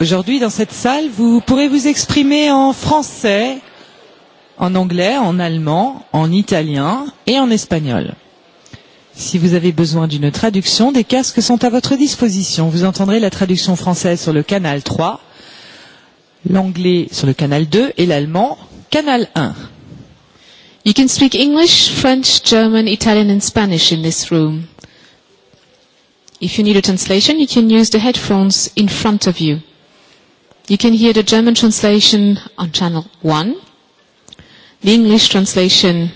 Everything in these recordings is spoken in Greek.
Aujourd'hui, dans cette salle, vous pourrez vous exprimer en français, en anglais, en allemand, en italien et en espagnol. Si vous avez besoin d'une traduction, des casques sont à votre disposition. Vous entendrez la traduction française sur le canal 3, l'anglais sur le canal 2 et l'allemand Canal 1. You can speak English, French, German, Italian and Spanish in this room. If you need a translation, you can use the headphones in front of you. You can hear the German translation on channel 1, the English translation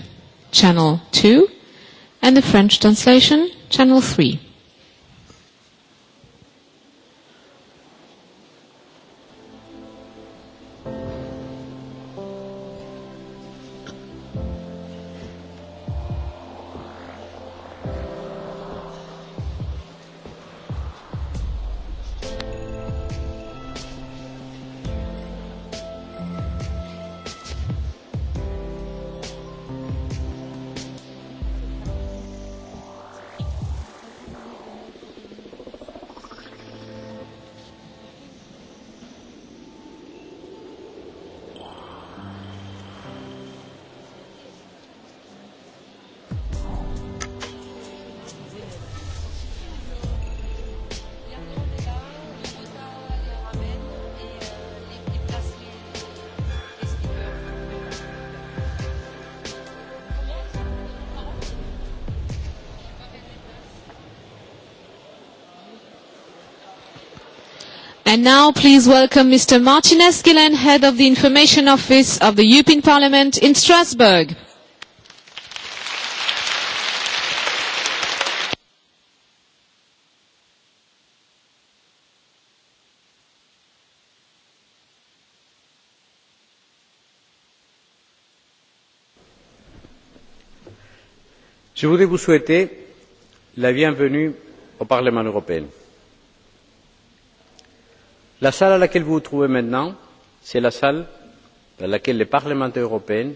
channel 2, and the French translation channel 3. And now please welcome Mr. Martin Eskelen, Head of the Information Office of the European Parliament in Strasbourg. Je voudrais vous souhaiter la bienvenue au Parlement européen la salle à laquelle vous vous trouvez maintenant c'est la salle dans laquelle les parlementaires européens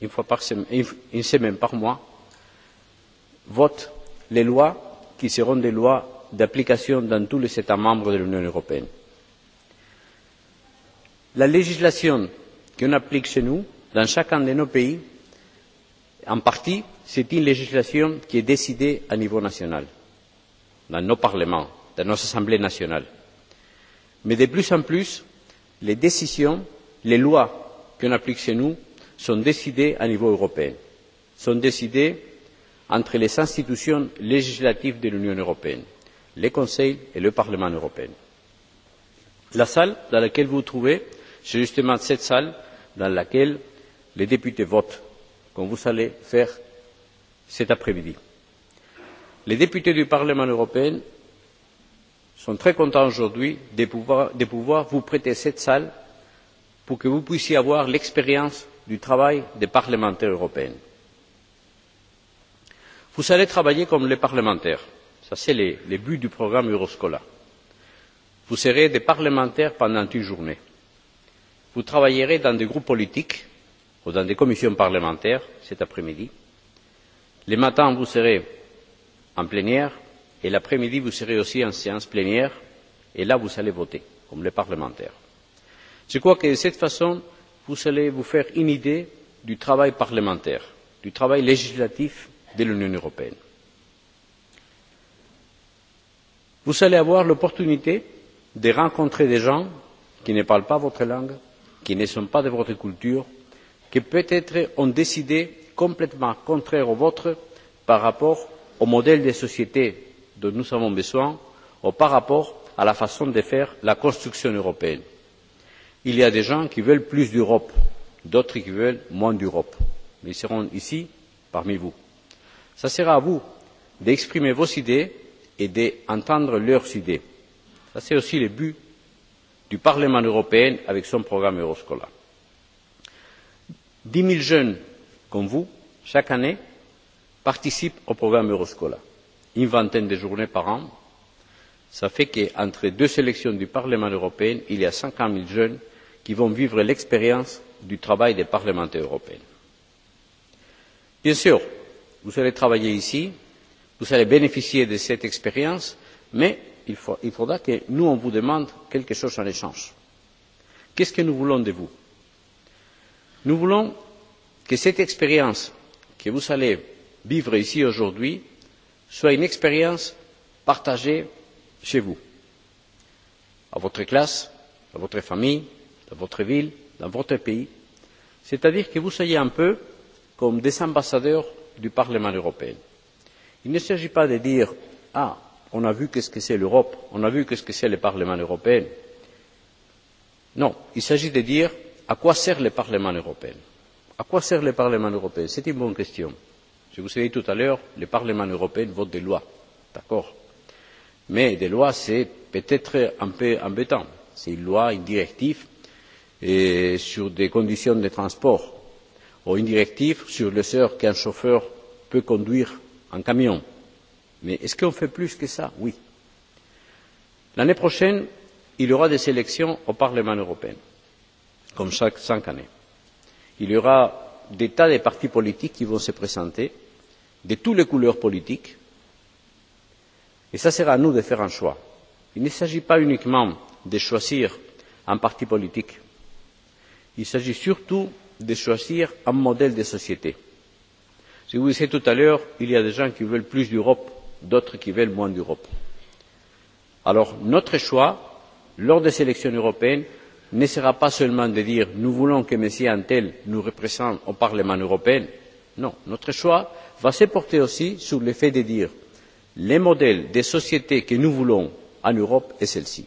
une fois par une semaine par mois votent les lois qui seront des lois d'application dans tous les états membres de l'union européenne. la législation qu'on applique chez nous dans chacun de nos pays en partie c'est une législation qui est décidée à niveau national dans nos parlements dans nos assemblées nationales mais de plus en plus les décisions les lois l'on applique chez nous sont décidées au niveau européen sont décidées entre les institutions législatives de l'union européenne le conseil et le parlement européen. la salle dans laquelle vous vous trouvez c'est justement cette salle dans laquelle les députés votent comme vous allez faire cet après midi. les députés du parlement européen sont très contents aujourd'hui de pouvoir vous prêter cette salle pour que vous puissiez avoir l'expérience du travail des parlementaires européens. Vous allez travailler comme les parlementaires. C'est le but du programme Euroscola. Vous serez des parlementaires pendant une journée. Vous travaillerez dans des groupes politiques ou dans des commissions parlementaires cet après-midi. Le matin, vous serez en plénière et l'après midi vous serez aussi en séance plénière et là vous allez voter comme les parlementaires. je crois que de cette façon vous allez vous faire une idée du travail parlementaire du travail législatif de l'union européenne. vous allez avoir l'opportunité de rencontrer des gens qui ne parlent pas votre langue qui ne sont pas de votre culture qui peut être ont décidé complètement contraire aux vôtres par rapport au modèle de société dont nous avons besoin par rapport à la façon de faire la construction européenne. Il y a des gens qui veulent plus d'Europe, d'autres qui veulent moins d'Europe. Ils seront ici, parmi vous. Ce sera à vous d'exprimer vos idées et d'entendre leurs idées. C'est aussi le but du Parlement européen avec son programme Euroscola. Dix mille jeunes comme vous, chaque année, participent au programme Euroscola une vingtaine de journées par an. Cela fait qu'entre deux sélections du Parlement européen, il y a 50 jeunes qui vont vivre l'expérience du travail des parlementaires européens. Bien sûr, vous allez travailler ici, vous allez bénéficier de cette expérience, mais il faudra que nous, on vous demande quelque chose en échange. Qu'est-ce que nous voulons de vous Nous voulons que cette expérience que vous allez vivre ici aujourd'hui soit une expérience partagée chez vous, à votre classe, à votre famille, dans votre ville, dans votre pays, c'est-à-dire que vous soyez un peu comme des ambassadeurs du Parlement européen. Il ne s'agit pas de dire Ah, on a vu qu'est-ce que c'est l'Europe, on a vu qu'est-ce que c'est le Parlement européen. Non, il s'agit de dire à quoi sert le Parlement européen. À quoi sert le Parlement européen C'est une bonne question. Je vous ai dit tout à l'heure, le Parlement européen vote des lois. D'accord Mais des lois, c'est peut-être un peu embêtant. C'est une loi, une directive sur des conditions de transport ou une directive sur les heures qu'un chauffeur peut conduire en camion. Mais est-ce qu'on fait plus que ça Oui. L'année prochaine, il y aura des élections au Parlement européen, comme chaque cinq années. Il y aura des tas de partis politiques qui vont se présenter, de toutes les couleurs politiques, et ça sera à nous de faire un choix. Il ne s'agit pas uniquement de choisir un parti politique, il s'agit surtout de choisir un modèle de société. Je vous disais tout à l'heure, il y a des gens qui veulent plus d'Europe, d'autres qui veulent moins d'Europe. Alors notre choix, lors des élections européennes, ne sera pas seulement de dire nous voulons que M. Antel nous représente au Parlement européen. Non, notre choix va se porter aussi sur le fait de dire le modèle des sociétés que nous voulons en Europe est celle-ci.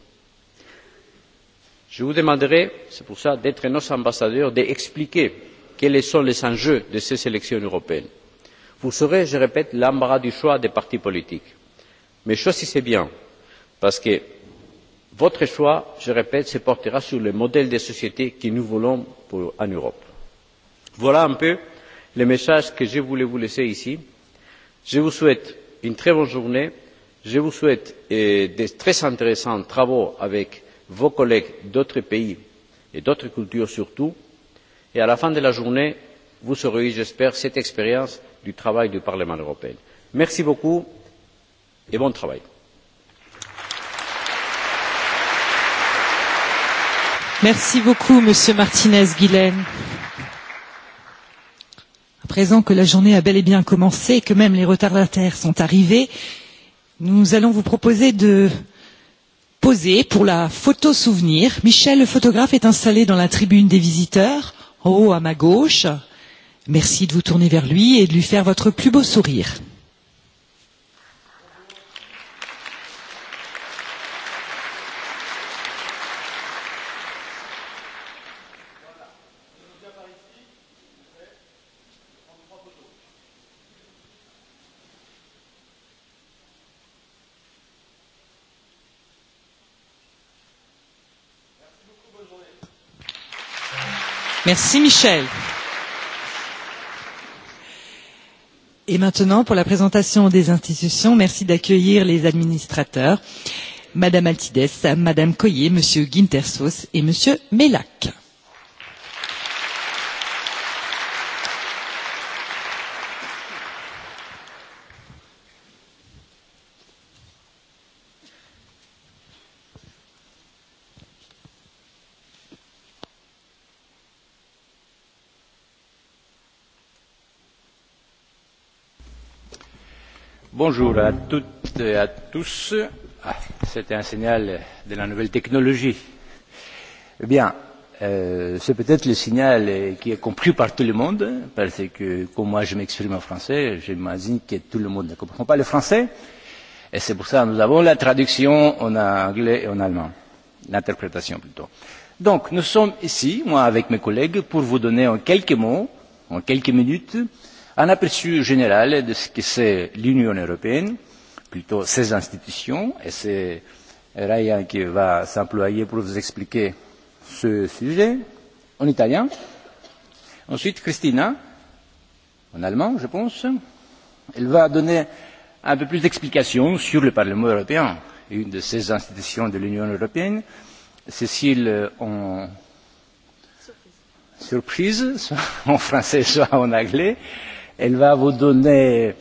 Je vous demanderai, c'est pour cela, d'être nos ambassadeurs, d'expliquer quels sont les enjeux de ces élections européennes. Vous serez, je répète, l'embarras du choix des partis politiques. Mais choisissez bien, parce que votre choix je répète se portera sur le modèle de société que nous voulons en europe. voilà un peu le message que je voulais vous laisser ici. je vous souhaite une très bonne journée je vous souhaite de très intéressants travaux avec vos collègues d'autres pays et d'autres cultures surtout et à la fin de la journée vous saurez j'espère cette expérience du travail du parlement européen. merci beaucoup et bon travail. Merci beaucoup, Monsieur Martinez-Guilaine. À présent que la journée a bel et bien commencé et que même les retardataires sont arrivés, nous allons vous proposer de poser pour la photo souvenir. Michel, le photographe, est installé dans la tribune des visiteurs, en haut à ma gauche. Merci de vous tourner vers lui et de lui faire votre plus beau sourire. Merci Michel. Et maintenant, pour la présentation des institutions, merci d'accueillir les administrateurs, Madame Altides, Madame Coyer, Monsieur Guintersos et Monsieur Mélac. Bonjour à toutes et à tous. C'était un signal de la nouvelle technologie. Eh Bien, c'est peut-être le signal qui est compris par tout le monde, parce que comme moi je m'exprime en français, j'imagine que tout le monde ne comprend pas le français. Et c'est pour ça que nous avons la traduction en anglais et en allemand. L'interprétation plutôt. Donc, nous sommes ici, moi avec mes collègues, pour vous donner en quelques mots, en quelques minutes, un aperçu général de ce que c'est l'Union européenne, plutôt ses institutions, et c'est Ryan qui va s'employer pour vous expliquer ce sujet en italien. Ensuite, Christina, en allemand, je pense, elle va donner un peu plus d'explications sur le Parlement européen, une de ces institutions de l'Union européenne. Cécile, en surprise, soit en français, soit en anglais Elle va vous donner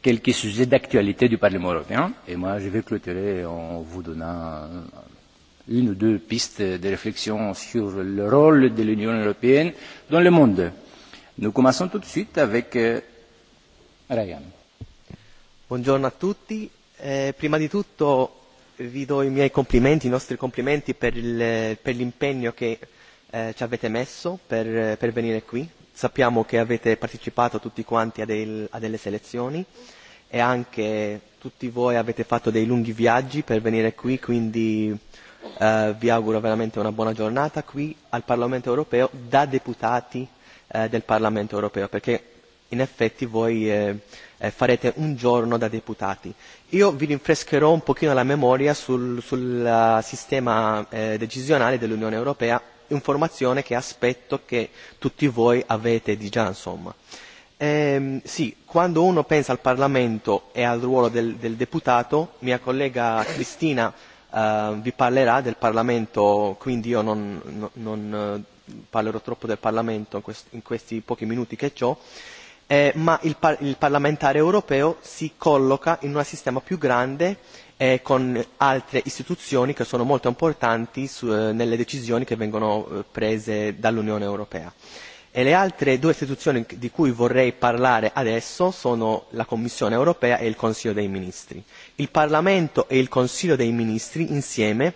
quelques sujets d'actualité du Parlement européen. Et moi, je vais clôturer en vous donnant une ou deux pistes de réflexion sur le rôle de l'Union européenne dans le monde. Nous commençons tout de suite avec Ryan. Buongiorno a tutti. Prima di tutto vi do i miei complimenti, i nostri complimenti per l'impegno che ci avete messo per per venire qui Sappiamo che avete partecipato tutti quanti a delle selezioni e anche tutti voi avete fatto dei lunghi viaggi per venire qui, quindi vi auguro veramente una buona giornata qui al Parlamento europeo da deputati del Parlamento europeo, perché in effetti voi farete un giorno da deputati. Io vi rinfrescherò un pochino la memoria sul sistema decisionale dell'Unione europea informazione che aspetto che tutti voi avete di già insomma. Sì, quando uno pensa al Parlamento e al ruolo del deputato, mia collega Cristina vi parlerà del Parlamento, quindi io non parlerò troppo del Parlamento in questi pochi minuti che ho, ma il parlamentare europeo si colloca in un sistema più grande e con altre istituzioni che sono molto importanti nelle decisioni che vengono prese dall'Unione Europea. le altre due istituzioni di cui vorrei parlare adesso sono la Commissione Europea e il Consiglio dei Ministri. Il Parlamento e il Consiglio dei Ministri insieme,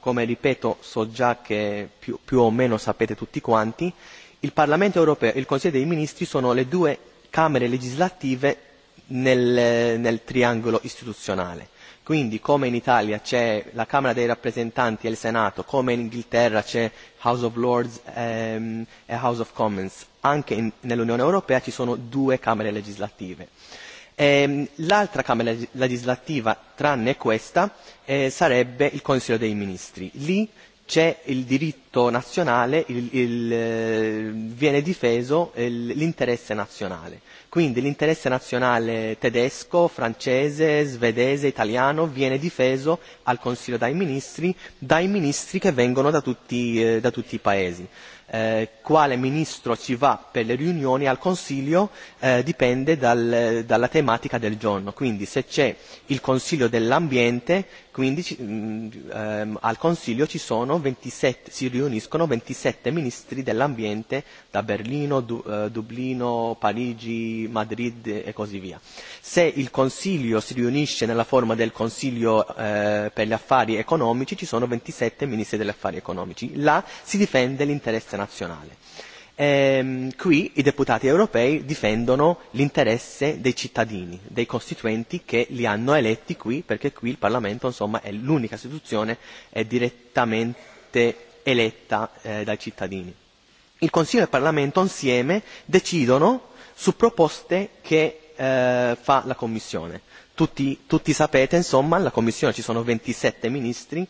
come ripeto so già che più o meno sapete tutti quanti, il Parlamento Europeo e il Consiglio dei Ministri sono le due Camere legislative nel triangolo istituzionale Quindi come in Italia c'è la Camera dei rappresentanti e il Senato, come in Inghilterra c'è House of Lords e House of Commons, anche nell'Unione Europea ci sono due Camere legislative. L'altra Camera legislativa, tranne questa, sarebbe il Consiglio dei Ministri. Lì c'è il diritto nazionale, viene difeso l'interesse nazionale. Quindi l'interesse nazionale tedesco, francese, svedese, italiano viene difeso al Consiglio dai ministri, dai ministri che vengono da tutti i paesi. Quale ministro ci va per le riunioni al Consiglio dipende dalla tematica del giorno. Quindi se c'è il Consiglio dell'ambiente Quindi al Consiglio ci sono 27, si riuniscono 27 ministri dell'ambiente da Berlino, Dublino, Parigi, Madrid e così via. Se il Consiglio si riunisce nella forma del Consiglio per gli affari economici ci sono 27 ministri degli affari economici. Là si difende l'interesse nazionale qui i deputati europei difendono l'interesse dei cittadini dei costituenti che li hanno eletti qui perché qui il Parlamento insomma è l'unica istituzione è direttamente eletta dai cittadini il Consiglio e il Parlamento insieme decidono su proposte che fa la Commissione tutti tutti sapete insomma alla Commissione ci sono 27 ministri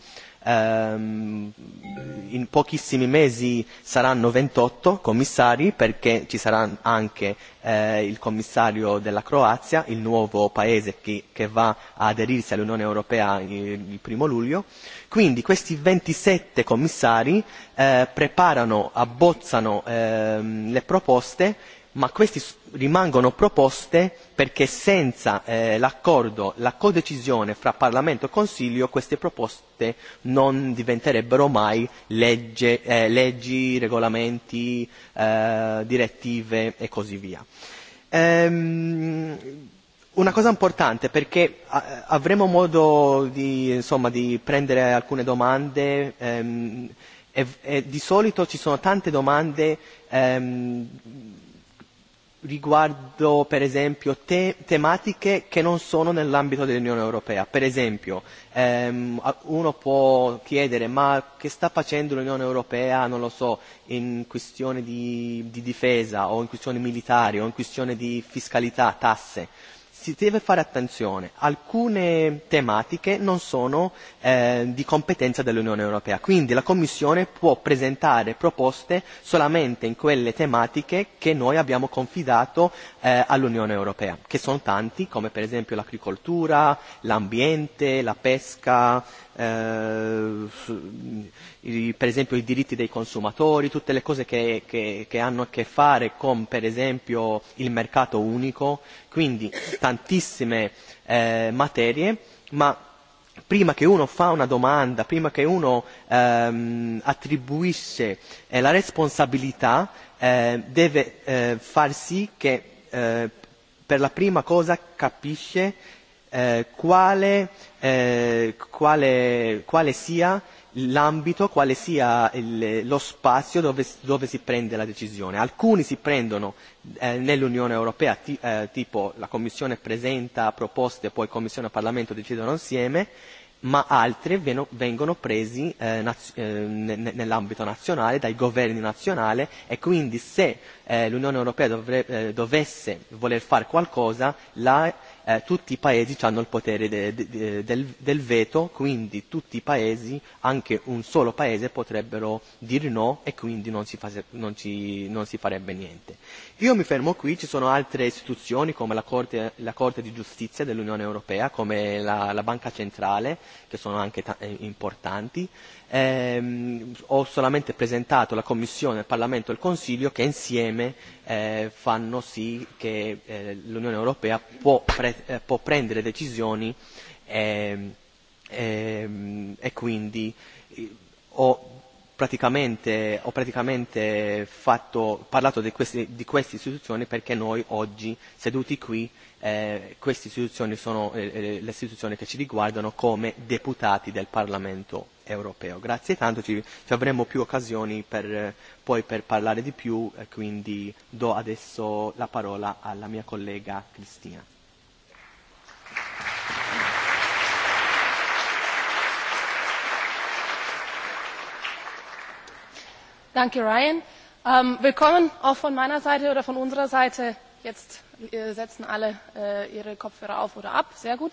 in pochissimi mesi saranno 28 commissari perché ci sarà anche il commissario della Croazia, il nuovo paese che va ad aderirsi all'Unione Europea il primo luglio. Quindi questi 27 commissari preparano, abbozzano le proposte ma queste rimangono proposte perché senza l'accordo la codecisione fra parlamento e consiglio queste proposte non diventerebbero mai legge, leggi regolamenti direttive e così via. Una cosa importante perché avremo modo di insomma di prendere alcune domande e di solito ci sono tante domande riguardo per esempio tematiche che non sono nell'ambito dell'Unione Europea. Per esempio uno può chiedere ma che sta facendo l'Unione Europea, non lo so, in questione di difesa o in questione militare o in questione di fiscalità, tasse si deve fare attenzione alcune tematiche non sono di competenza dell'Unione Europea quindi la Commissione può presentare proposte solamente in quelle tematiche che noi abbiamo confidato all'Unione Europea che sono tanti come per esempio l'agricoltura l'ambiente la pesca per esempio i diritti dei consumatori, tutte le cose che che hanno a che fare con per esempio il mercato unico, quindi tantissime materie, ma prima che uno fa una domanda, prima che uno attribuisce la responsabilità, deve far sì che per la prima cosa capisce quale quale sia l'ambito quale sia lo spazio dove si prende la decisione alcuni si prendono nell'Unione Europea tipo la commissione presenta proposte poi commissione e parlamento decidono insieme ma altri vengono presi nell'ambito nazionale dai governi nazionali e quindi se l'Unione Europea dovesse voler fare qualcosa la tutti i paesi hanno il potere del veto quindi tutti i paesi anche un solo paese potrebbero dire no e quindi non si farebbe niente. Io mi fermo qui, ci sono altre istituzioni come la Corte, la Corte di Giustizia dell'Unione Europea, come la, la Banca Centrale, che sono anche importanti. ho solamente presentato la Commissione, il Parlamento e il Consiglio che insieme fanno sì che l'Unione Europea può, può prendere decisioni e quindi ho praticamente ho praticamente fatto parlato di queste di queste istituzioni perché noi oggi seduti qui queste istituzioni sono le istituzioni che ci riguardano come deputati del Parlamento europeo. Grazie tanto ci avremo più occasioni per poi per parlare di più quindi do adesso la parola alla mia collega Cristina. Danke, Ryan. Willkommen auch von meiner Seite oder von unserer Seite. Jetzt setzen alle ihre Kopfhörer auf oder ab. Sehr gut.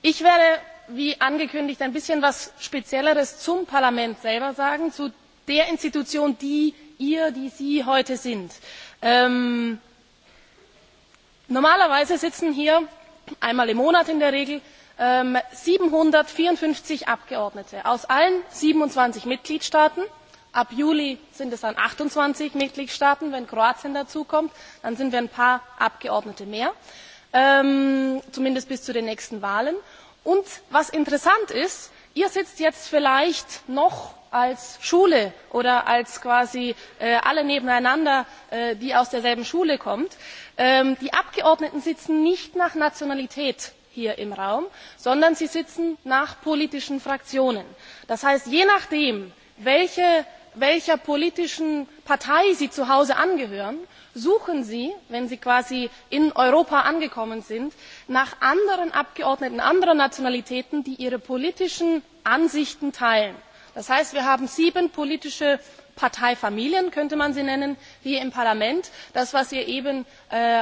Ich werde, wie angekündigt, ein bisschen was Spezielleres zum Parlament selber sagen, zu der Institution, die ihr, die Sie heute sind. Normalerweise sitzen hier einmal im Monat in der Regel 754 Abgeordnete aus allen 27 Mitgliedstaaten ab juli sind es dann achtundzwanzig mitgliedstaaten wenn kroatien dazukommt dann sind wir ein paar abgeordnete mehr zumindest bis zu den nächsten wahlen. und was interessant ist ihr sitzt jetzt vielleicht noch als schule oder als quasi alle nebeneinander die aus derselben schule kommen die abgeordneten sitzen nicht nach nationalität hier im raum sondern sie sitzen nach politischen fraktionen. das heißt je nachdem welche welcher politischen partei sie zu hause angehören suchen sie wenn sie quasi in europa angekommen sind nach anderen abgeordneten anderer nationalitäten die ihre politischen ansichten teilen. das heißt wir haben sieben politische parteifamilien könnte man sie nennen hier im parlament das was ihr eben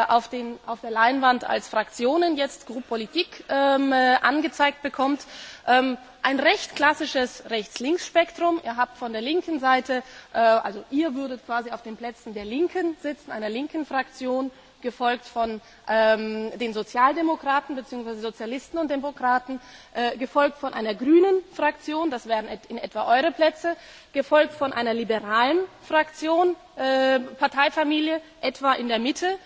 auf der leinwand als fraktionen jetzt groupe politique angezeigt bekommt ein recht klassisches rechts links spektrum ihr habt von der linken seite also ihr würdet quasi auf den plätzen der linken sitzen einer linken fraktion gefolgt von den sozialdemokraten bzw. sozialisten und demokraten gefolgt von einer grünen fraktion das wären in etwa eure plätze gefolgt von einer liberalen fraktion parteifamilie etwa in der mitte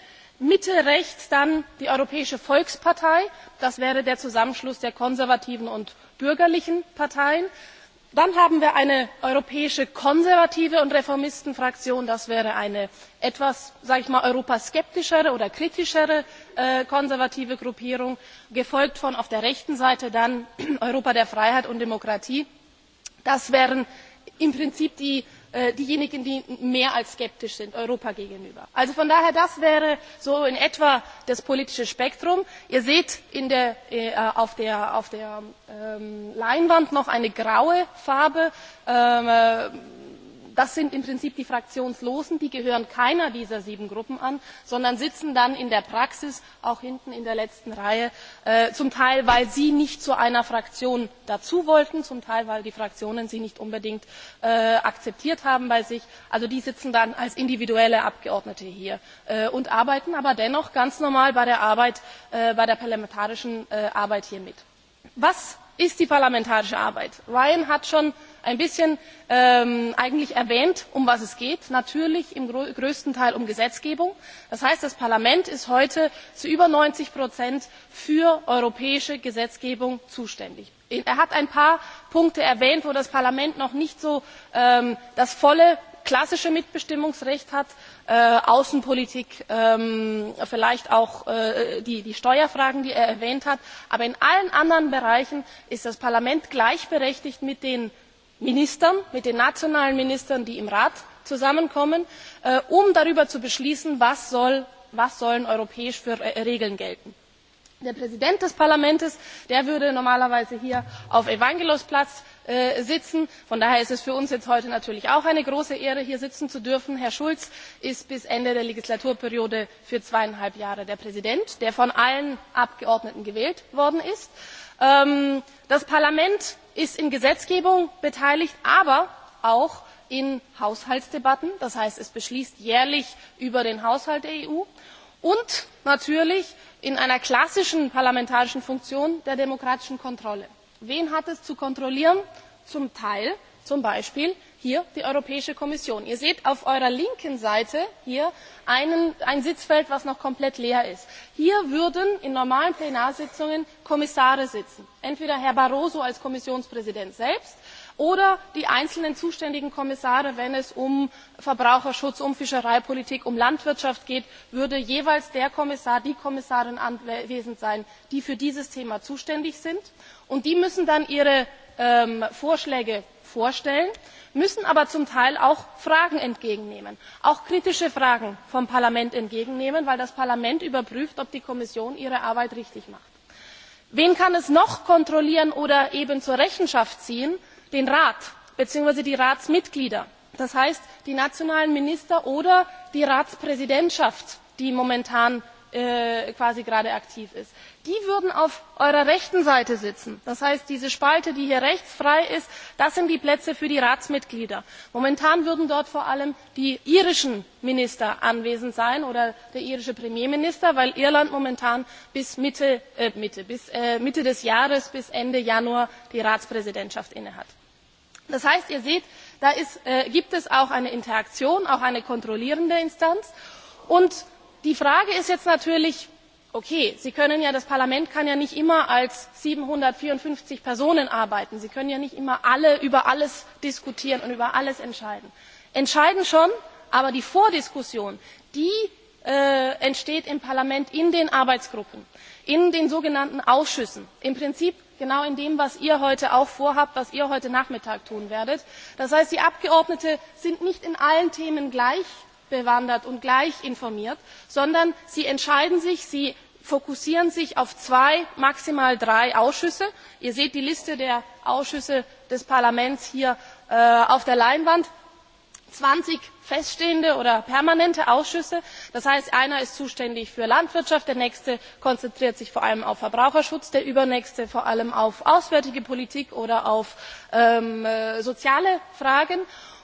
mitte rechts dann die europäische volkspartei das wäre der zusammenschluss der konservativen und bürgerlichen parteien dann haben wir eine europäische konservative und reformistenfraktion das wäre eine etwas europaskeptischere oder kritischere konservative gruppierung gefolgt von auf der rechten seite dann europa der freiheit und demokratie das wären im prinzip die diejenigen, die mehr als skeptisch sind Europa gegenüber. Also von daher, das wäre so in etwa das politische Spektrum. Ihr seht auf der Leinwand noch eine graue Farbe das sind im prinzip die fraktionslosen die gehören keiner dieser sieben gruppen an sondern sitzen dann in der praxis auch hinten in der letzten reihe zum teil weil sie nicht zu einer fraktion dazu wollten zum teil weil die fraktionen sie nicht unbedingt akzeptiert haben bei sich also die sitzen dann als individuelle abgeordnete hier und arbeiten aber dennoch ganz normal bei der parlamentarischen arbeit hier mit. was ist die parlamentarische arbeit? ryan hat schon ein bisschen eigentlich erwähnt um was es geht natürlich im größten teil um gesetzgebung. das heißt das parlament ist heute zu über neunzig für europäische gesetzgebung zuständig. er hat ein paar punkte erwähnt wo das parlament noch nicht so das volle klassische mitbestimmungsrecht hat außenpolitik vielleicht auch die steuerfragen die er erwähnt hat aber in allen anderen bereichen ist das parlament gleichberechtigt mit den ministern mit den nationalen ministern die im rat zusammenkommen um darüber zu beschließen was europäisch für regeln gelten sollen. der präsident des parlaments würde normalerweise hier auf evangelos platz sitzen von daher ist es für uns heute natürlich auch eine große ehre hier sitzen zu dürfen. herr schulz ist bis ende der legislaturperiode für zweieinhalb jahre der präsident der von allen abgeordneten gewählt worden ist. das parlament ist in gesetzgebung beteiligt aber auch in haushaltsdebatten das heißt es beschließt jährlich über den haushalt der eu und natürlich in einer klassischen parlamentarischen funktion der demokratischen kontrolle. wen hat es zu kontrollieren? zum teil zum hier die europäische kommission. ihr seht auf eurer linken seite hier ein sitzfeld das noch komplett leer ist. hier würden in normalen plenarsitzungen kommissare sitzen entweder herr barroso als kommissionspräsident selbst oder die einzelnen zuständigen kommissare wenn es um verbraucherschutz um fischereipolitik um landwirtschaft geht würde jeweils der kommissar die kommissarin anwesend sein die für dieses thema zuständig sind und die müssen dann ihre vorschläge vorstellen müssen aber zum teil auch fragen entgegennehmen auch kritische fragen vom parlament entgegennehmen weil das parlament überprüft ob die kommission ihre arbeit richtig macht. wen kann es noch kontrollieren oder eben zur rechenschaft ziehen? den rat beziehungsweise die ratsmitglieder das heißt die nationalen minister oder die ratspräsidentschaft die momentan quasi gerade aktiv ist. Die würden auf eurer rechten Seite sitzen. Das heißt, diese Spalte, die hier rechts frei ist, das sind die Plätze für die Ratsmitglieder. Momentan würden dort vor allem die irischen Minister anwesend sein oder der irische Premierminister, weil Irland momentan bis Mitte des Jahres, bis Ende Januar die Ratspräsidentschaft innehat. Das heißt, ihr seht, da gibt es auch eine Interaktion, auch eine kontrollierende Instanz. Und die frage ist jetzt natürlich okay das parlament kann ja nicht immer als 754 personen arbeiten sie können ja nicht immer alle über alles diskutieren und über alles entscheiden. entscheiden schon aber die vordiskussion die entsteht im parlament in den arbeitsgruppen in den sogenannten ausschüssen im prinzip genau in dem was ihr heute auch vorhabt was ihr heute nachmittag tun werdet. das heißt die abgeordneten sind nicht in allen themen gleich bewandert und gleich informiert sondern sie entscheiden sich sie fokussieren sich auf zwei maximal drei ausschüsse ihr seht die liste der ausschüsse des parlaments hier auf der leinwand zwanzig feststehende oder permanente ausschüsse das heißt einer ist zuständig für landwirtschaft der nächste konzentriert sich vor allem auf verbraucherschutz der übernächste vor allem auf auswärtige politik oder auf soziale fragen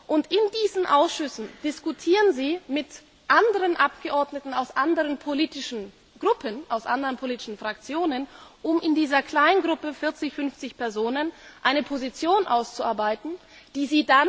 und in diesen ausschüssen diskutieren sie mit anderen abgeordneten aus anderen politischen gruppen aus anderen politischen fraktionen um in dieser kleingruppe vierzig fünfzig personen eine position auszuarbeiten die sie dann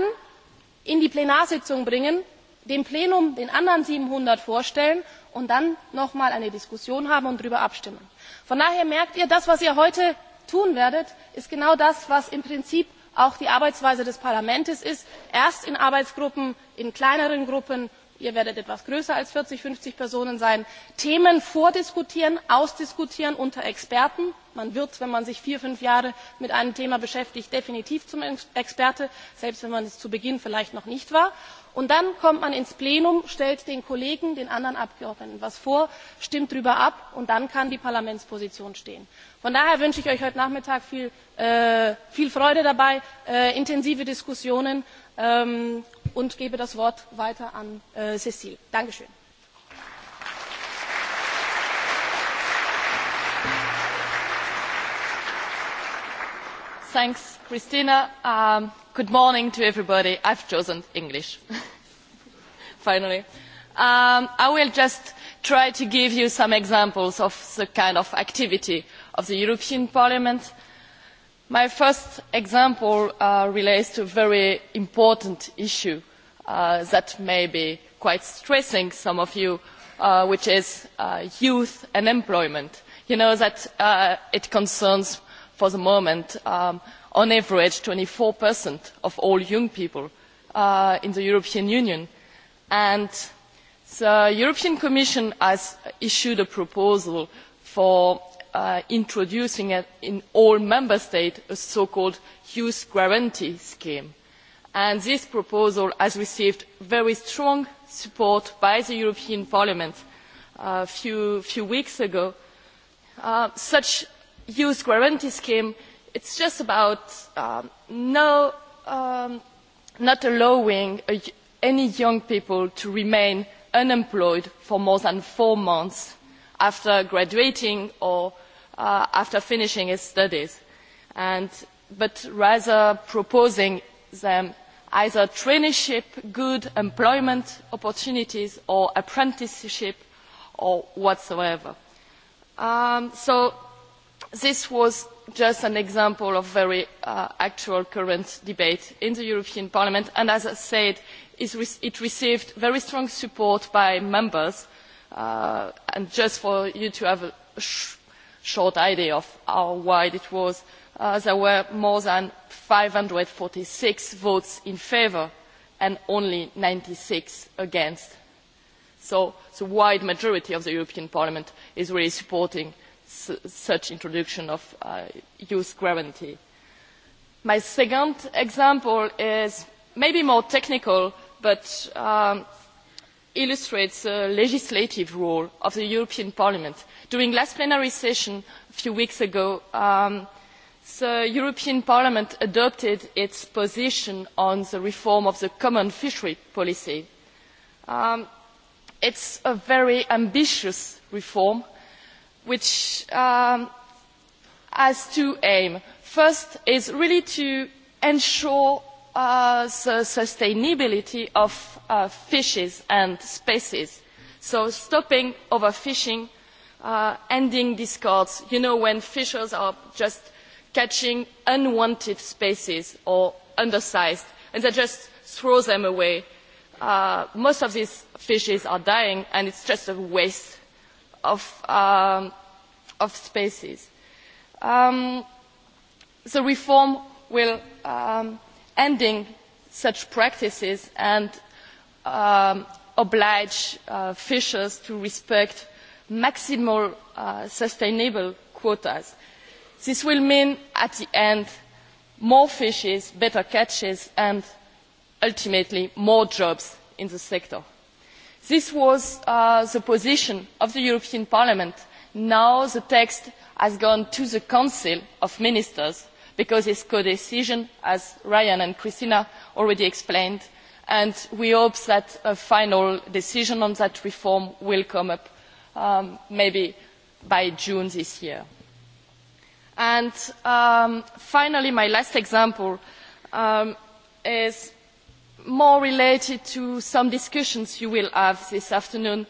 in die plenarsitzung bringen dem plenum den anderen siebenhundert vorstellen und dann noch einmal eine diskussion haben und darüber abstimmen. von daher merkt ihr, das was ihr heute tun werdet ist genau das was im prinzip auch die arbeitsweise des parlaments ist erst in arbeitsgruppen in kleineren gruppen ihr werdet etwas größer als 40, fünfzig Personen sein, Themen vordiskutieren, ausdiskutieren unter Experten. Man wird, wenn man sich vier, fünf Jahre mit einem Thema beschäftigt, definitiv zum Experte, selbst wenn man es zu Beginn vielleicht noch nicht war. Und dann kommt man ins Plenum, stellt den Kollegen, den anderen Abgeordneten etwas vor, stimmt darüber ab und dann kann die Parlamentsposition stehen. Von daher wünsche ich euch heute Nachmittag viel Freude dabei, intensive Diskussionen und gebe das Wort weiter an Cécile. Dankeschön. Thanks, Christina. good morning to everybody. I've chosen English. Finally. I will just try to give you some examples of the kind of activity of the European Parliament My first example relates to a very important issue that may be quite stressing some of you, which is youth and employment. You know that it concerns, for the moment, on average twenty four of all young people in the European Union. And the European Commission has issued a proposal for introducing in all member states a so called youth guarantee scheme and this proposal has received very strong support by the european parliament a few weeks ago. such youth guarantee scheme is just about not allowing any young people to remain unemployed for more than four months after graduating or after finishing his studies, but rather proposing them either traineeship, good employment opportunities or apprenticeship or whatsoever. So this was just an example of very actual current debate in the European Parliament and as I said it received very strong support by members and just for you to have a short idea of how wide it was. There were more than 546 votes in favour and only 96 against. So the wide majority of the European Parliament is really supporting such introduction of youth guarantee. My second example is maybe more technical, but illustrates the legislative role of the European Parliament. During last plenary session a few weeks ago, the European Parliament adopted its position on the reform of the common Fisheries policy. It is a very ambitious reform which has two aims. First is really to ensure the sustainability of fishes and species. So stopping overfishing, ending discards. You know, when fishers are just catching unwanted species or undersized, and they just throw them away. Most of these fishes are dying, and it's just a waste of species. The reform will ending such practices and oblige fishers to respect maximum sustainable quotas. This will mean, at the end, more fishes, better catches and ultimately more jobs in the sector. This was the position of the European Parliament. Now the text has gone to the Council of Ministers because it is codecision as ryan and christina already explained and we hope that a final decision on that reform will come up maybe by june this year. finally my last example is more related to some discussions you will have this afternoon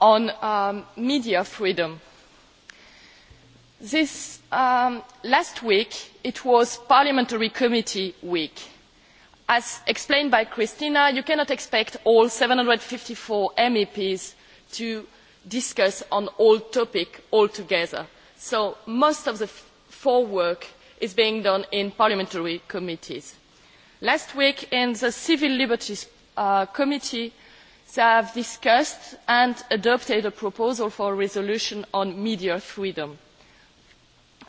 on media freedom. This last week it was Parliamentary Committee Week. As explained by Christina, you cannot expect all seven hundred and fifty four MEPs to discuss on all topics altogether. So most of the forework is being done in parliamentary committees. Last week in the Civil Liberties Committee, they have discussed and adopted a proposal for a resolution on media freedom.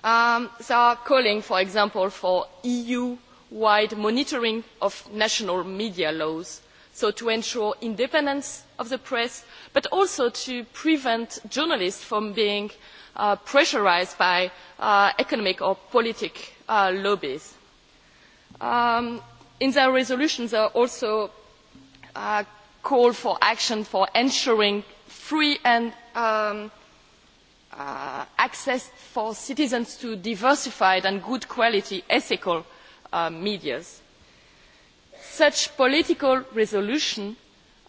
They are calling, for example, for EU-wide monitoring of national media laws, so to ensure independence of the press, but also to prevent journalists from being pressurised by economic or political lobbies. In their resolutions, they also call for action for ensuring free and access for citizens to diversified and good quality ethical media. Such political resolution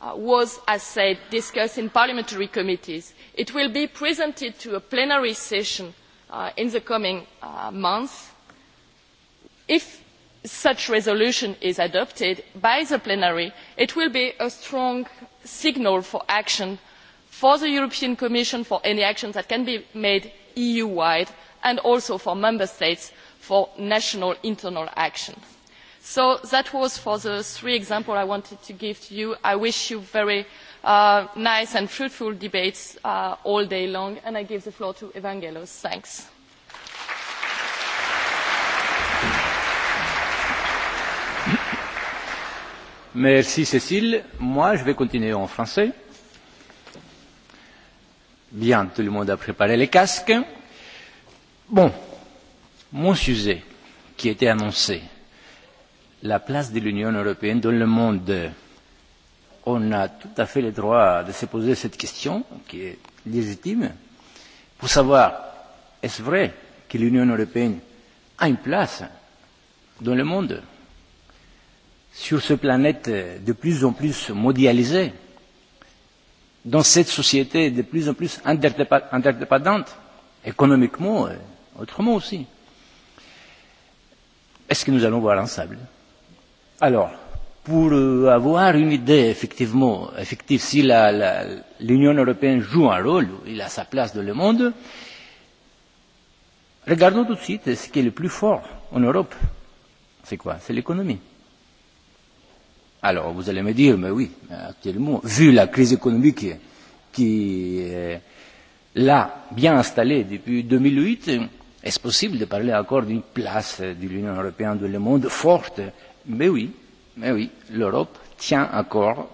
was, as said, discussed in parliamentary committees. It will be presented to a plenary session in the coming months. If such resolution is adopted by the plenary, it will be a strong signal for action for the European Commission for any action that can be made EU wide and also for Member States for national internal action. So that was for the three examples I wanted to give to you. I wish you very nice and fruitful debates all day long and I give the floor to Evangelos. Thanks. Merci Cécile. Moi je vais continuer en français Bien, tout le monde a préparé les casques. Bon, mon sujet qui était annoncé, la place de l'Union européenne dans le monde. On a tout à fait le droit de se poser cette question, qui est légitime, pour savoir, est-ce vrai que l'Union européenne a une place dans le monde, sur cette planète de plus en plus mondialisée dans cette société de plus en plus interdépendante, économiquement et autrement aussi. Est-ce que nous allons voir ensemble Alors, pour avoir une idée effectivement, effective, si l'Union européenne joue un rôle, il a sa place dans le monde, regardons tout de suite ce qui est le plus fort en Europe. C'est quoi C'est l'économie. Alors vous allez me dire, mais oui, actuellement, vu la crise économique qui l'a bien installée depuis 2008, est-ce possible de parler encore d'une place de l'Union européenne dans le monde forte Mais oui, mais oui, l'Europe tient encore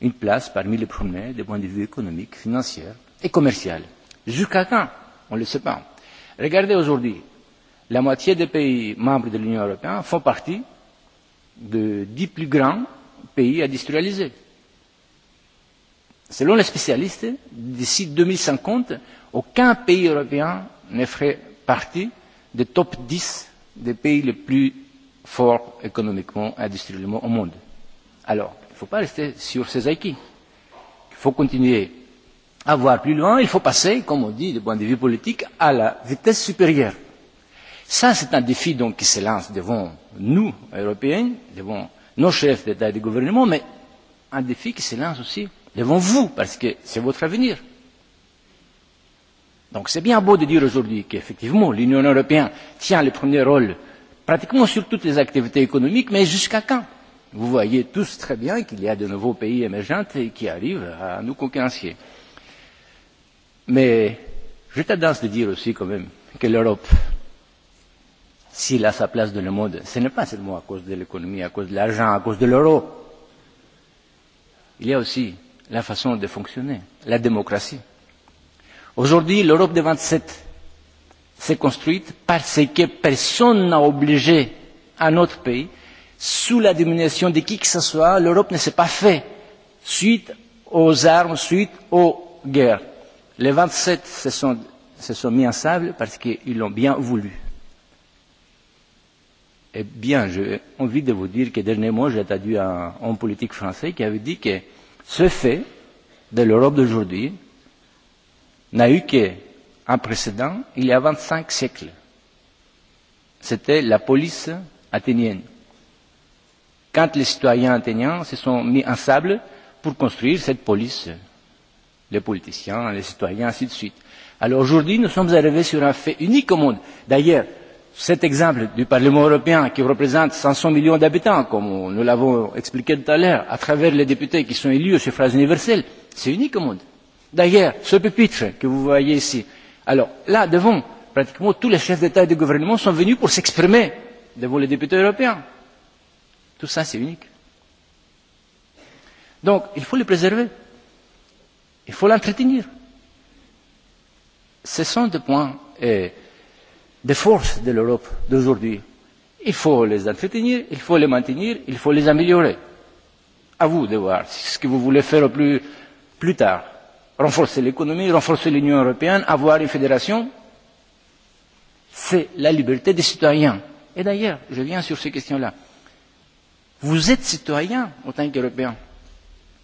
une place parmi les premiers des points de vue économique, financier et commercial. Jusqu'à quand On ne le sait pas. Regardez aujourd'hui, la moitié des pays membres de l'Union européenne font partie de dix plus grands pays industrialisés. Selon les spécialistes, d'ici 2050, aucun pays européen ne ferait partie des top 10 des pays les plus forts économiquement, et industriellement au monde. Alors, il ne faut pas rester sur ces acquis. Il faut continuer à voir plus loin. Il faut passer, comme on dit du point de vue politique, à la vitesse supérieure. Ça, c'est un défi donc, qui se lance devant nous, Européens, devant nos chefs d'État et de gouvernement, mais un défi qui se lance aussi devant vous, parce que c'est votre avenir. Donc c'est bien beau de dire aujourd'hui qu'effectivement l'Union européenne tient le premier rôle pratiquement sur toutes les activités économiques, mais jusqu'à quand Vous voyez tous très bien qu'il y a de nouveaux pays émergents qui arrivent à nous concurrencer. Mais j'ai tendance de dire aussi quand même que l'Europe s'il a sa place dans le monde, ce n'est pas seulement à cause de l'économie, à cause de l'argent, à cause de l'euro. Il y a aussi la façon de fonctionner, la démocratie. Aujourd'hui, l'Europe des 27 s'est construite parce que personne n'a obligé un autre pays, sous la domination de qui que ce soit, l'Europe ne s'est pas faite suite aux armes, suite aux guerres. Les 27 se sont, se sont mis ensemble parce qu'ils l'ont bien voulu. Eh bien, j'ai envie de vous dire que dernièrement, j'ai entendu un homme politique français qui avait dit que ce fait de l'Europe d'aujourd'hui n'a eu qu'un précédent il y a 25 siècles. C'était la police athénienne. Quand les citoyens athéniens se sont mis en sable pour construire cette police, les politiciens, les citoyens, ainsi de suite. Alors aujourd'hui, nous sommes arrivés sur un fait unique au monde. D'ailleurs, cet exemple du Parlement européen qui représente 500 millions d'habitants, comme nous l'avons expliqué tout à l'heure, à travers les députés qui sont élus au suffrage universel, c'est unique au monde. D'ailleurs, ce pupitre que vous voyez ici, alors là, devant, pratiquement tous les chefs d'État et de gouvernement sont venus pour s'exprimer devant les députés européens. Tout ça, c'est unique. Donc, il faut le préserver. Il faut l'entretenir. Ce sont des points. Et des forces de l'Europe d'aujourd'hui. Il faut les entretenir, il faut les maintenir, il faut les améliorer. À vous de voir ce que vous voulez faire plus, plus tard. Renforcer l'économie, renforcer l'Union européenne, avoir une fédération, c'est la liberté des citoyens. Et d'ailleurs, je viens sur ces questions-là. Vous êtes citoyen en tant qu'Européen.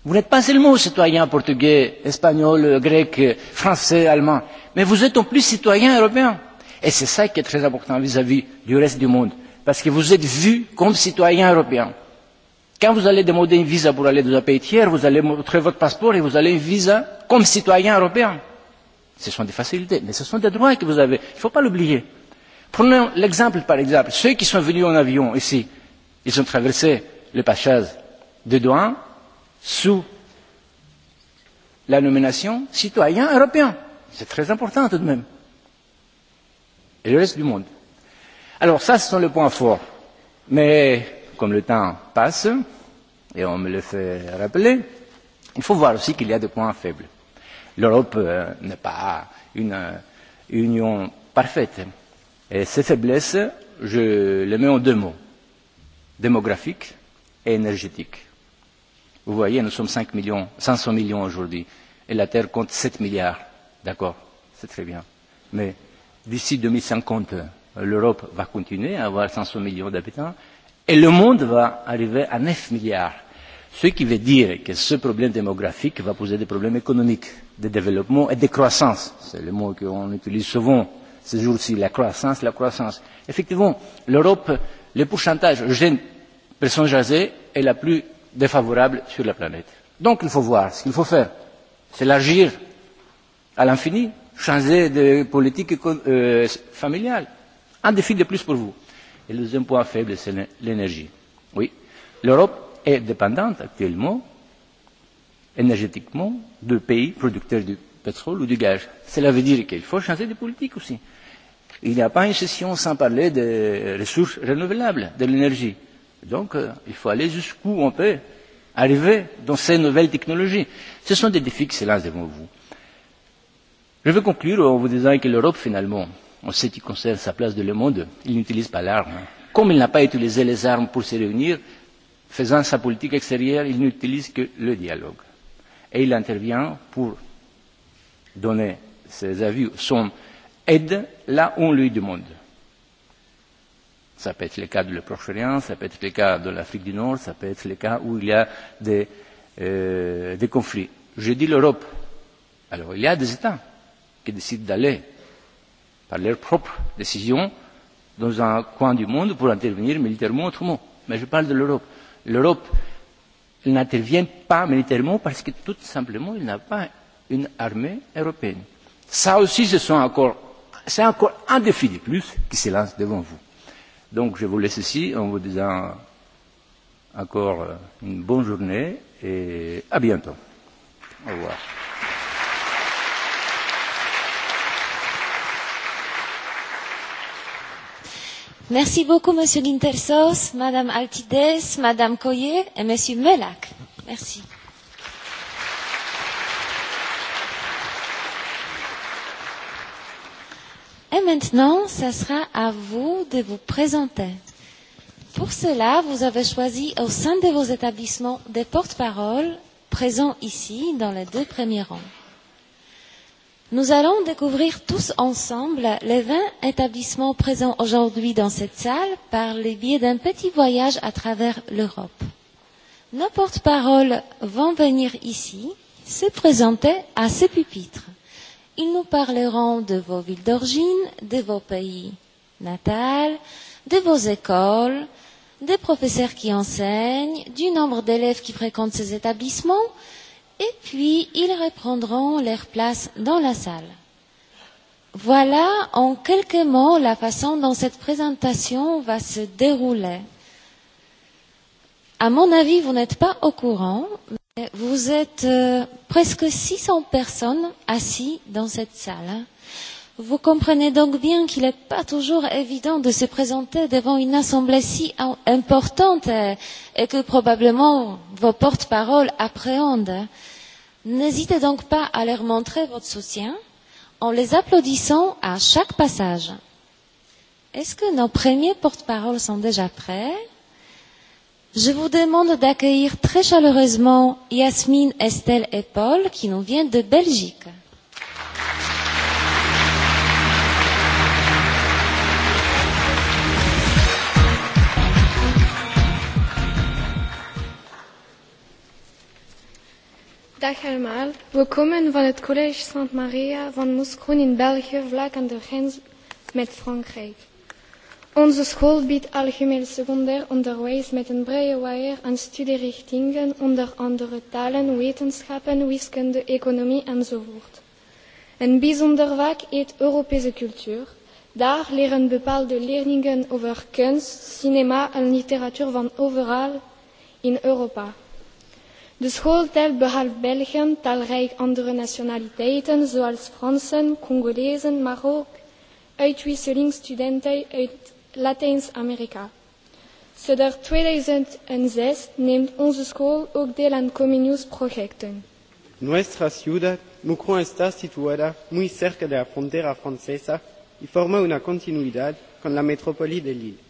Vous n'êtes pas seulement citoyen portugais, espagnol, grec, français, allemand, mais vous êtes en plus citoyen européen Et c'est ça qui est très important vis-à-vis du reste du monde. Parce que vous êtes vu comme citoyen européen. Quand vous allez demander une visa pour aller dans un pays tiers, vous allez montrer votre passeport et vous allez une visa comme citoyen européen. Ce sont des facilités, mais ce sont des droits que vous avez. Il ne faut pas l'oublier. Prenons l'exemple, par exemple. Ceux qui sont venus en avion ici, ils ont traversé le passage de Douane sous la nomination citoyen européen. C'est très important tout de même et le reste du monde. Alors ça, ce sont les points forts. Mais comme le temps passe, et on me le fait rappeler, il faut voir aussi qu'il y a des points faibles. L'Europe n'est pas une union parfaite. Et ces faiblesses, je les mets en deux mots. Démographique et énergétique. Vous voyez, nous sommes 5 millions, 500 millions aujourd'hui. Et la Terre compte 7 milliards. D'accord, c'est très bien. Mais d'ici 2050, l'Europe va continuer à avoir 500 millions d'habitants et le monde va arriver à 9 milliards. Ce qui veut dire que ce problème démographique va poser des problèmes économiques, de développement et de croissance. C'est le mot qu'on utilise souvent ces jours-ci, la croissance, la croissance. Effectivement, l'Europe, le pourcentage jeunes personnes âgées est la plus défavorable sur la planète. Donc il faut voir ce qu'il faut faire. c'est S'élargir à l'infini changer de politique familiale. Un défi de plus pour vous. Et le deuxième point faible, c'est l'énergie. Oui, l'Europe est dépendante actuellement, énergétiquement, de pays producteurs de pétrole ou de gaz. Cela veut dire qu'il faut changer de politique aussi. Il n'y a pas une session sans parler des ressources renouvelables, de l'énergie. Donc, il faut aller jusqu'où on peut arriver dans ces nouvelles technologies. Ce sont des défis qui se lancent devant vous. Je veux conclure en vous disant que l'Europe, finalement, en ce qui concerne sa place dans le monde, il n'utilise pas l'arme. Comme il n'a pas utilisé les armes pour se réunir, faisant sa politique extérieure, il n'utilise que le dialogue. Et il intervient pour donner ses avis, son aide, là où on lui demande. Ça peut être le cas du Proche-Orient, ça peut être le cas de l'Afrique du Nord, ça peut être le cas où il y a des conflits. Je dis l'Europe. Alors, il y a des États qui décident d'aller par leur propre décision dans un coin du monde pour intervenir militairement autrement. Mais je parle de l'Europe. L'Europe n'intervient pas militairement parce que tout simplement elle n'a pas une armée européenne. Ça aussi, c'est encore un défi de plus qui se lance devant vous. Donc je vous laisse ici en vous disant encore une bonne journée et à bientôt. Au revoir. Merci beaucoup, Monsieur Lintersos, Madame Altides, Madame Coyer et Monsieur Melac. Merci. Et maintenant, ce sera à vous de vous présenter. Pour cela, vous avez choisi au sein de vos établissements des porte-paroles présents ici dans les deux premiers rangs. Nous allons découvrir tous ensemble les 20 établissements présents aujourd'hui dans cette salle par le biais d'un petit voyage à travers l'Europe. Nos porte-paroles vont venir ici se présenter à ce pupitre. Ils nous parleront de vos villes d'origine, de vos pays natals, de vos écoles, des professeurs qui enseignent, du nombre d'élèves qui fréquentent ces établissements, et puis ils reprendront leur place dans la salle. Voilà en quelques mots la façon dont cette présentation va se dérouler. À mon avis, vous n'êtes pas au courant, mais vous êtes presque 600 personnes assises dans cette salle. Vous comprenez donc bien qu'il n'est pas toujours évident de se présenter devant une assemblée si importante et que probablement vos porte-paroles appréhendent. N'hésitez donc pas à leur montrer votre soutien en les applaudissant à chaque passage. Est-ce que nos premiers porte-paroles sont déjà prêts Je vous demande d'accueillir très chaleureusement Yasmine, Estelle et Paul qui nous viennent de Belgique. Dag We komen van het college Sant Maria van Moeskroen in België, vlak aan de grens met Frankrijk. Onze school biedt algemeen secundair onderwijs met een brede waaier aan studierichtingen, onder andere talen, wetenschappen, wiskunde, economie enzovoort. Een bijzonder vak heet Europese cultuur. Daar leren bepaalde leerlingen over kunst, cinema en literatuur van overal in Europa. De school telt behalve Belgen talrijk andere nationaliteiten, zoals Fransen, Congolezen, maar ook uitwisselingsstudenten uit Latijns-Amerika. Sedert 2006 neemt onze school ook deel aan Comenius-projecten. Nuestra ciudad, Mucron, está situada muy cerca de la frontera francesa y forma una continuidad con la metrópoli de Lille.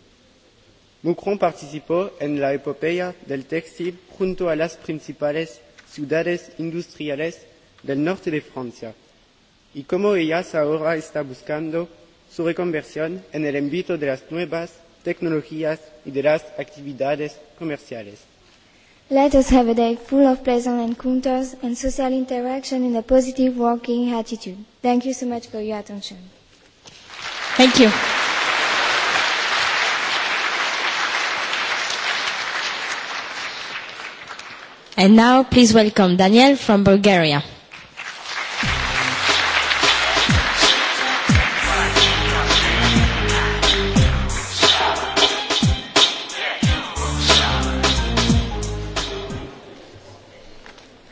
Mucron participó en la epopeya del textil junto a las principales ciudades industriales del norte de Francia, y como ellas ahora está buscando su reconversión en el ámbito de las nuevas tecnologías y de las actividades comerciales. Let us have a day full of pleasant encounters and social interaction in a positive working attitude. Thank you so much for your attention. Thank you. And now please welcome Daniel from Bulgaria.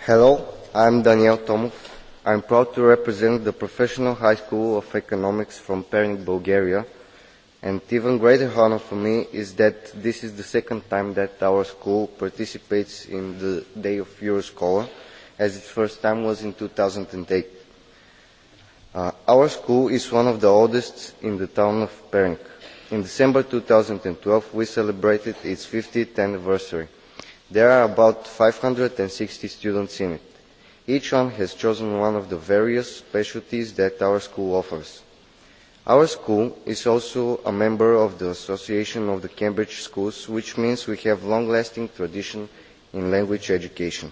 Hello, I'm Daniel Tomov. I'm proud to represent the Professional High School of Economics from Pernik, Bulgaria And even greater honor for me is that this is the second time that our school participates in the Day of Euroscholar, as its first time was in 2008. Our school is one of the oldest in the town of Pernik. In December 2012, we celebrated its 50th anniversary. There are about 560 students in it. Each one has chosen one of the various specialties that our school offers. Our school is also a member of the Association of the Cambridge Schools, which means we have a long-lasting tradition in language education.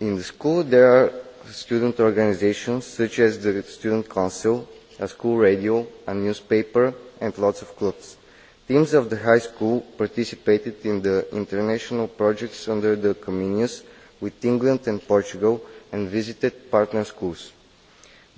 In the school there are student organisations such as the Student Council, a school radio, a newspaper and lots of clubs. Teams of the high school participated in the international projects under the Comenius with England and Portugal and visited partner schools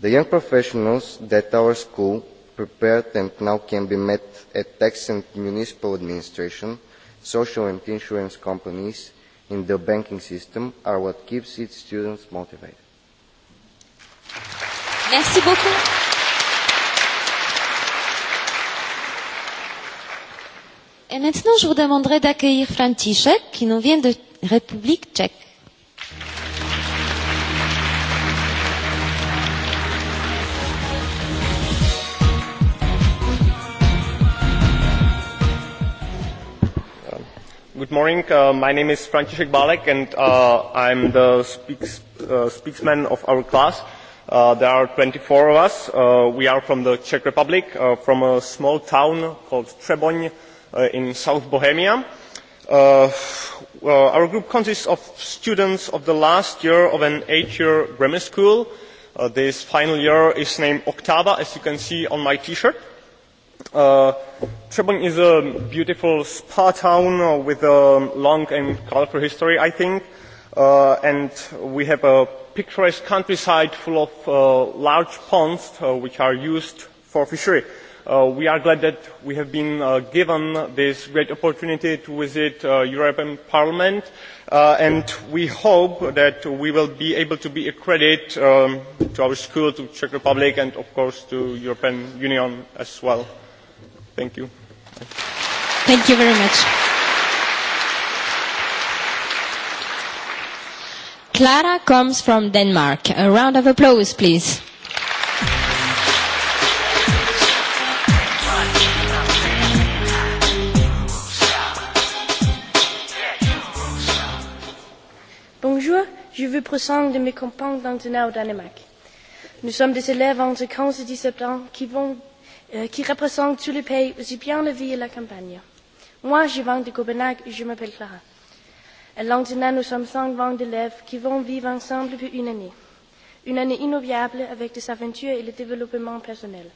the young professionals that our school prepared and now can be met at tax and municipal administration social and insurance companies in the banking system are what keeps its students motivated. Merci beaucoup. Et maintenant, je vous demanderai d'accueillir František, qui nous vient de République tchèque. Good morning. My name is František Balek, and I'm the speaksman of our class. There are 24 of us. We are from the Czech Republic, from a small town called Treboň in South Bohemia. Our group consists of students of the last year of an eight-year grammar school. This final year is named Octava, as you can see on my T-shirt Trebon is a beautiful spa town with a long and colorful history, I think, and we have a picturesque countryside full of large ponds which are used for fishery. We are glad that we have been given this great opportunity to visit European Parliament, and we hope that we will be able to be a credit to our school, to Czech Republic, and of course to European Union as well. Thank you. Thank you very much. Clara comes from Denmark. A round of applause, please. Bonjour, je vous présente de mes compagnons dans le Danemark. Nous sommes des élèves entre 15 et 17 ans qui vont qui représente tous les pays, aussi bien la ville et la campagne. Moi, je viens de Copenhague et je m'appelle Clara. À Londres, nous sommes 120 élèves qui vont vivre ensemble pour une année. Une année inoubliable avec des aventures et le développement personnel.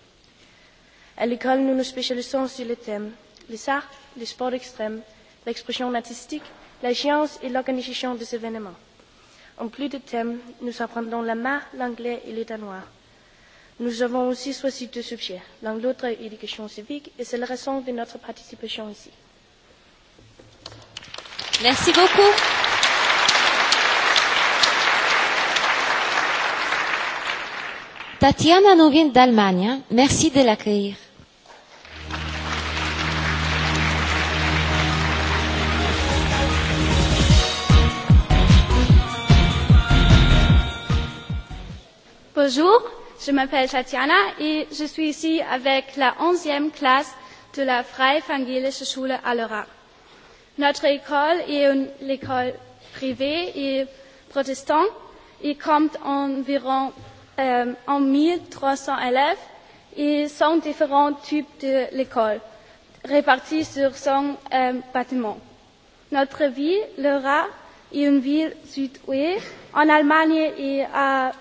À l'école, nous nous spécialisons sur les thèmes les arts, les sports extrêmes, l'expression artistique, la science et l'organisation des événements. En plus de thèmes, nous apprendrons la main, l'anglais et le danois Nous avons aussi choisi deux sujets, l'un l'autre éducation civique, et c'est la raison de notre participation ici. Merci beaucoup. Tatiana nous vient d'Allemagne. Merci de l'accueillir. Bonjour, je m'appelle Tatiana et je suis ici avec la 11e classe de la Freie Evangelische Schule Allora. Notre école est une école privée et protestante. et compte environ euh, 1300 élèves et sont différents types de l'école, répartis sur son bâtiment. Notre ville, Lora, est une ville sud-ouest en Allemagne et à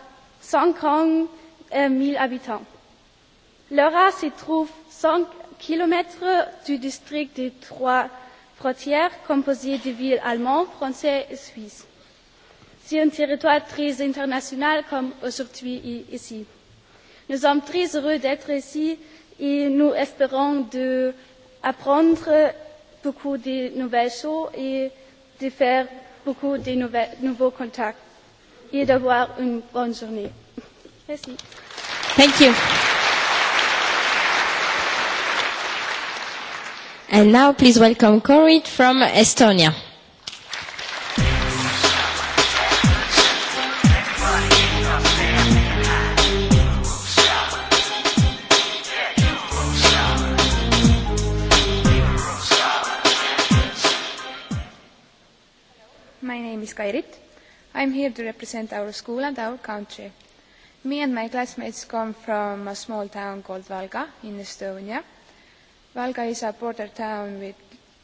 50 000 habitants. Lora se trouve 100 km du district des trois frontières composé de villes allemandes, françaises et suisses. C'est un territoire très international comme aujourd'hui ici. Nous sommes très heureux d'être ici et nous espérons apprendre beaucoup de nouvelles choses et de faire beaucoup de nouveaux contacts et d'avoir une bonne journée. Thank you. And now please welcome Corit from Estonia. My name is Kairit. I'm here to represent our school and our country. Me and my classmates come from a small town called Valga in Estonia. Valga is a border town with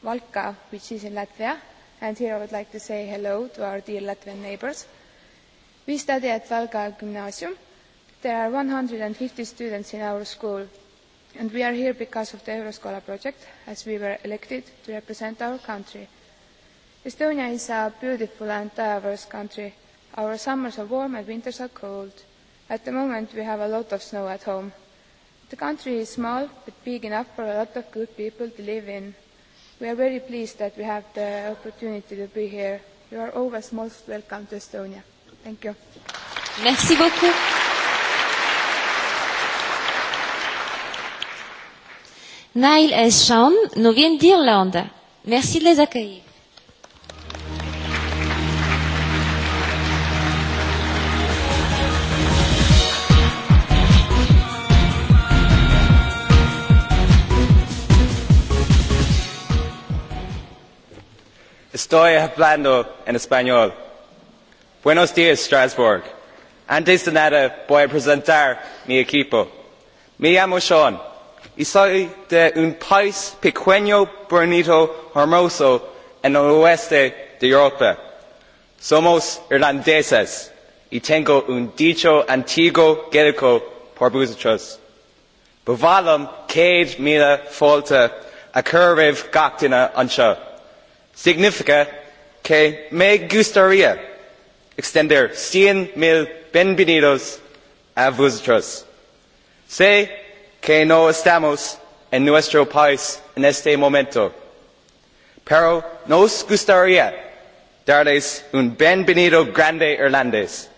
Valka, which is in Latvia, and here I would like to say hello to our dear Latvian neighbours. We study at Valga Gymnasium. There are 150 students in our school, and we are here because of the Euroscola project, as we were elected to represent our country. Estonia is a beautiful and diverse country. Our summers are warm and winters are cold. At the moment, we have a lot of snow at home. The country is small, but big enough for a lot of good people to live in. We are very pleased that we have the opportunity to be here. You are always most welcome to Estonia. Thank you. Merci beaucoup. Nail et Sean nous viennent d'Irlande. Merci de les accueillir. Estoy hablando en español. Buenos días, Strasbourg. Antes de nada, voy a presentar mi equipo. Me llamo Sean y soy de un país pequeño, bonito, hermoso en el oeste de Europa. Somos irlandeses y tengo un dicho antiguo gaélico por vosotros. Bovalum cade mile falta a curve gactina anseo significa que me gustaría extender cien mil bienvenidos a vosotros. Sé que no estamos en nuestro país en este momento, pero nos gustaría darles un bienvenido grande irlandés.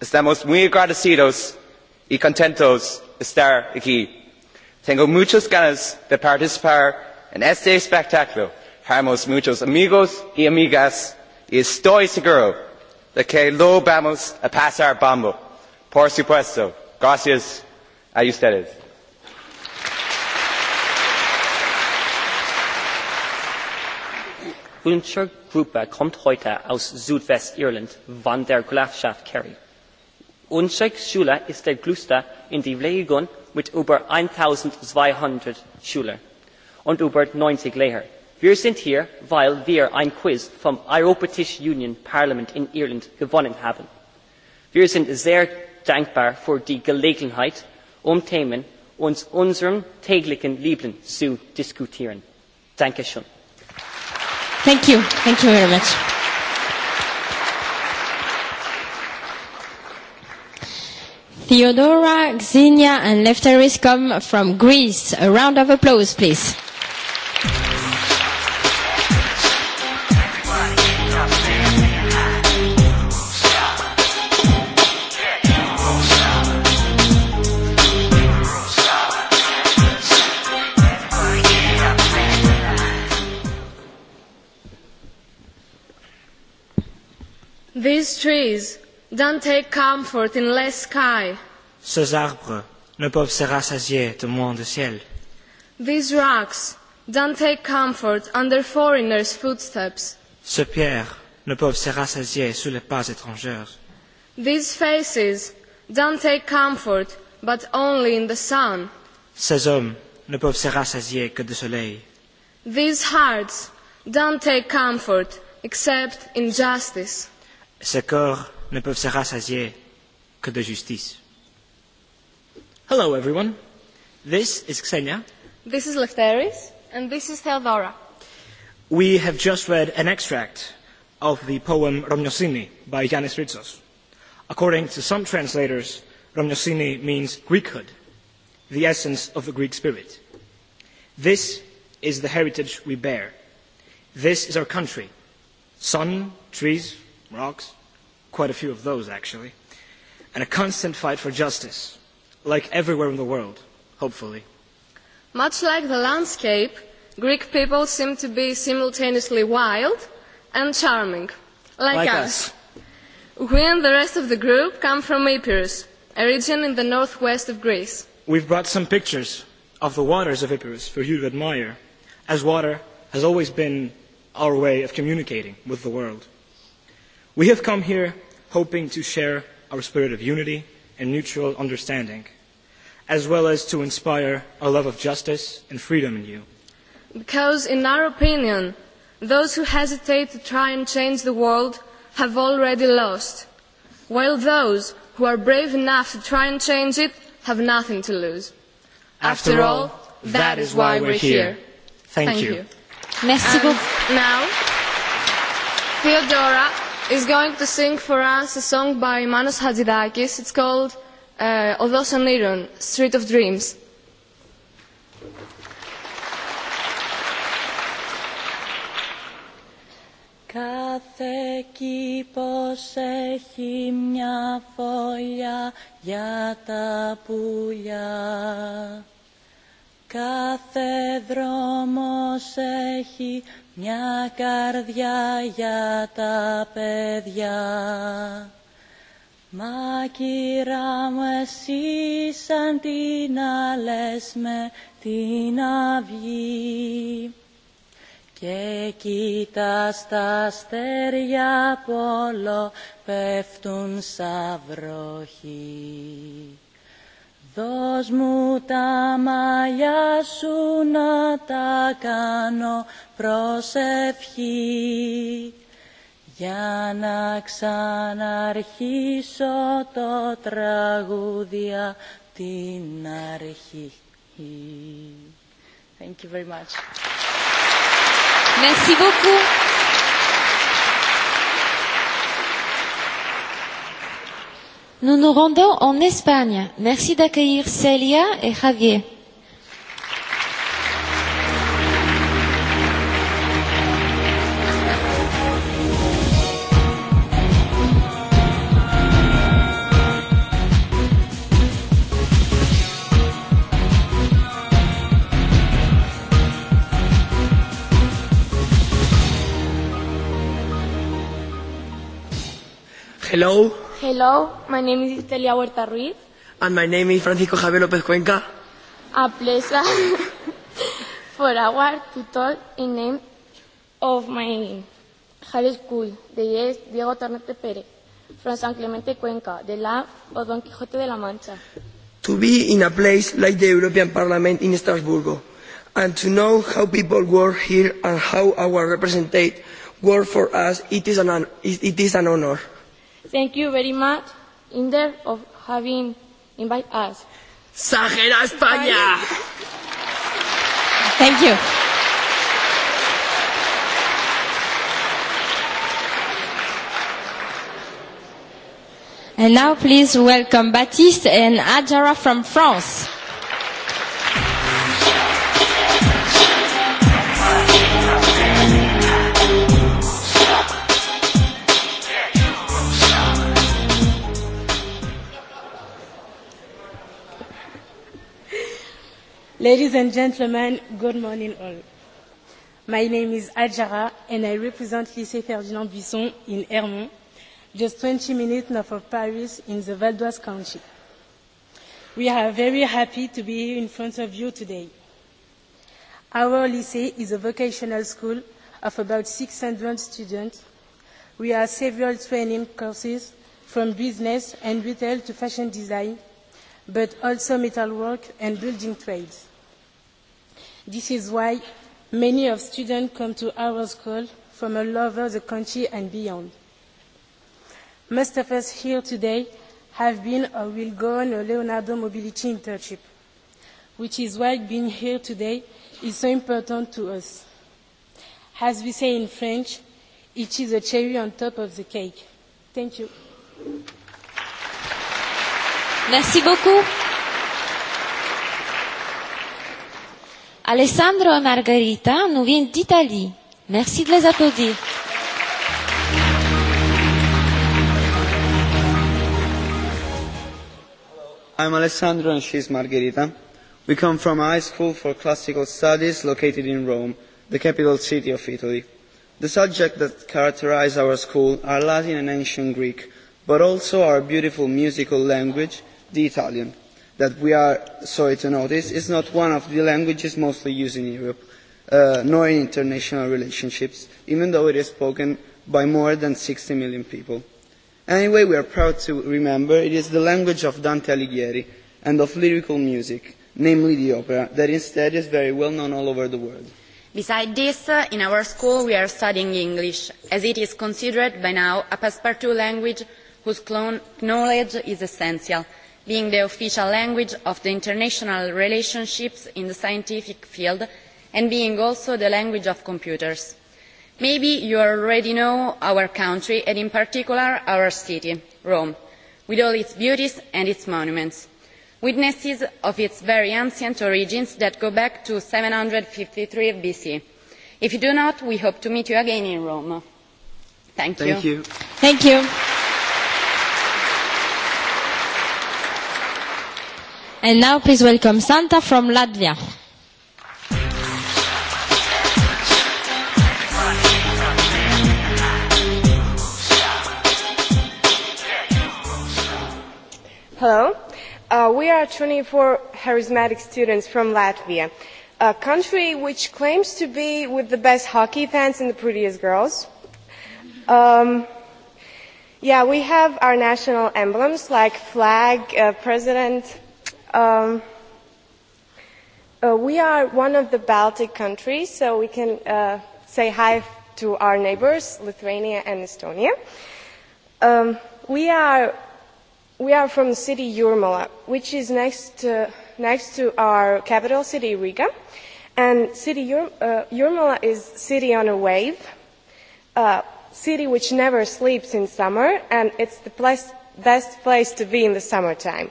Estamos muy agradecidos y contentos de estar aquí. Tengo muchas ganas de participar en este espectáculo Hamos muchos amigos y amigas y estoy seguro de que lo vamos a pasar bomba. Por supuesto. Gracias a ustedes. Unser Gruppe kommt heute aus Südwestirland, von der Grafschaft Kerry. Unsere Schule ist der größte in der Region mit über 1200 Schülern und über 90 Lehrern. Wir sind hier, weil wir ein Quiz vom Europäischen Union Parlament in Irland gewonnen haben. Wir sind sehr dankbar für die Gelegenheit, um Themen aus unserem täglichen Leben zu diskutieren. Danke schön. Theodora, Xenia and Lefteris come from Greece. A round of applause, please. These trees don't take comfort in less sky. Ces arbres ne peuvent se rassasier de moins de ciel. These rocks don't take comfort under foreigners' footsteps. Ces pierres ne peuvent se rassasier sous les pas étrangers. These faces don't take comfort but only in the sun. Ces hommes ne peuvent se rassasier que de soleil. These hearts don't take comfort except in justice. Ces corps ne peuvent se rassasier que de justice. Hello everyone. This is Xenia. This is Lefteris. And this is Theodora. We have just read an extract of the poem Romnosini by Yanis Ritsos. According to some translators, Romnosini means Greekhood, the essence of the Greek spirit. This is the heritage we bear. This is our country. Sun, trees, rocks, quite a few of those actually, and a constant fight for justice, like everywhere in the world, hopefully. Much like the landscape, Greek people seem to be simultaneously wild and charming, like us. We and the rest of the group come from Epirus, a region in the northwest of Greece. We've brought some pictures of the waters of Epirus for you to admire, as water has always been our way of communicating with the world. We have come here hoping to share our spirit of unity and mutual understanding, as well as to inspire a love of justice and freedom in you. Because, in our opinion, those who hesitate to try and change the world have already lost, while those who are brave enough to try and change it have nothing to lose. After all, that is why we're here. Thank you. Now, Theodora is going to sing for us a song by Manos Hadzidakis. It's called Odos Oniron, Street of Dreams. Κάθε κήπος έχει μια φωλιά για τα πουλιά. Κάθε δρόμος έχει μια καρδιά για τα παιδιά. Μα κύρα μου εσύ σαν την άλλες με την αυγή και κοίτα στα αστέρια πόλο πέφτουν σαν βροχή. Δώσ' μου τα μαλλιά σου να τα κάνω προσευχή για να ξαναρχίσω το τραγούδια την αρχή. Thank you Nous nous rendons en Espagne. Merci d'accueillir Celia et Javier. Hello Hello, my name is Italia Huerta Ruiz. And my name is Francisco Javier López Cuenca. A pleasure for our to in name of my high school, the yes Diego Tornete Pérez, from San Clemente Cuenca, the la of Don Quijote de la Mancha. To be in a place like the European Parliament in Strasbourg, and to know how people work here and how our representatives work for us, it is an, it is an honor. Thank you very much, Inder, for having invited us. ¡Sajera España! Thank you. And now please welcome Baptiste and Adjara from France. Ladies and gentlemen, good morning all. My name is Adjara and I represent Lycée Ferdinand Buisson in Hermont, just 20 minutes north of Paris in the Val d'Oise County. We are very happy to be here in front of you today. Our lycée is a vocational school of about 600 students. We have several training courses from business and retail to fashion design, but also metalwork and building trades. This is why many of students come to our school from all over the country and beyond. Most of us here today have been or will go on a Leonardo Mobility internship, which is why being here today is so important to us. As we say in French, it is a cherry on top of the cake. Thank you. Merci beaucoup. Alessandro e Margherita nous viennent d'Italie. Merci de les applaudir. I'm Alessandro and she's Margherita. We come from a high school for classical studies located in Rome, the capital city of Italy. The subjects that characterize our school are Latin and ancient Greek, but also our beautiful musical language, the Italian that we are sorry to notice is not one of the languages mostly used in Europe, nor in international relationships, even though it is spoken by more than 60 million people. Anyway, we are proud to remember it is the language of Dante Alighieri and of lyrical music, namely the opera, that instead is very well known all over the world. Besides this, in our school we are studying English, as it is considered by now a passepartout language whose knowledge is essential being the official language of the international relationships in the scientific field and being also the language of computers. Maybe you already know our country and in particular our city, Rome, with all its beauties and its monuments, witnesses of its very ancient origins that go back to 753 BC. If you do not, we hope to meet you again in Rome. Thank you. And now please welcome Santa from Latvia. Hello. Uh, we are 24 charismatic students from Latvia, a country which claims to be with the best hockey fans and the prettiest girls. Um, yeah, we have our national emblems like flag, uh, president, We are one of the Baltic countries, so we can say hi to our neighbours, Lithuania and Estonia. We are we are from the city Jurmala, which is next to our capital city Riga, and city Jurmala is city on a wave, a city which never sleeps in summer, and it's the best place to be in the summertime.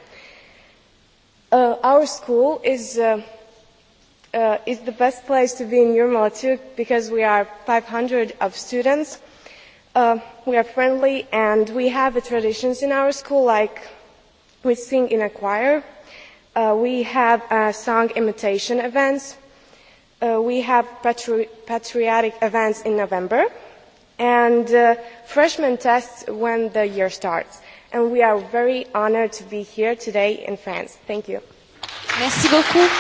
Our school is the best place to be in too because we are 500 of students. We are friendly and we have traditions in our school like we sing in a choir, we have song imitation events, we have patriotic events in November and freshman tests when the year starts and we are very honored to be here today in France. Thank you. Merci beaucoup.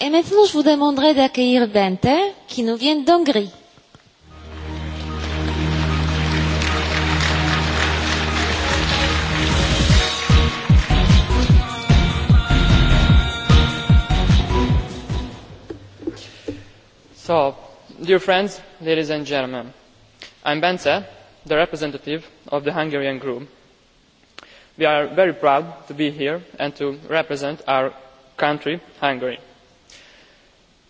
Et maintenant, je vous demanderai d'accueillir Bente, qui nous vient d'Hongrie. So, dear friends, ladies and gentlemen, i am bence the representative of the hungarian group. we are very proud to be here and to represent our country hungary.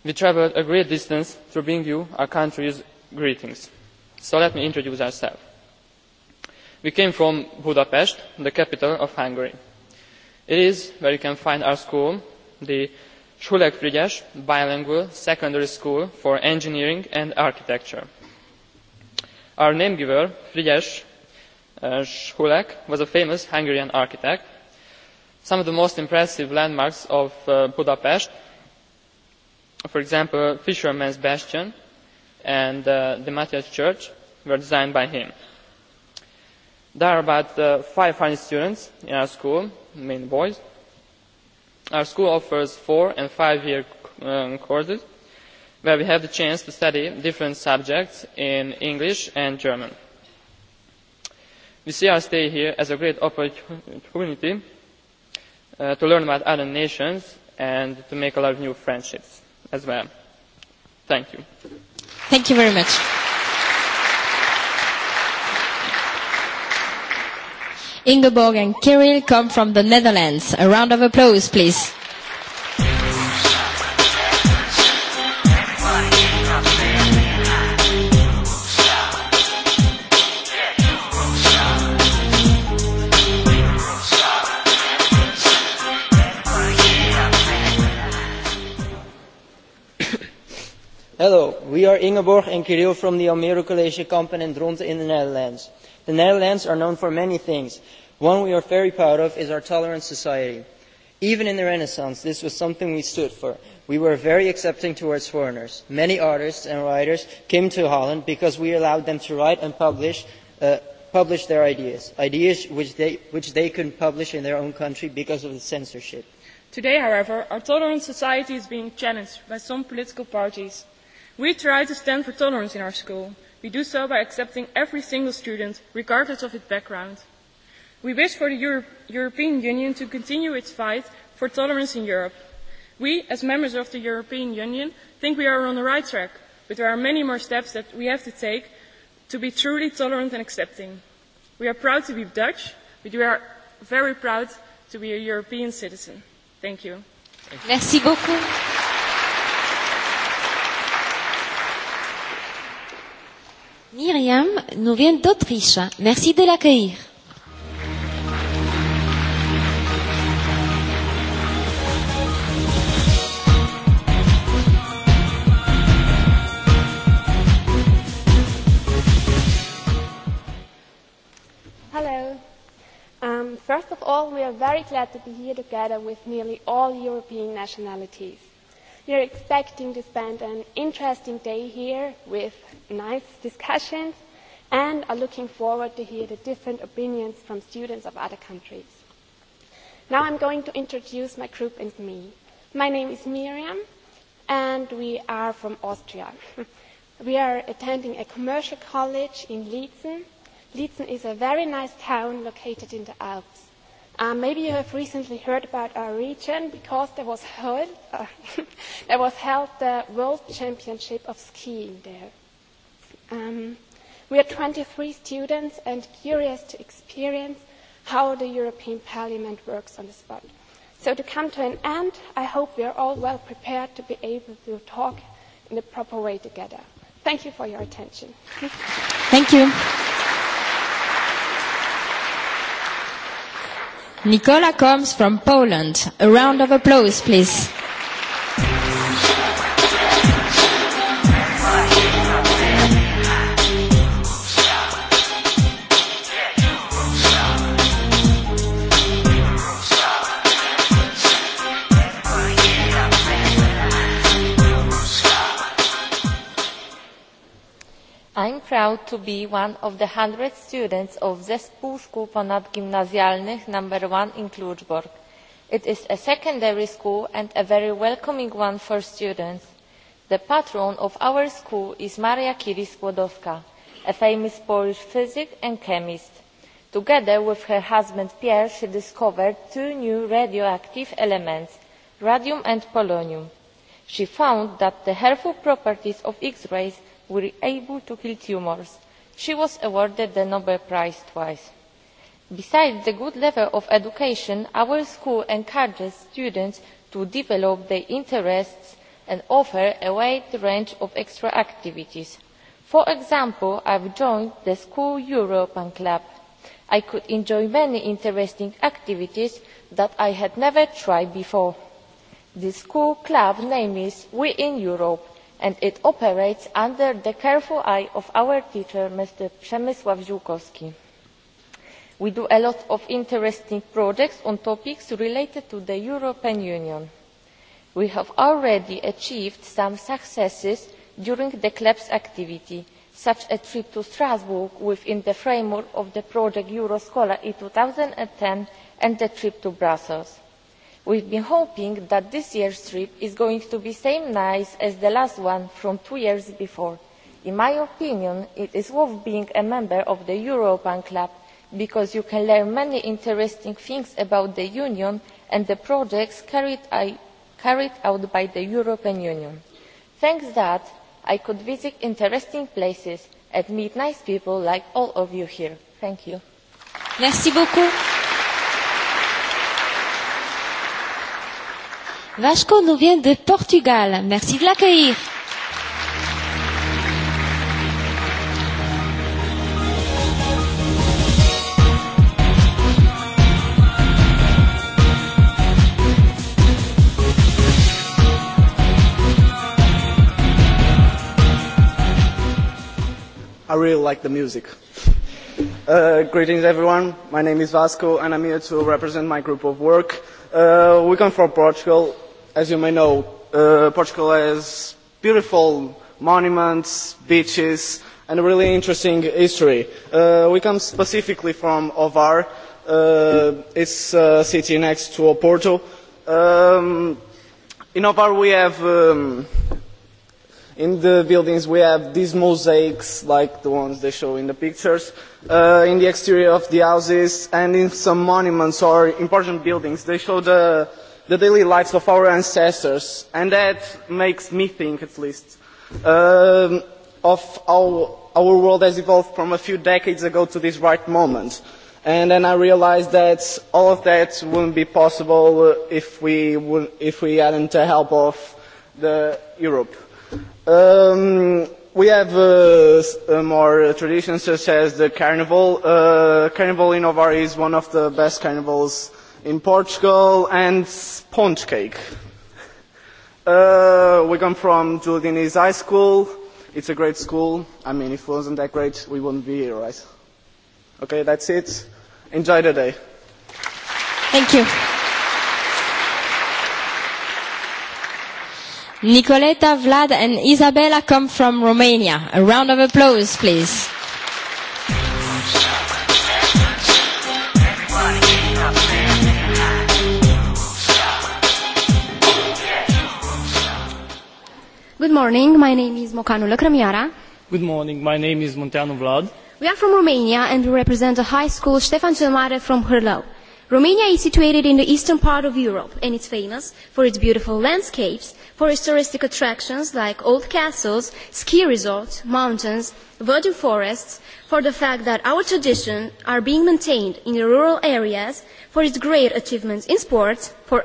we travelled a great distance to bring you our country's greetings so let me introduce ourselves. we came from budapest the capital of hungary. it is where you can find our school the Schulek Frigyes bilingual secondary school for engineering and architecture our name giver frigyes Schulek was a famous hungarian architect. some of the most impressive landmarks of budapest for example fisherman's bastion and the matthias church were designed by him. there are about 500 students in our school mainly boys. our school offers four and five year courses where we have the chance to study different subjects in English and German. We see our stay here as a great opportunity to learn about other nations and to make a lot of new friendships as well. Thank you. Thank you very much. Ingeborg and Kirill come from the Netherlands. A round of applause, please. We are Ingeborg and Kirill from the Almere College Company in Dronten in the Netherlands. The Netherlands are known for many things. One we are very proud of is our tolerant society. Even in the Renaissance, this was something we stood for. We were very accepting towards foreigners. Many artists and writers came to Holland because we allowed them to write and publish publish their ideas, ideas which they couldn't publish in their own country because of the censorship. Today, however, our tolerant society is being challenged by some political parties. We try to stand for tolerance in our school. We do so by accepting every single student, regardless of its background. We wish for the European Union to continue its fight for tolerance in Europe. We, as members of the European Union, think we are on the right track, but there are many more steps that we have to take to be truly tolerant and accepting. We are proud to be Dutch, but we are very proud to be a European citizen. Thank you. Merci beaucoup. Miriam nous vient d'Autriche. Merci de l'accueillir. Hello. Um, first of all, we are very glad to be here together with nearly all European nationalities. We are expecting to spend an interesting day here with nice discussions and are looking forward to hear the different opinions from students of other countries. Now I'm going to introduce my group and me. My name is Miriam and we are from Austria. We are attending a commercial college in Liezen. Liezen is a very nice town located in the Alps. Maybe you have recently heard about our region because there was held there was held the World Championship of Skiing there. We are 23 students and curious to experience how the European Parliament works on the spot. So to come to an end, I hope we are all well prepared to be able to talk in the proper way together. Thank you for your attention. Thank you. Nicola comes from Poland. A round of applause, please. proud to be one of the hundred students of Zespół Szkół Ponadgimnazjalnych number 1 in Kluczbork. It is a secondary school and a very welcoming one for students. The patron of our school is Maria Curie Skłodowska, a famous Polish physicist and chemist. Together with her husband Pierre, she discovered two new radioactive elements, radium and polonium. She found that the helpful properties of X-rays were able to kill tumours. She was awarded the Nobel Prize twice. Besides the good level of education, our school encourages students to develop their interests and offer a wide range of extra activities. For example, I have joined the School European Club. I could enjoy many interesting activities that I had never tried before. The school club name is We in Europe and it operates under the careful eye of our teacher, Mr. Przemysław Ziółkowski. We do a lot of interesting projects on topics related to the European Union. We have already achieved some successes during the CLEP's activity, such as a trip to Strasbourg within the framework of the project Euroscola in 2010 and the trip to Brussels. We've been hoping that this year's trip is going to be same nice as the last one from two years before. In my opinion, it is worth being a member of the European Club because you can learn many interesting things about the Union and the projects carried out by the European Union. Thanks to that, I could visit interesting places and meet nice people like all of you here. Thank you. Vasco nous vient de Portugal. Merci de l'accueillir. I really like the music. Uh, Greetings everyone, my name is Vasco and I'm here to represent my group of work. Uh, We come from Portugal as you may know, Portugal has beautiful monuments, beaches and a really interesting history. We come specifically from Ovar. It's city next to Oporto. In Ovar we have, in the buildings we have these mosaics like the ones they show in the pictures, in the exterior of the houses and in some monuments or important buildings. They show the the daily lives of our ancestors, and that makes me think, at least, of how our world has evolved from a few decades ago to this right moment. And then I realized that all of that wouldn't be possible if we hadn't the help of Europe. We have more traditions such as the carnival. Carnival in Novara is one of the best carnivals in Portugal and sponge cake. We come from Julianese High School. It's a great school. I mean, if it wasn't that great, we wouldn't be here, right? Okay, that's it. Enjoy the day. Thank you. Nicoleta, Vlad and Isabella come from Romania. A round of applause, please. morning, my name is Mocanu Lăcrămiara. Good morning, my name is Munteanu Vlad. We are from Romania and we represent a high school, Stefan cel Mare, from Hârlău. Romania is situated in the eastern part of Europe and it's famous for its beautiful landscapes, for its touristic attractions like old castles, ski resorts, mountains, virgin forests, for the fact that our traditions are being maintained in the rural areas, for its great achievements in sports, for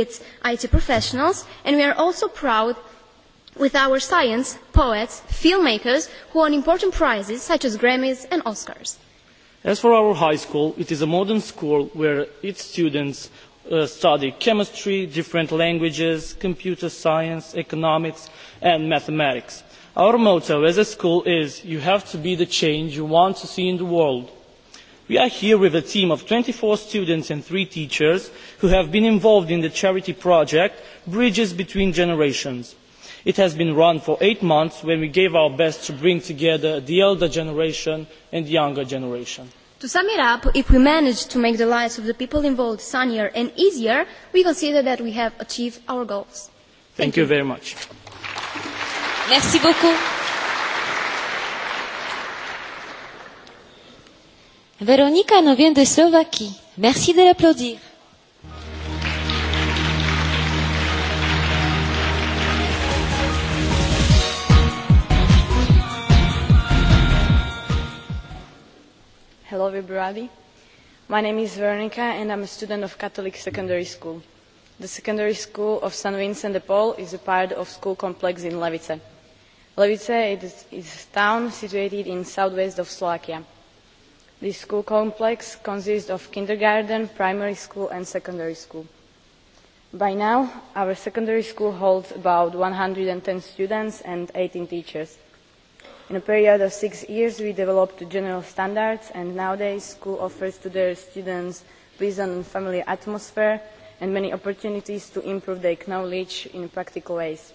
its IT professionals, and we are also proud with our science, poets, filmmakers who won important prizes such as Grammys and Oscars. As for our high school, it is a modern school where its students study chemistry, different languages, computer science, economics and mathematics. Our motto as a school is you have to be the change you want to see in the world. We are here with a team of 24 students and three teachers who have been involved in the charity project Bridges Between Generations It has been run for eight months when we gave our best to bring together the elder generation and the younger generation. To sum it up, if we manage to make the lives of the people involved sunnier and easier, we consider that we have achieved our goals. Thank you very much. Merci beaucoup. Veronika nous de Slovaquie. Merci de l'applaudir. Hello, everybody. My name is Veronica, and I'm a student of Catholic Secondary School. The secondary school of St. Vincent de Paul is a part of school complex in Levice. Levice is a town situated in southwest of Slovakia. This school complex consists of kindergarten, primary school and secondary school. By now, our secondary school holds about 110 students and 18 teachers. In a period of six years, we developed general standards, and nowadays school offers to their students pleasant and family atmosphere and many opportunities to improve their knowledge in practical ways.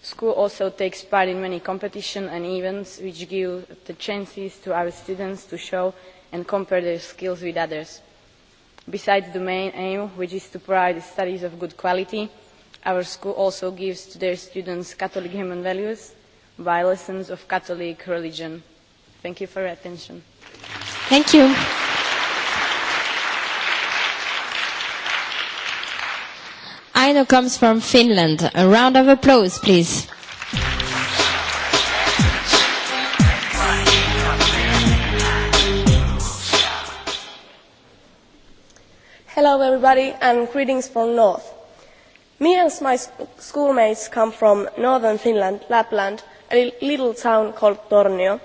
School also takes part in many competitions and events which give the chances to our students to show and compare their skills with others. Besides the main aim, which is to provide studies of good quality, our school also gives to their students Catholic human values by of Catholic religion. Thank you for your attention. Thank you. Aino comes from Finland. A round of applause, please. Hello, everybody, and greetings from North. Me and my schoolmates come from northern Finland, Lapland, a little town called Tornio.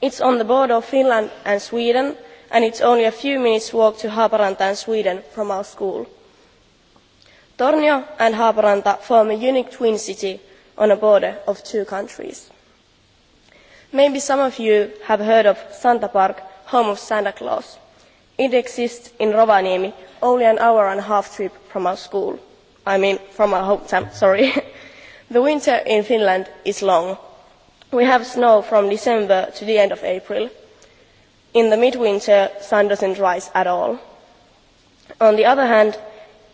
It's on the border of Finland and Sweden, and it's only a few minutes' walk to Haaparanta and Sweden from our school. Tornio and Haaparanta form a unique twin city on the border of two countries. Maybe some of you have heard of Santa Park, home of Santa Claus. It exists in Rovaniemi, only an hour and a half trip from our school. I mean, from our hometown, sorry The winter in Finland is long. We have snow from December to the end of April. In the midwinter, sun doesn't rise at all. On the other hand,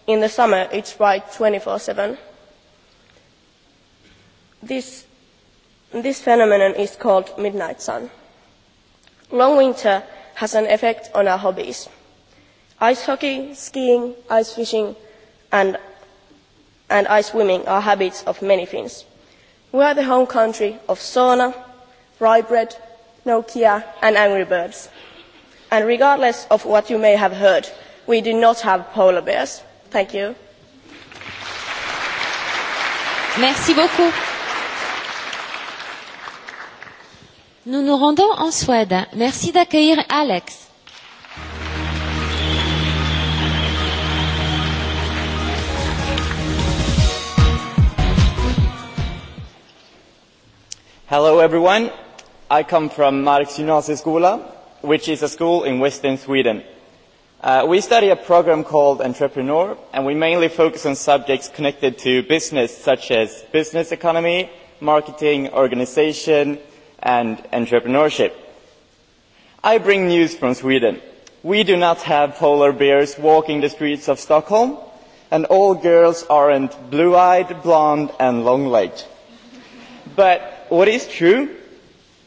in the summer it's bright 24/7. This this phenomenon is called midnight sun. Long winter has an effect on our hobbies. Ice hockey, skiing, ice fishing, and and ice swimming are habits of many Finns. We are the home country of sauna, rye bread, Nokia and Angry Birds. And regardless of what you may have heard, we do not have polar bears. Thank you. Merci beaucoup. Nous nous rendons en Suède. Merci d'accueillir Alex. Hello everyone. I come from Marx which is a school in western Sweden. We study a program called Entrepreneur, and we mainly focus on subjects connected to business, such as business economy, marketing, organization, and entrepreneurship. I bring news from Sweden. We do not have polar bears walking the streets of Stockholm, and all girls aren't blue-eyed, blonde, and long-legged. But What is true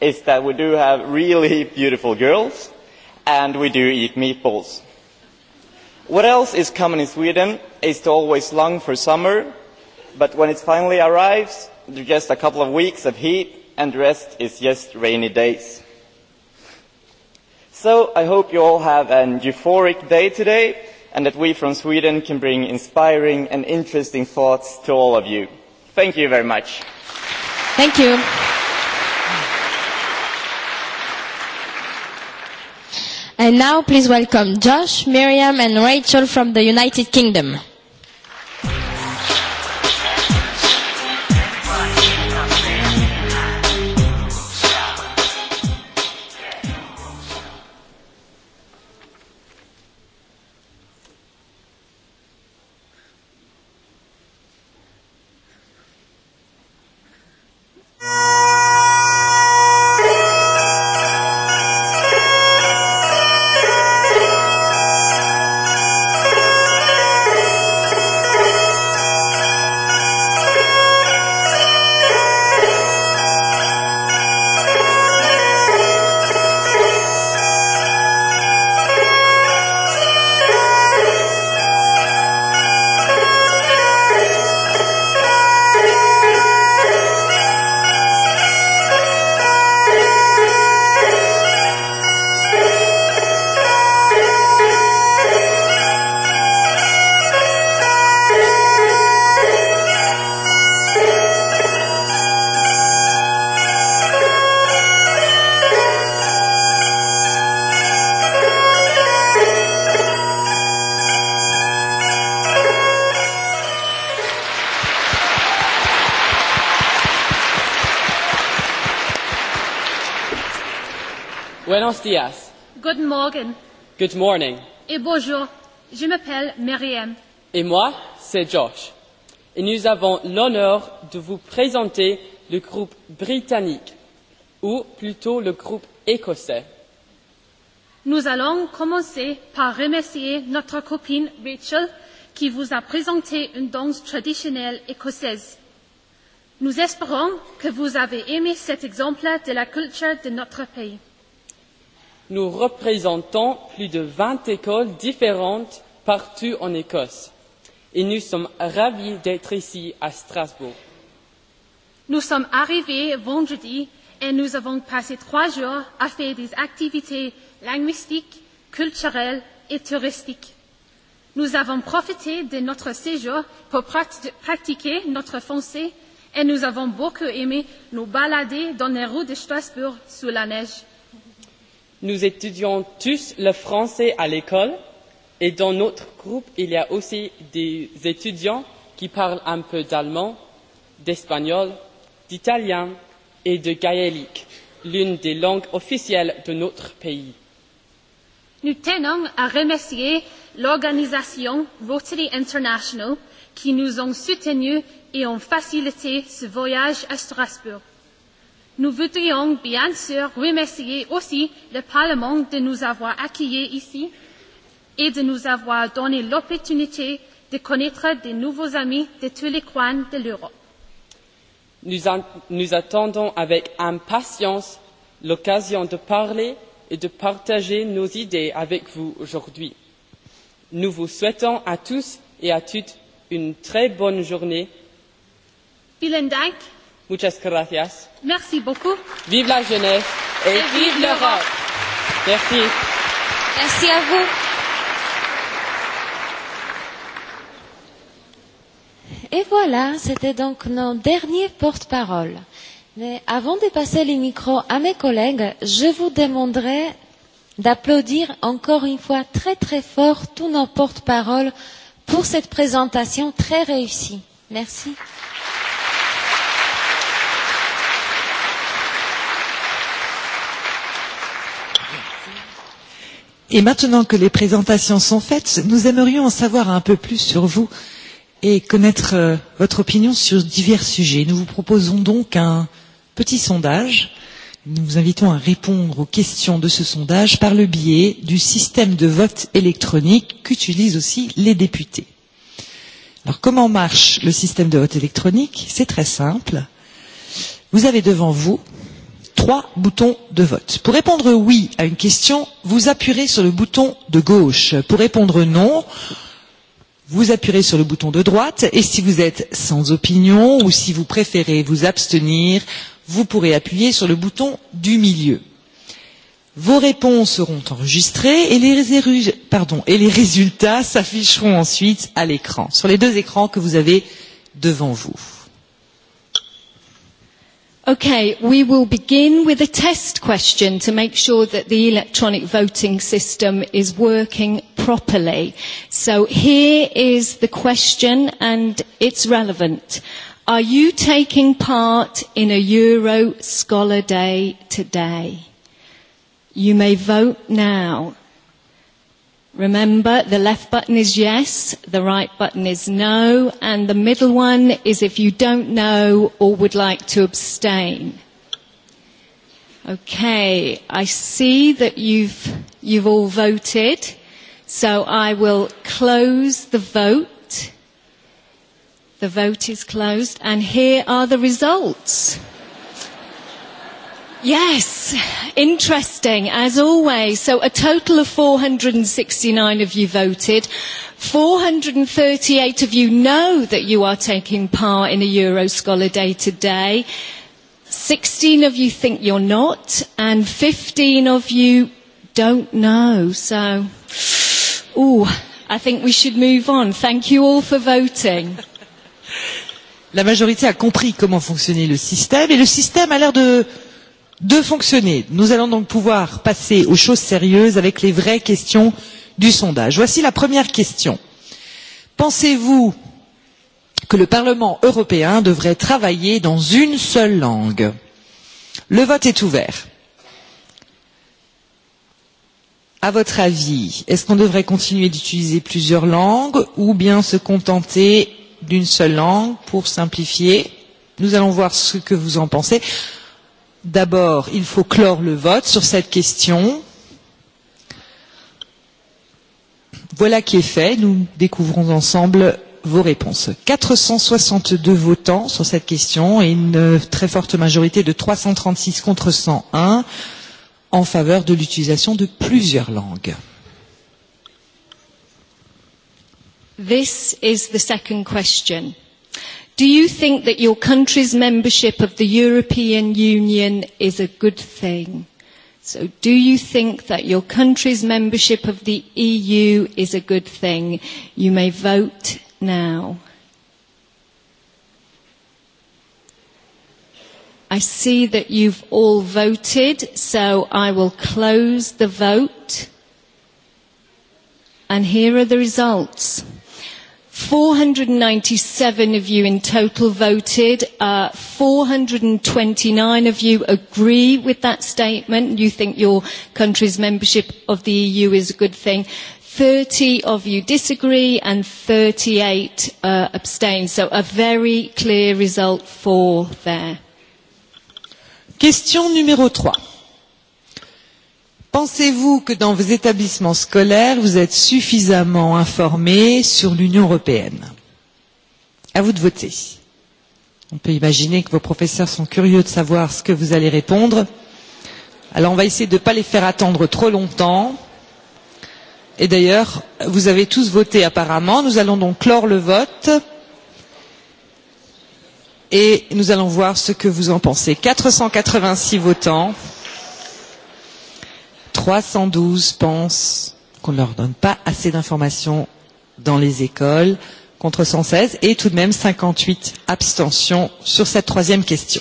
is that we do have really beautiful girls and we do eat meatballs. What else is common in Sweden is to always long for summer, but when it finally arrives, there's just a couple of weeks of heat and the rest is just rainy days. So I hope you all have an euphoric day today and that we from Sweden can bring inspiring and interesting thoughts to all of you. Thank you very much. Thank you. And now please welcome Josh, Miriam and Rachel from the United Kingdom. días. Good morning. Good morning. Et bonjour. Je m'appelle Myriam. Et moi, c'est Josh. Et nous avons l'honneur de vous présenter le groupe britannique, ou plutôt le groupe écossais. Nous allons commencer par remercier notre copine Rachel qui vous a présenté une danse traditionnelle écossaise. Nous espérons que vous avez aimé cet exemple de la culture de notre pays nous représentons plus de vingt écoles différentes partout en écosse et nous sommes ravis d'être ici à strasbourg. nous sommes arrivés vendredi et nous avons passé trois jours à faire des activités linguistiques culturelles et touristiques. nous avons profité de notre séjour pour pratiquer notre français et nous avons beaucoup aimé nous balader dans les rues de strasbourg sous la neige nous étudions tous le français à l'école et dans notre groupe il y a aussi des étudiants qui parlent un peu d'allemand d'espagnol d'italien et de gaélique l'une des langues officielles de notre pays. nous tenons à remercier l'organisation rotary international qui nous ont soutenus et ont facilité ce voyage à strasbourg. Nous voudrions bien sûr remercier aussi le Parlement de nous avoir accueillis ici et de nous avoir donné l'opportunité de connaître de nouveaux amis de tous les coins de l'Europe. Nous attendons avec impatience l'occasion de parler et de partager nos idées avec vous aujourd'hui. Nous vous souhaitons à tous et à toutes une très bonne journée. Vielen Dank Muchas gracias. Merci beaucoup. Vive la jeunesse et, vive l'Europe. Merci. Merci à vous. Et voilà, c'était donc nos derniers porte-parole. Mais avant de passer les micros à mes collègues, je vous demanderai d'applaudir encore une fois très très fort tous nos porte parole pour cette présentation très réussie. Merci. Et maintenant que les présentations sont faites, nous aimerions en savoir un peu plus sur vous et connaître votre opinion sur divers sujets. Nous vous proposons donc un petit sondage. Nous vous invitons à répondre aux questions de ce sondage par le biais du système de vote électronique qu'utilisent aussi les députés. Alors comment marche le système de vote électronique C'est très simple. Vous avez devant vous trois boutons de vote. Pour répondre oui à une question, vous appuierez sur le bouton de gauche. Pour répondre non, vous appuierez sur le bouton de droite. Et si vous êtes sans opinion ou si vous préférez vous abstenir, vous pourrez appuyer sur le bouton du milieu. Vos réponses seront enregistrées et les résultats s'afficheront ensuite à l'écran, sur les deux écrans que vous avez devant vous. Okay, we will begin with a test question to make sure that the electronic voting system is working properly. So here is the question and it's relevant. Are you taking part in a Euro Scholar Day today? You may vote now. Remember, the left button is yes, the right button is no, and the middle one is if you don't know or would like to abstain. Okay, I see that you've you've all voted, so I will close the vote. The vote is closed, and here are the results. Yes, interesting, as always. So a total of 469 of you voted. 438 of you know that you are taking part in a Euro Day today. 16 of you think you're not, and 15 of you don't know. So, ooh, I think we should move on. Thank you all for voting. La majorité a compris comment fonctionnait le système, et le système a l'air de de fonctionner. Nous allons donc pouvoir passer aux choses sérieuses avec les vraies questions du sondage. Voici la première question. Pensez-vous que le Parlement européen devrait travailler dans une seule langue Le vote est ouvert. À votre avis, est-ce qu'on devrait continuer d'utiliser plusieurs langues ou bien se contenter d'une seule langue pour simplifier Nous allons voir ce que vous en pensez. D'abord, il faut clore le vote sur cette question. Voilà qui est fait. Nous découvrons ensemble vos réponses. 462 votants sur cette question et une très forte majorité de 336 contre 101 en faveur de l'utilisation de plusieurs langues. This is the second question. Do you think that your country's membership of the European Union is a good thing? So do you think that your country's membership of the EU is a good thing? You may vote now. I see that you've all voted, so I will close the vote. And here are the results. 497 of you in total voted. 429 of you agree with that statement. You think your country's membership of the EU is a good thing. 30 of you disagree and 38 abstain. So a very clear result for there. Question numéro 3. Pensez-vous que dans vos établissements scolaires, vous êtes suffisamment informés sur l'Union européenne À vous de voter. On peut imaginer que vos professeurs sont curieux de savoir ce que vous allez répondre. Alors on va essayer de ne pas les faire attendre trop longtemps. Et d'ailleurs, vous avez tous voté apparemment. Nous allons donc clore le vote. Et nous allons voir ce que vous en pensez. 486 votants. 312 pensent qu'on ne leur donne pas assez d'informations dans les écoles contre 116 et tout de même 58 abstentions sur cette troisième question.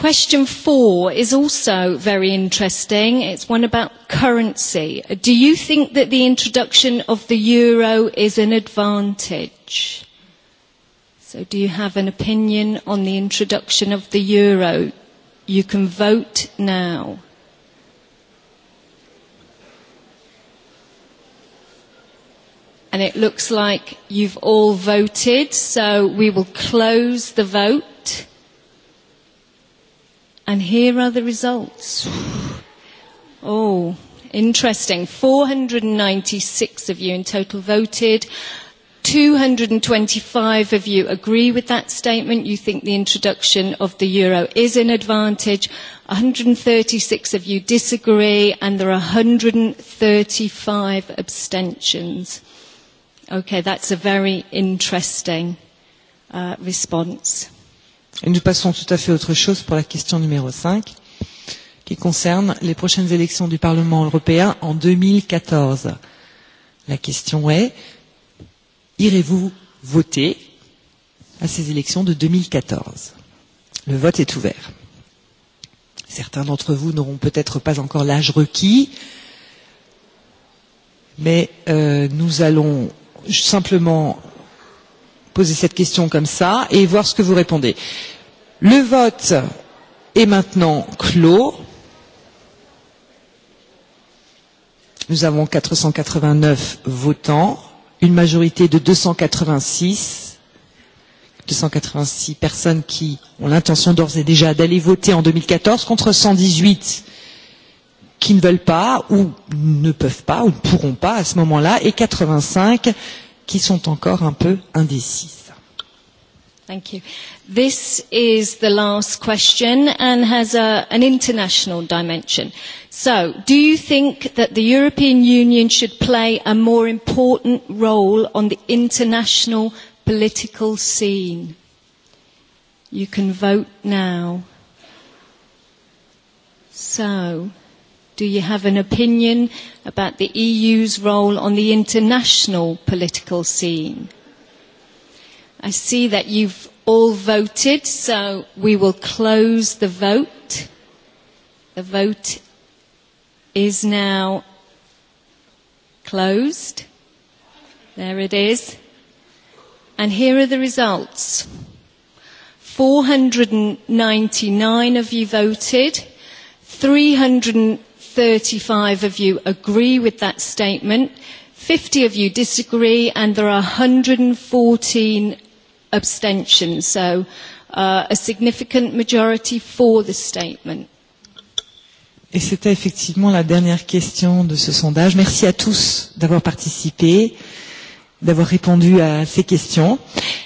Question four is also very interesting. It's one about currency. Do you think that the introduction of the euro is an advantage? So do you have an opinion on the introduction of the euro? You can vote now. And it looks like you've all voted, so we will close the vote. And here are the results. Oh, interesting. 496 of you in total voted. 225 of you agree with that statement. You think the introduction of the euro is an advantage. 136 of you disagree, and there are 135 abstentions. Okay, that's a very interesting response. Et nous passons tout à fait autre chose pour la question numéro 5 qui concerne les prochaines élections du Parlement européen en 2014. La question est irez-vous voter à ces élections de 2014 Le vote est ouvert. Certains d'entre vous n'auront peut-être pas encore l'âge requis, mais nous allons simplement poser cette question comme ça et voir ce que vous répondez. Le vote est maintenant clos. Nous avons 489 votants, une majorité de 286, 286 personnes qui ont l'intention d'ores et déjà d'aller voter en 2014 contre 118 qui ne veulent pas ou ne peuvent pas ou ne pourront pas à ce moment-là et 85 qui sont encore un peu indécis. Thank you. This is the last question and has a, an international dimension. So, do you think that the European Union should play a more important role on the international political scene? You can vote now. So, Do you have an opinion about the EU's role on the international political scene? I see that you've all voted, so we will close the vote. The vote is now closed. There it is. And here are the results. 499 of you voted. 300 35 of you agree with that statement, 50 of you disagree, and there are 114 abstentions. So a significant majority for the statement. Et c'était effectivement la dernière question de ce sondage. Merci à tous d'avoir participé, d'avoir répondu à ces questions.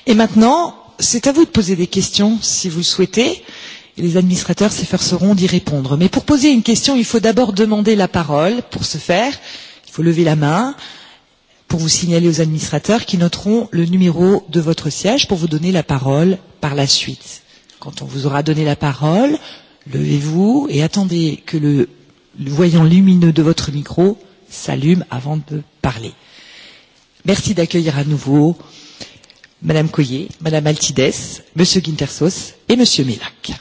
Et maintenant, c'est à vous de poser des questions si vous le souhaitez les administrateurs s'efforceront d'y répondre. Mais pour poser une question, il faut d'abord demander la parole. Pour ce faire, il faut lever la main pour vous signaler aux administrateurs qui noteront le numéro de votre siège pour vous donner la parole par la suite. Quand on vous aura donné la parole, levez-vous et attendez que le voyant lumineux de votre micro s'allume avant de parler. Merci d'accueillir à nouveau Madame Coyer, Madame Altides, Monsieur Guintersos et Monsieur Mélac.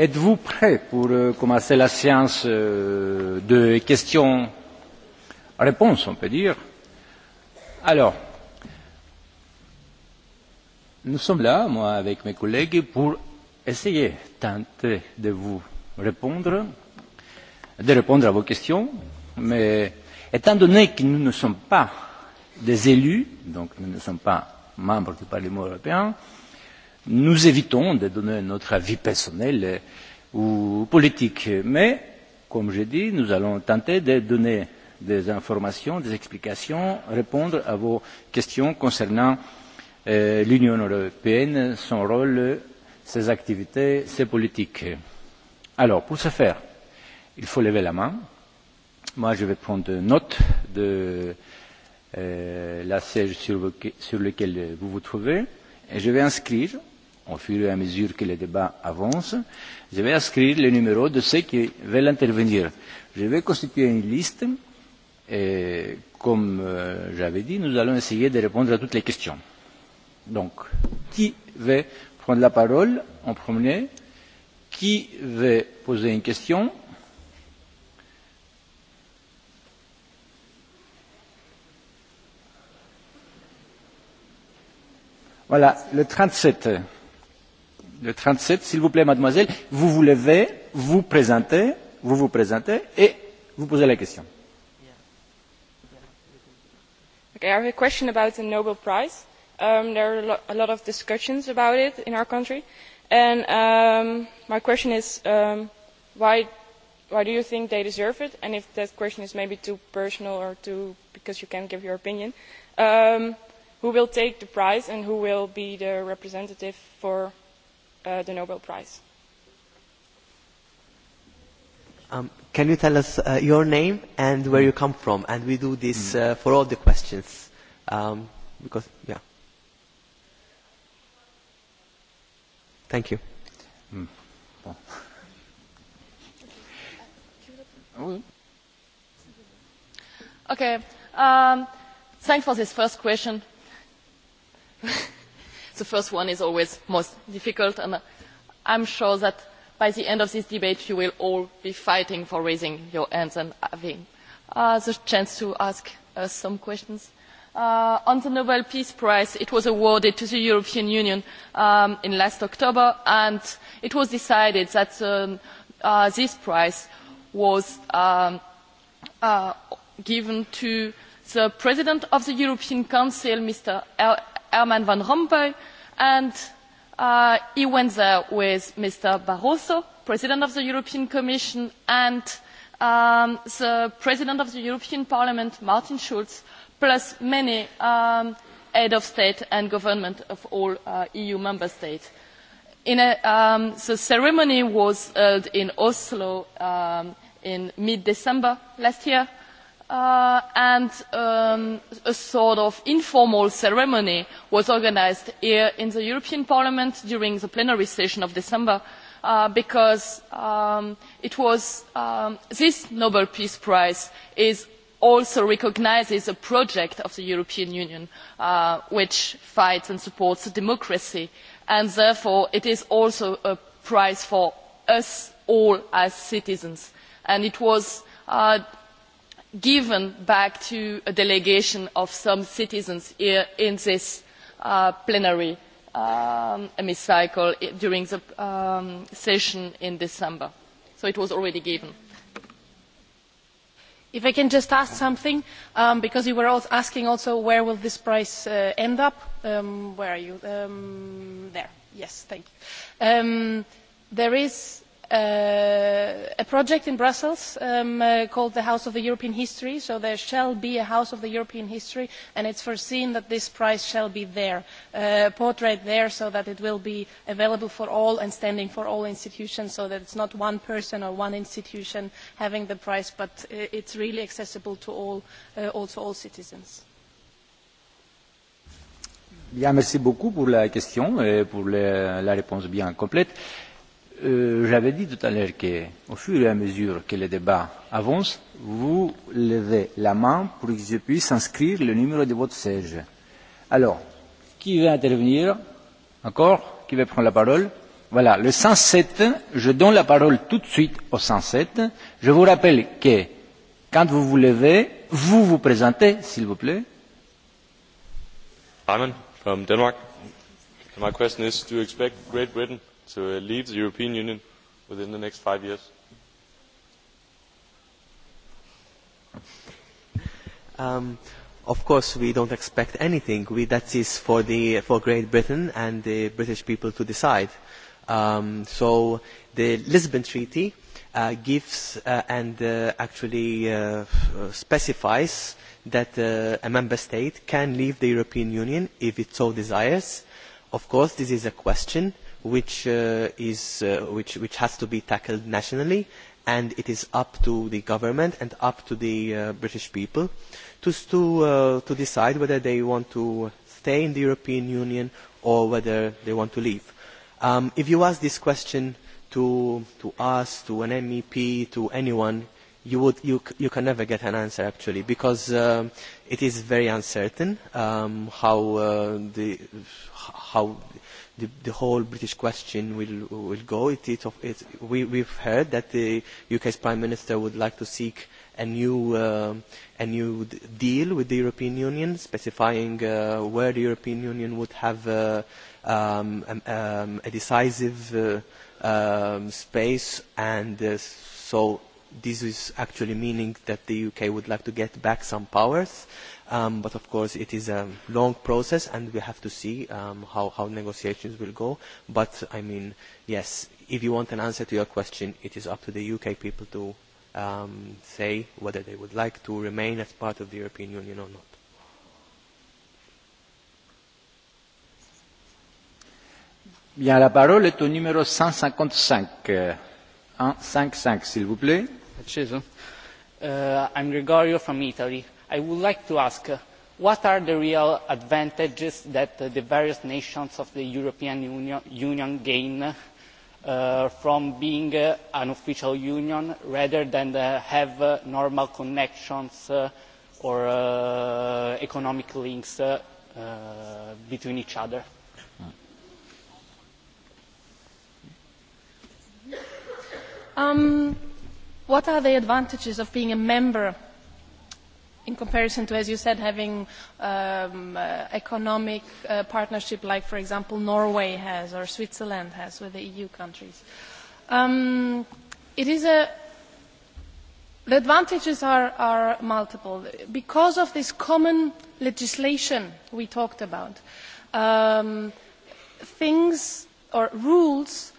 Êtes-vous prêt pour commencer la séance de questions-réponses, on peut dire Alors, nous sommes là, moi avec mes collègues, pour essayer, tenter de vous répondre, de répondre à vos questions. Mais étant donné que nous ne sommes pas des élus, donc nous ne sommes pas membres du Parlement européen, nous évitons de donner notre avis personnel ou politique. Mais, comme j'ai dit, nous allons tenter de donner des informations, des explications, répondre à vos questions concernant l'Union européenne, son rôle, ses activités, ses politiques. Alors, pour ce faire, il faut lever la main. Moi, je vais prendre note de la siège sur lequel vous vous trouvez et je vais inscrire au fur et à mesure que le débat avance, je vais inscrire les numéros de ceux qui veulent intervenir. Je vais constituer une liste et, comme j'avais dit, nous allons essayer de répondre à toutes les questions. Donc, qui veut prendre la parole en premier Qui veut poser une question Voilà, le 37 le 37, s'il vous plaît, mademoiselle. Vous vous levez, vous présentez, vous vous présentez et vous posez la question. Okay, I have a question about the Nobel Prize. there are a lot of discussions about it in our country, and um, my question is, why, why do you think they deserve it? And if that question is maybe too personal or too because you can't give your opinion, um, who will take the prize and who will be the representative for the Nobel Prize. Can you tell us your name and where you come from? And we do this for all the questions, because yeah. Thank you. Okay. Thanks for this first question the first one is always most difficult, and I'm sure that by the end of this debate you will all be fighting for raising your hands and having the chance to ask us some questions. On the Nobel Peace Prize, it was awarded to the European Union in last October, and it was decided that this prize was given to the President of the European Council, Mr herman van rompuy and he went there with mr barroso president of the european commission and the president of the european parliament martin schulz plus many heads of state and government of all eu member states. the ceremony was held in oslo in mid december last year and a sort of informal ceremony was organised here in the European Parliament during the plenary session of December because this Nobel Peace Prize also recognises a project of the European Union which fights and supports democracy and therefore it is also a prize for us all as citizens and it was given back to a delegation of some citizens here in this plenary hemicycle during the session in December. So it was already given. If I can just ask something, because you were asking also where will this price end up. Where are you? There. Yes, thank you. There is a project in Brussels called the House of the European History, so there shall be a House of the European History, and it's foreseen that this prize shall be there, portrayed there, so that it will be available for all and standing for all institutions, so that it's not one person or one institution having the prize, but it's really accessible to all, also all citizens. beaucoup pour la question pour la réponse bien complète j'avais dit tout à l'heure qu'au fur et à mesure que le débat avance, vous levez la main pour que je puisse inscrire le numéro de votre siège. Alors, qui veut intervenir Encore Qui veut prendre la parole Voilà, le 107, je donne la parole tout de suite au 107. Je vous rappelle que quand vous vous levez, vous vous présentez, s'il vous plaît. Simon, from Denmark. My question is, do you expect Great Britain to leave the European Union within the next five years? Of course, we don't expect anything. That is for Great Britain and the British people to decide. So the Lisbon Treaty gives and actually specifies that a member state can leave the European Union if it so desires. Of course, this is a question which has to be tackled nationally and it is up to the government and up to the British people to decide whether they want to stay in the European Union or whether they want to leave. If you ask this question to us, to an MEP, to anyone, you can never get an answer actually because it is very uncertain how the whole British question will will go. We've heard that the UK's Prime Minister would like to seek a new a new deal with the European Union, specifying where the European Union would have a decisive space, and so this is actually meaning that the UK would like to get back some powers But of course, it is a long process, and we have to see how how negotiations will go. But I mean, yes, if you want an answer to your question, it is up to the UK people to say whether they would like to remain as part of the European Union or not. Bien, la parole 155. 155, Gregorio from Italy i would like to ask what are the real advantages that the various nations of the european union gain from being an official union rather than having normal connections or economic links between each other? what are the advantages of being a member in comparison to, as you said, having economic partnership like, for example, Norway has or Switzerland has with the EU countries. the advantages are multiple. Because of this common legislation we talked about, things or rules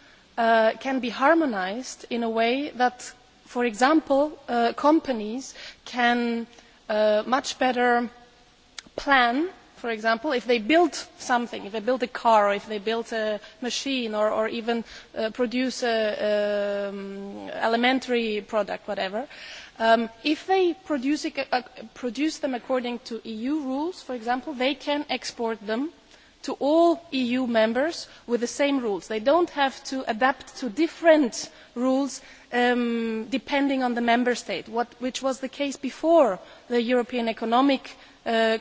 can be harmonized in a way that, for example, companies can A much better plan for example if they build something if they build a car or if they build a machine or even produce an elementary product whatever if they produce them according to eu rules for example they can export them to all eu members with the same rules. they do not have to adapt to different rules depending on the member state which was the case before the European economic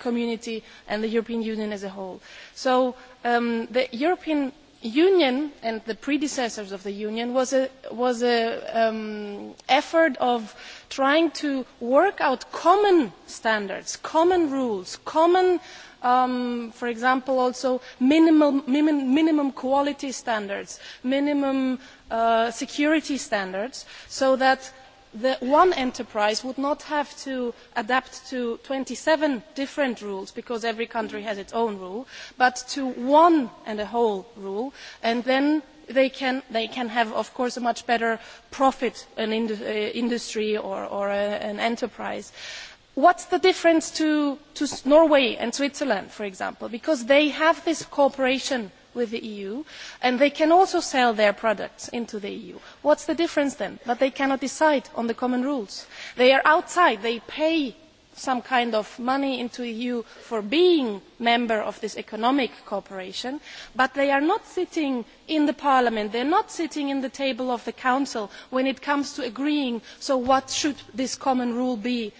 community and the European Union as a whole. So the European Union and the predecessors of the Union was an effort of trying to work out common standards, common rules, common, for example, also minimum quality standards, minimum security standards, so that one enterprise would not have to adapt to twenty seven different rules because every country has its own rule but to one and a whole rule and then they can have of course a much better profit an industry or an enterprise. What's the difference to Norway and Switzerland, for example? Because they have this cooperation with the EU, and they can also sell their products into the EU. What is the difference then? That they cannot decide on the common rules. They are outside. They pay some kind of money into the EU for being member of this economic cooperation, but they are not sitting in the Parliament, they are not sitting in the table of the Council when it comes to agreeing so what should this common rule be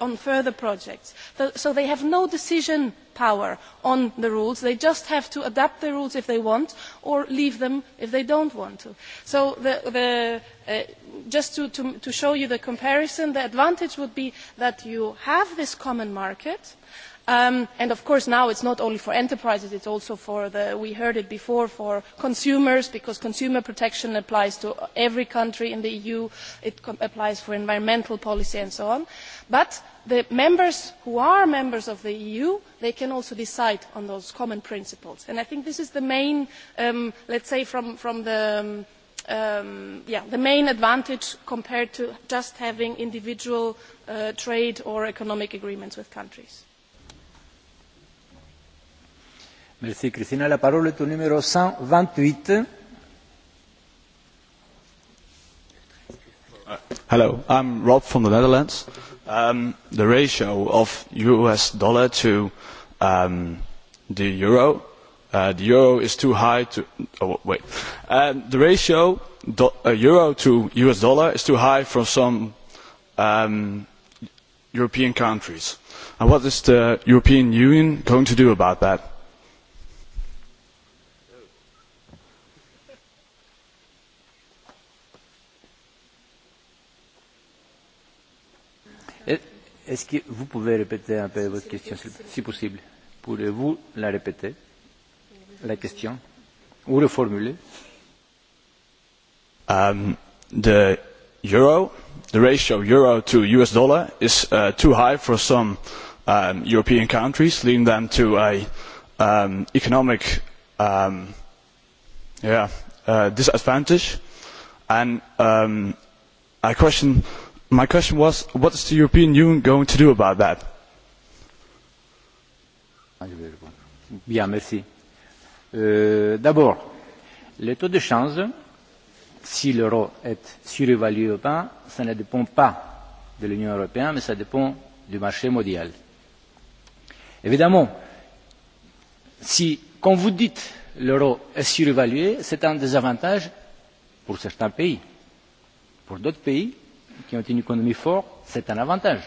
on further projects. So they have no decision power on the rules. They just have to adapt the rules if they want or leave them if they don't want to. So just to show you the comparison, the advantage would be that you have this common market and of course now it is not only for enterprises it is also for we heard it before for consumers because consumer protection applies to every country in the eu it applies for environmental policy and so on but the members who are members of the eu can also decide on those common principles and i think this is the main us say from the main advantage compared to just having individual trade or economic agreements with countries Merci Christina. La parole est au numéro 128. Hello, I'm Rob from the Netherlands. Um, the ratio of US dollar to um, the euro, the euro is too high to. Oh, wait. Um, the ratio euro to US dollar is too high for some um, European countries. And what is the European Union going to do about that? Est-ce que vous pouvez répéter un peu votre question, si possible Pouvez-vous la répéter, la question, ou le formuler um, The euro, the ratio of euro to US dollar is uh, too high for some um, European countries, leading them to a um, economic um, yeah, uh, disadvantage. And um, I question My question was, what is the European Union going to do about that? Bien, merci. D'abord, le taux de change, si l'euro est surévalué ou pas, ça ne dépend pas de l'Union européenne, mais ça dépend du marché mondial. Évidemment, si, quand vous dites l'euro est surévalué, c'est un désavantage pour certains pays. Pour d'autres pays, qui ont une économie forte, c'est un avantage.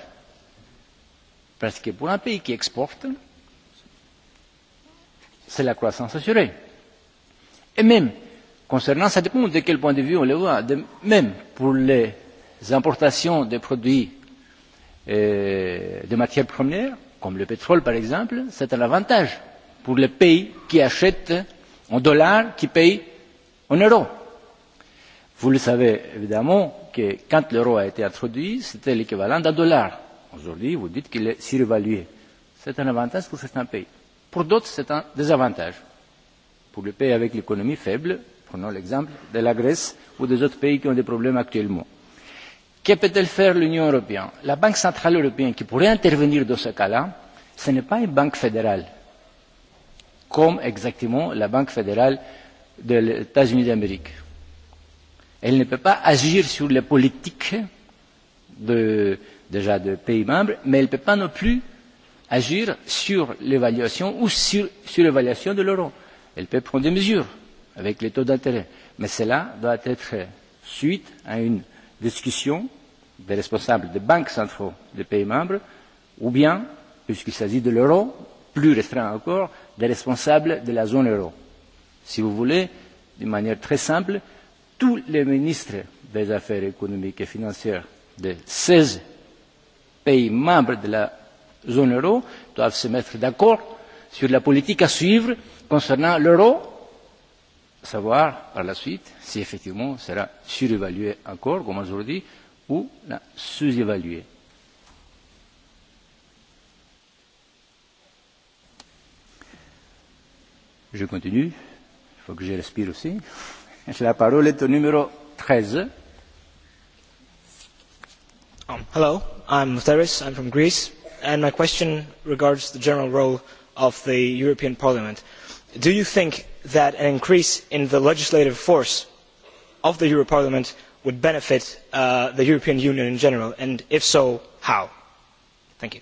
Parce que pour un pays qui exporte, c'est la croissance assurée. Et même, concernant, ça dépend de quel point de vue on le voit, même pour les importations de produits de matières premières, comme le pétrole par exemple, c'est un avantage pour les pays qui achètent en dollars, qui payent en euros. Vous le savez évidemment, que quand l'euro a été introduit, c'était l'équivalent d'un dollar. Aujourd'hui, vous dites qu'il est surévalué. C'est un avantage pour certains pays. Pour d'autres, c'est un désavantage. Pour les pays avec l'économie faible, prenons l'exemple de la Grèce ou des autres pays qui ont des problèmes actuellement. Que peut-elle faire l'Union européenne La Banque centrale européenne qui pourrait intervenir dans ce cas-là, ce n'est pas une banque fédérale, comme exactement la Banque fédérale des États-Unis d'Amérique elle ne peut pas agir sur les politiques de, pays membres, mais elle ne peut pas non plus agir sur l'évaluation ou sur, l'évaluation de l'euro. Elle peut prendre des mesures avec les taux d'intérêt, mais cela doit être suite à une discussion des responsables des banques centraux des pays membres, ou bien, puisqu'il s'agit de l'euro, plus restreint encore, des responsables de la zone euro. Si vous voulez, d'une manière très simple, tous les ministres des Affaires économiques et financières des 16 pays membres de la zone euro doivent se mettre d'accord sur la politique à suivre concernant l'euro, à savoir par la suite si effectivement sera surévalué encore, comme aujourd'hui, ou sous-évalué. Je continue, il faut que je respire aussi. La parole est au numéro 13. Hello, I'm Theris, I'm from Greece, and my question regards the general role of the European Parliament. Do you think that an increase in the legislative force of the European Parliament would benefit the European Union in general, and if so, how? Thank you.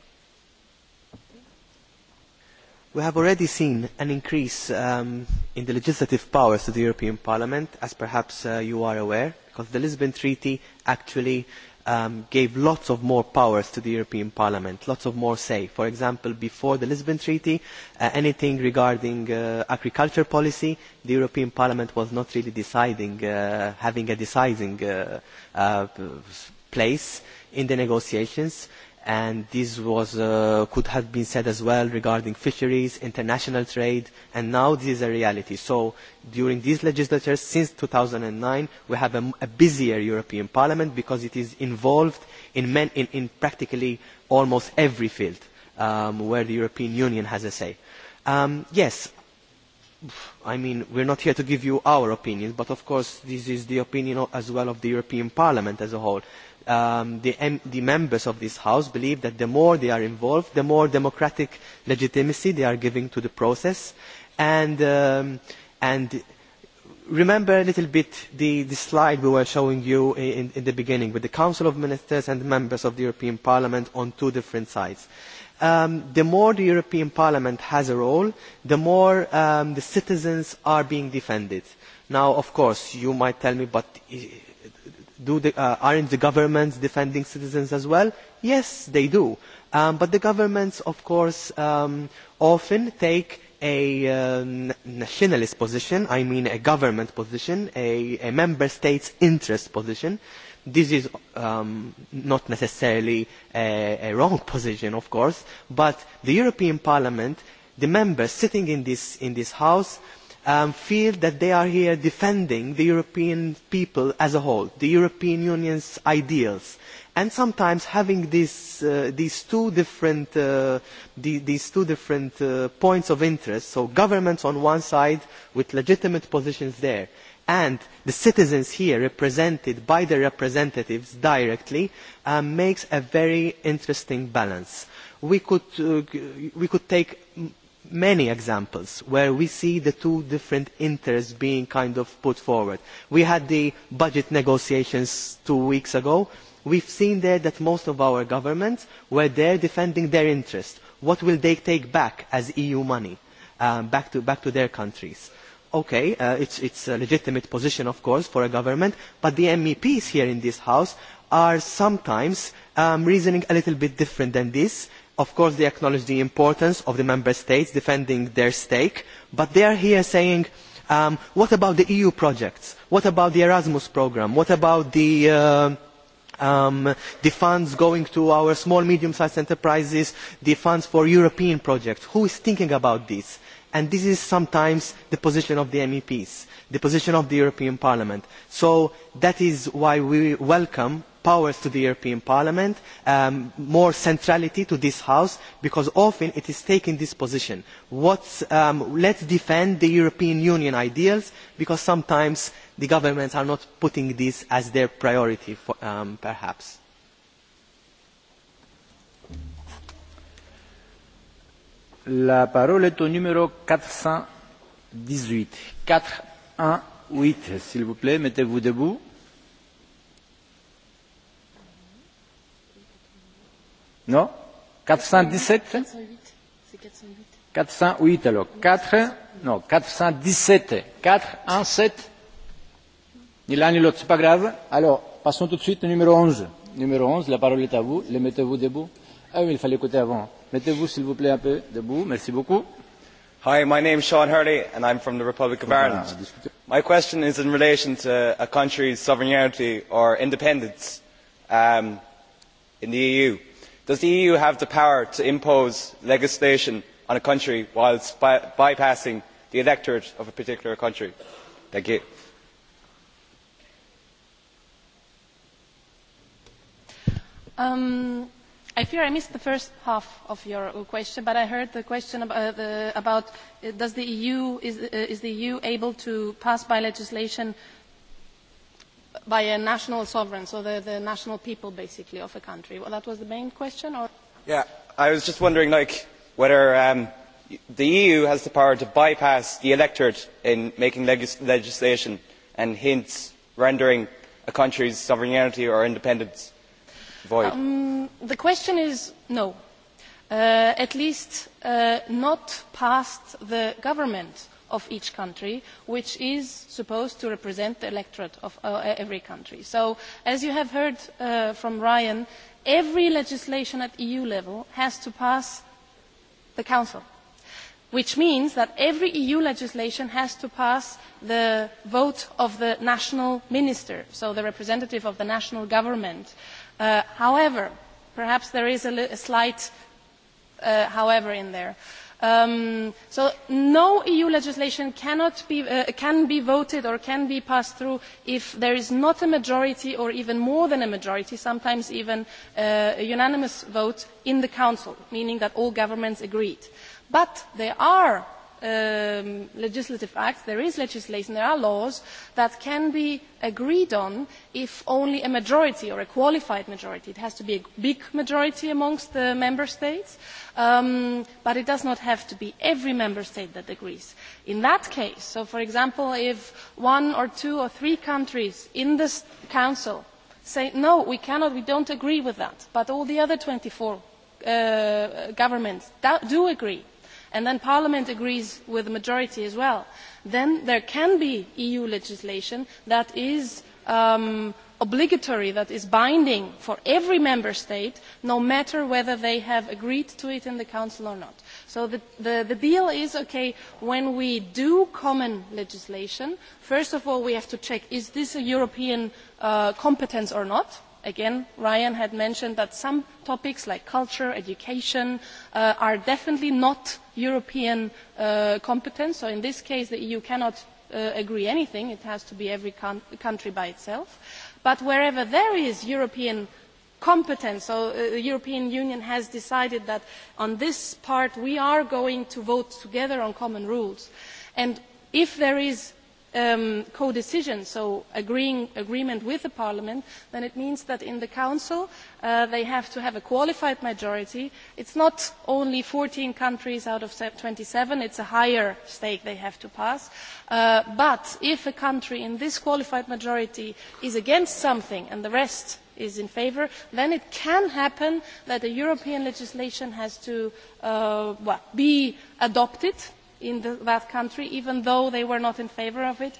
We have already seen an increase in the legislative powers of the European Parliament, as perhaps you are aware, because the Lisbon Treaty actually gave lots of more powers to the European Parliament, lots of more say. For example, before the Lisbon Treaty, anything regarding agriculture policy, the European Parliament was not really deciding, having a deciding place in the negotiations and this was could have been said as well regarding fisheries, international trade, and now this is a reality. So during this legislature, since 2009, we have a busier European Parliament because it is involved in practically almost every field where the European Union has a say. Yes, I mean, we're not here to give you our opinion, but of course this is the opinion as well of the European Parliament as a whole the members of this House believe that the more they are involved, the more democratic legitimacy they are giving to the process. And remember a little bit the slide we were showing you in the beginning with the Council of Ministers and members of the European Parliament on two different sides. The more the European Parliament has a role, the more the citizens are being defended. Now, of course, you might tell me, but Are the governments defending citizens as well? Yes, they do. But the governments, of course, often take a nationalist position, I mean a government position, a member state's interest position. This is not necessarily a wrong position, of course, but the European Parliament, the members sitting in this House, feel that they are here defending the European people as a whole, the European Union's ideals. And sometimes having these two different points of interest, so governments on one side with legitimate positions there, and the citizens here represented by their representatives directly, makes a very interesting balance. We could take many examples where we see the two different interests being kind of put forward. We had the budget negotiations two weeks ago. We've seen there that most of our governments were there defending their interests. What will they take back as EU money back to their countries? Okay, it's a legitimate position, of course, for a government, but the MEPs here in this House are sometimes reasoning a little bit different than this Of course, they acknowledge the importance of the member states defending their stake, but they are here saying, what about the EU projects? What about the Erasmus programme? What about the funds going to our small, medium-sized enterprises, the funds for European projects? Who is thinking about this? And this is sometimes the position of the MEPs, the position of the European Parliament. So that is why we welcome powers to the European Parliament, more centrality to this House, because often it is taking this position. Let's defend the European Union ideals, because sometimes the governments are not putting this as their priority, perhaps. La parole au numéro 418. 418, s'il vous plaît, mettez-vous debout. Non 417 408 alors. 4, non, 417. 4, 1, 7. Ni l'un ni l'autre, c'est pas grave. Alors, passons tout de suite au numéro 11. Numéro 11, la parole est à vous. Le mettez-vous debout. Ah oui, il fallait écouter avant. Mettez-vous, s'il vous plaît, un peu debout. Merci beaucoup. Hi, my name is Sean Hurley and I'm from the Republic of Ireland. My question is in relation to a country's sovereignty or independence um, in the EU does the eu have the power to impose legislation on a country whilst bypassing the electorate of a particular country? I fear I missed the first half of your question, but I heard the question about whether the EU is the EU able to pass by legislation by a national sovereign, so the, the national people basically of a country. Well, that was the main question, or? Yeah, I was just wondering, like, whether the EU has the power to bypass the electorate in making legislation and hence rendering a country's sovereignty or independence void. the question is no, at least not past the government of each country, which is supposed to represent the electorate of every country. So, as you have heard from Ryan, every legislation at EU level has to pass the Council, which means that every EU legislation has to pass the vote of the national minister, so the representative of the national government. However, perhaps there is a slight however in there So no EU legislation can be voted or can be passed through if there is not a majority or even more than a majority, sometimes even a unanimous vote in the Council, meaning that all governments agreed. But there are legislative acts, there is legislation, there are laws that can be agreed on if only a majority or a qualified majority. It has to be a big majority amongst the member states, but it does not have to be every member state that agrees. In that case, so for example, if one or two or three countries in this Council say, no, we cannot, we don't agree with that, but all the other 24 governments do agree, and then Parliament agrees with the majority as well, then there can be EU legislation that is obligatory, that is binding for every member state, no matter whether they have agreed to it in the Council or not. So the deal is, okay, when we do common legislation, first of all we have to check is this a European competence or not again ryan had mentioned that some topics like culture education are definitely not european competence so in this case the eu cannot agree anything it has to be every country by itself but wherever there is european competence so the european union has decided that on this part we are going to vote together on common rules and if there is co-decision, so agreement with the parliament then it means that in the council they have to have a qualified majority it's not only 14 countries out of 27 it's a higher stake they have to pass but if a country in this qualified majority is against something and the rest is in favour then it can happen that european legislation has to be adopted in that country, even though they were not in favor of it.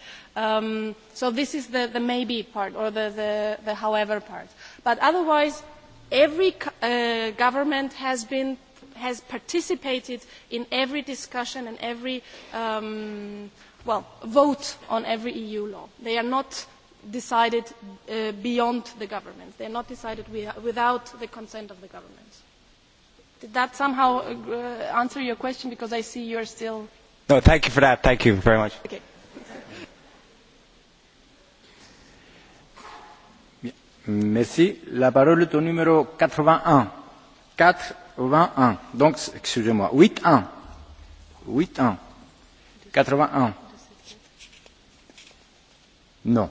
So this is the maybe part or the however part. But otherwise, every government has been has participated in every discussion and every well vote on every EU law. They are not decided beyond the government. They are not decided without the consent of the government. Did that somehow answer your question? Because I see you are still. No, thank you for that. Thank you very much. Okay. Merci. La parole est au numéro 81. 81. Donc, excusez-moi. 81. 81. 81. Non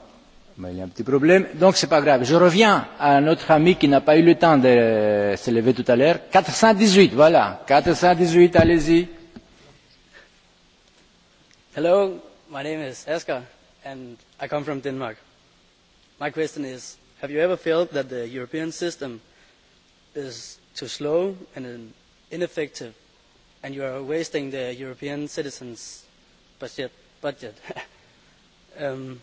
il y a un petit problème, donc c'est pas grave. Je reviens à notre ami qui n'a pas eu le temps de se lever tout à l'heure. 418, voilà. 418, allez-y. Hello, my name is Eska and I come from Denmark. My question is, have you ever felt that the European system is too slow and ineffective and you are wasting the European citizens' budget? budget? um,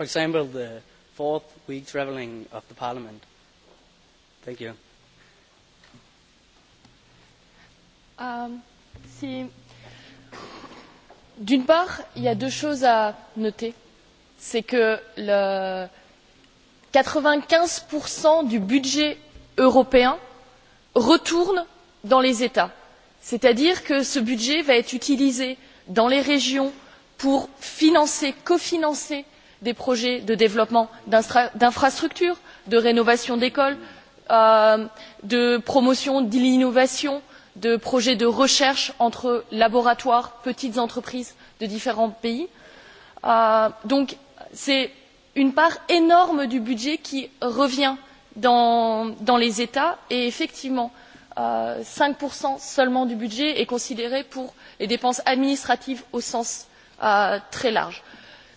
for example, the fourth week travelling of the Parliament. Thank you. D'une part, il y a deux choses à noter. C'est que 95% du budget européen retourne dans les États. C'est-à-dire que ce budget va être utilisé dans les régions pour financer, cofinancer des projets de développement d'infrastructures, de rénovation d'écoles, de promotion de l'innovation, de projets de recherche entre laboratoires, petites entreprises de différents pays. Donc c'est une part énorme du budget qui revient dans les États et effectivement 5% seulement du budget est considéré pour les dépenses administratives au sens très large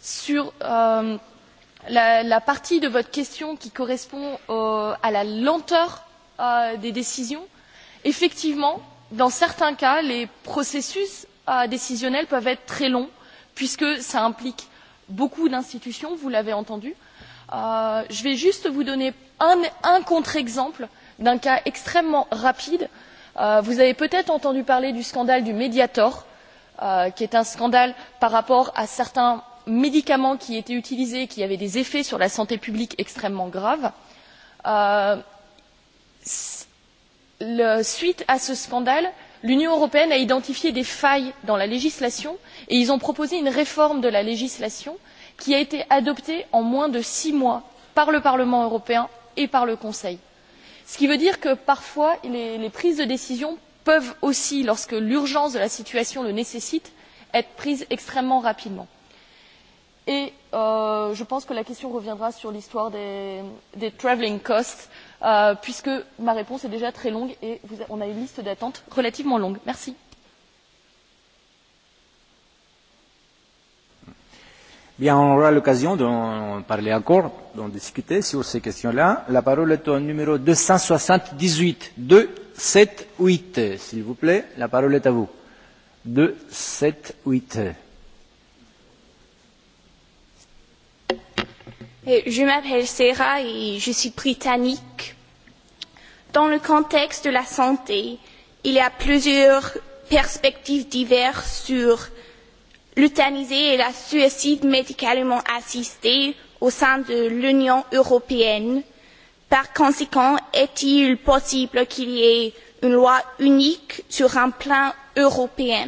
sur la partie de votre question qui correspond à la lenteur des décisions effectivement dans certains cas les processus décisionnels peuvent être très longs puisque cela implique beaucoup d'institutions vous l'avez entendu. je vais juste vous donner un contre exemple d'un cas extrêmement rapide. vous avez peut être entendu parler du scandale du mediator qui est un scandale par rapport à certains médicaments qui étaient utilisés qui avaient des effets sur la santé publique extrêmement graves. suite à ce scandale l'union européenne a identifié des failles dans la législation et ils ont proposé une réforme de la législation qui a été adoptée en moins de six mois par le parlement européen et par le conseil ce qui veut dire que parfois les prises de décision peuvent aussi lorsque l'urgence de la situation le nécessite être prises extrêmement rapidement. Et je pense que la question reviendra sur l'histoire des travelling costs, puisque ma réponse est déjà très longue et on a une liste d'attente relativement longue. Merci. Bien, on aura l'occasion d'en parler encore, d'en discuter sur ces questions-là. La parole est au numéro 278. 278, s'il vous plaît. La parole est à vous. 278. Je m'appelle Sarah et je suis britannique. Dans le contexte de la santé, il y a plusieurs perspectives diverses sur l'euthanasie et le suicide médicalement assisté au sein de l'Union européenne. Par conséquent, est-il possible qu'il y ait une loi unique sur un plan européen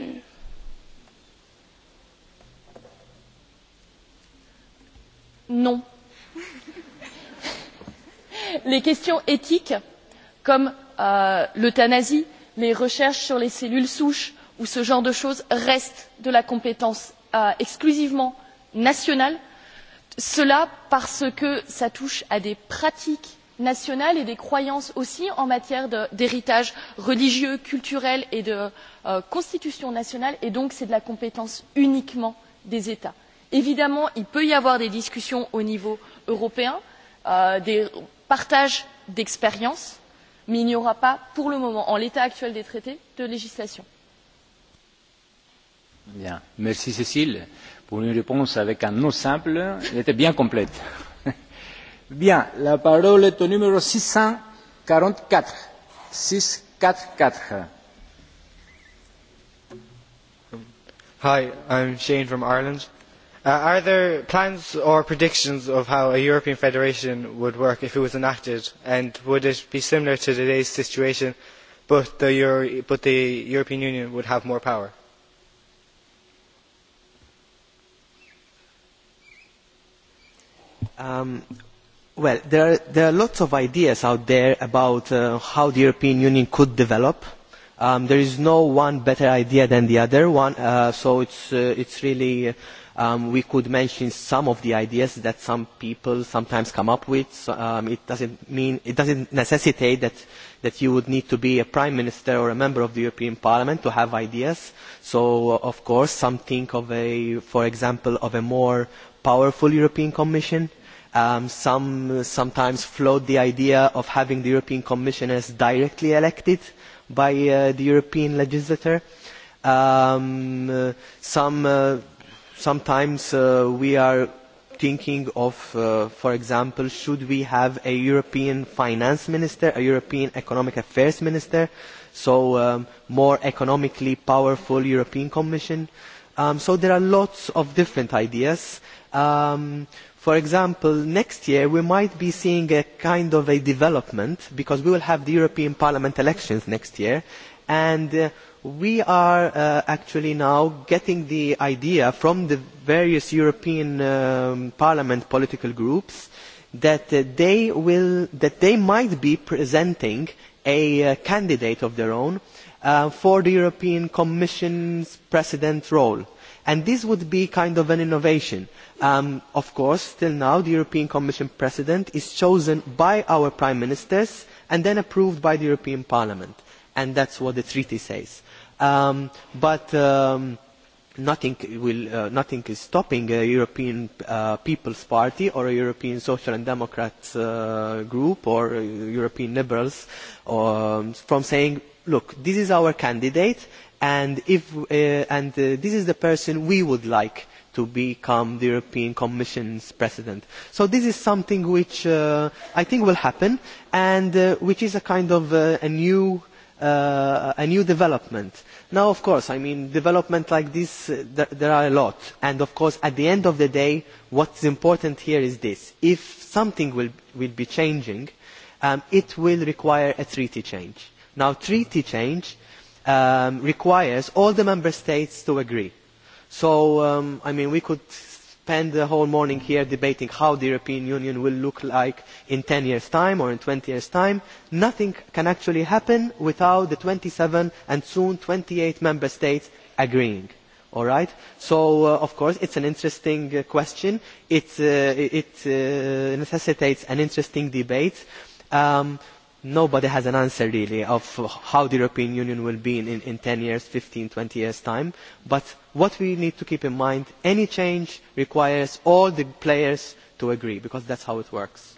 Non les questions éthiques comme l'euthanasie les recherches sur les cellules souches ou ce genre de choses restent de la compétence exclusivement nationale cela parce que cela touche à des pratiques nationales et des croyances aussi en matière d'héritage religieux culturel et de constitution nationale et donc c'est de la compétence uniquement des états. évidemment il peut y avoir des discussions au niveau européen des partage d'expérience, mais il n'y aura pas, pour le moment, en l'état actuel des traités, de législation. Bien. Merci Cécile pour une réponse avec un nom simple. Elle était bien complète. Bien. La parole est au numéro 644. 644. Hi, I'm Shane from Ireland Are there plans or predictions of how a European federation would work if it was enacted, and would it be similar to today's situation, but the European Union would have more power? Well, there are lots of ideas out there about how the European Union could develop. There is no one better idea than the other one, so it's really We could mention some of the ideas that some people sometimes come up with. It doesn't mean, it doesn't necessitate that you would need to be a prime minister or a member of the European Parliament to have ideas. So, of course, some think of a, for example, of a more powerful European Commission. Some sometimes float the idea of having the European Commissioners directly elected by the European legislator. Some sometimes we are thinking of, for example, should we have a European finance minister, a European economic affairs minister, so more economically powerful European Commission. So there are lots of different ideas. For example, next year we might be seeing a kind of a development because we will have the European Parliament elections next year and we are actually now getting the idea from the various European Parliament political groups that they might be presenting a candidate of their own for the European Commission's president role. And this would be kind of an innovation. Of course, till now, the European Commission president is chosen by our prime ministers and then approved by the European Parliament. And that's what the treaty says but nothing will nothing is stopping a European People's Party or a European Social and Democrats group or European Liberals from saying, look, this is our candidate and if and this is the person we would like to become the European Commission's president. So this is something which I think will happen and which is a kind of a new a new development. Now, of course, I mean, development like this, there are a lot. And, of course, at the end of the day, what's important here is this. If something will be changing, it will require a treaty change. Now, treaty change requires all the member states to agree. So, I mean, we could spend the whole morning here debating how the European Union will look like in 10 years' time or in 20 years' time. Nothing can actually happen without the 27 and soon 28 member states agreeing. All right? So, of course, it's an interesting question. It necessitates an interesting debate. Nobody has an answer, really, of how the European Union will be in 10 years, 15, 20 years' time. But what we need to keep in mind any change requires all the players to agree because that's how it works.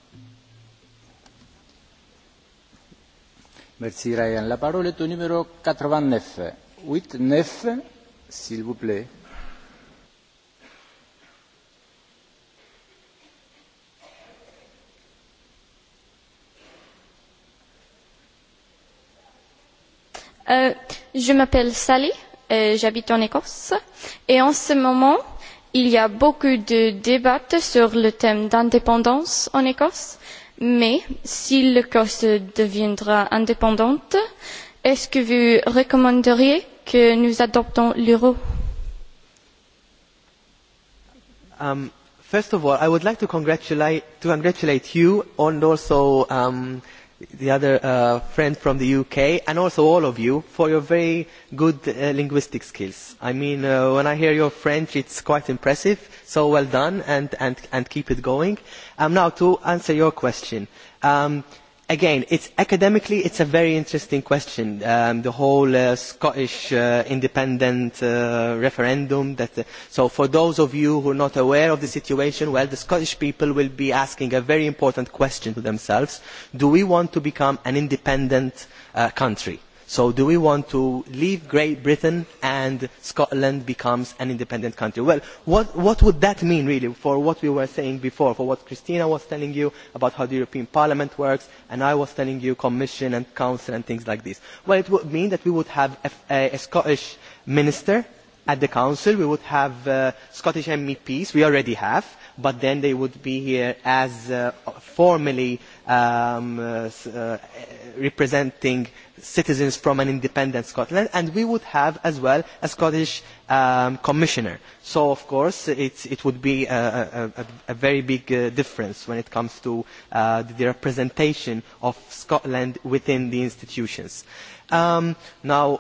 Merci Ryan. La parole est au numéro 89. 89, s'il vous plaît. Euh, Je m'appelle Sally j'habite en Écosse et en ce moment il y a beaucoup de débats sur le thème d'indépendance en Écosse mais si l'Écosse deviendra indépendante est-ce que vous recommanderiez que nous adoptons l'euro First of all I would like to congratulate the other friend from the UK, and also all of you, for your very good linguistic skills. I mean, when I hear your French, it's quite impressive, so well done, and keep it going. Now, to answer your question. Again, it's academically, it's a very interesting question. The whole Scottish independent referendum. that So, for those of you who are not aware of the situation, well, the Scottish people will be asking a very important question to themselves: Do we want to become an independent country? So do we want to leave Great Britain and Scotland becomes an independent country? Well, what would that mean really for what we were saying before, for what Christina was telling you about how the European Parliament works and I was telling you Commission and Council and things like this? Well, it would mean that we would have a Scottish minister at the Council, we would have Scottish MEPs, we already have, but then they would be here as formally representing citizens from an independent Scotland, and we would have as well a Scottish commissioner. So, of course, it would be a very big difference when it comes to the representation of Scotland within the institutions. Now,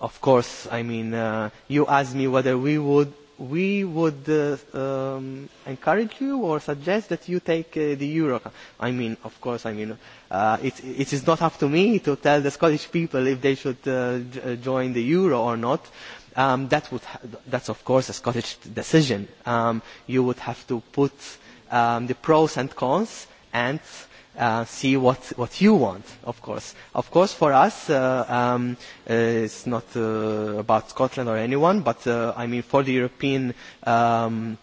of course, I mean, you asked me whether we would we would encourage you or suggest that you take the euro. I mean, of course, I mean, it, is not up to me to tell the Scottish people if they should join the euro or not. that would that's, of course, a Scottish decision. you would have to put the pros and cons and see what what you want of course of course for us um it's not about Scotland or anyone but i mean for the european um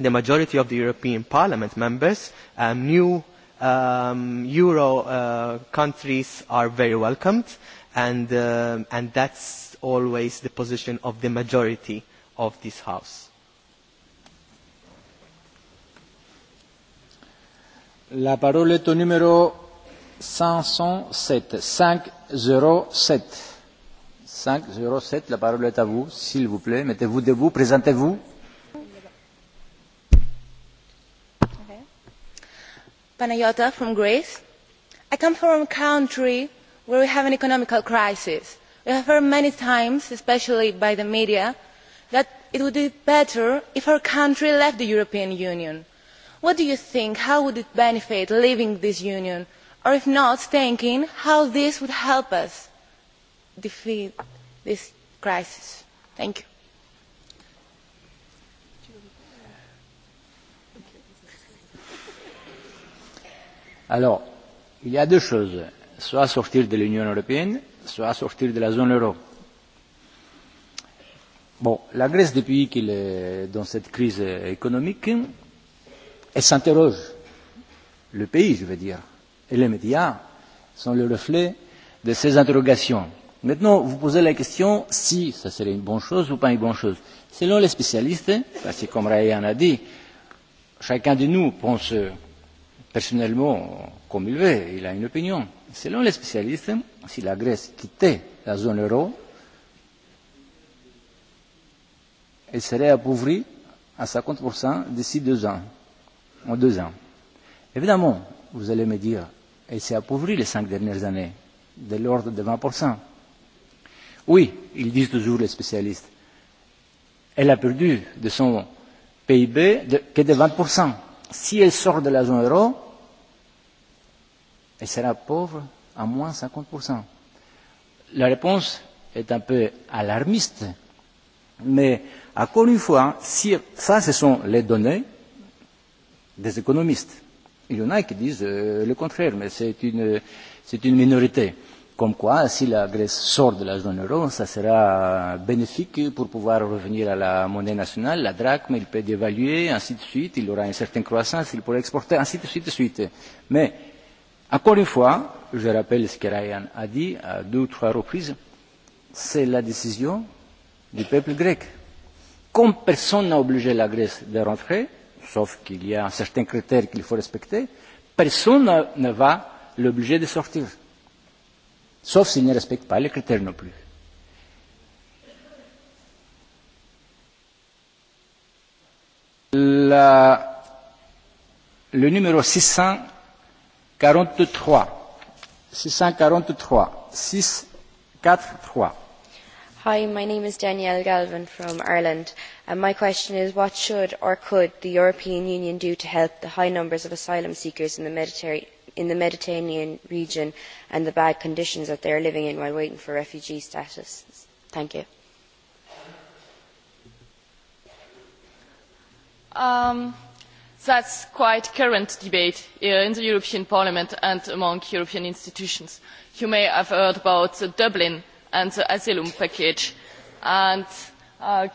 the majority of the european parliament members new euro countries are very welcomed and and that's always the position of the majority of this house La parole est au numéro 507. 507. 507, la parole est à vous, s'il vous plaît. Mettez-vous debout, présentez-vous. Panayota from Greece. I come from a country where we have an economical crisis. We have heard many times, especially by the media, that it would be better if our country left the European Union What do you think? How would it benefit leaving this union? Or if not, thinking how this would help us defeat this crisis. Thank you. Alors, il y a deux choses. Soit sortir de l'Union européenne, soit sortir de la zone euro. Bon, la Grèce, depuis qu'elle est dans cette crise économique, Elle s'interroge. Le pays, je veux dire, et les médias sont le reflet de ces interrogations. Maintenant, vous posez la question si ça serait une bonne chose ou pas une bonne chose. Selon les spécialistes, parce que comme Ryan a dit, chacun de nous pense personnellement comme il veut, il a une opinion. Selon les spécialistes, si la Grèce quittait la zone euro, elle serait appauvrie à 50% d'ici deux ans en deux ans. Évidemment, vous allez me dire, et s'est appauvrie les cinq dernières années, de l'ordre de 20%. Oui, ils disent toujours les spécialistes, elle a perdu de son PIB de, que de 20%. Si elle sort de la zone euro, elle sera pauvre à moins 50%. La réponse est un peu alarmiste, mais encore une fois, si ça ce sont les données, des économistes. Il y en a qui disent le contraire, mais c'est une, c'est une minorité. Comme quoi, si la Grèce sort de la zone euro, ça sera bénéfique pour pouvoir revenir à la monnaie nationale, la drachme, il peut dévaluer, ainsi de suite, il aura une certaine croissance, il pourra exporter, ainsi de suite, de suite. Mais, encore une fois, je rappelle ce que Ryan a dit à deux ou trois reprises, c'est la décision du peuple grec. Comme personne n'a obligé la Grèce de rentrer, sauf qu'il y a certains critères qu'il faut respecter, personne ne va l'obliger de sortir. Sauf s'il ne respecte pas les critères non plus. La, le numéro 643. 643. 643. Hi, my name is Danielle Galvin from Ireland, and my question is what should or could the European Union do to help the high numbers of asylum seekers in the Mediterranean region and the bad conditions that they are living in while waiting for refugee status? Thank you. That's quite current debate in the European Parliament and among European institutions. You may have heard about the Dublin and the asylum package.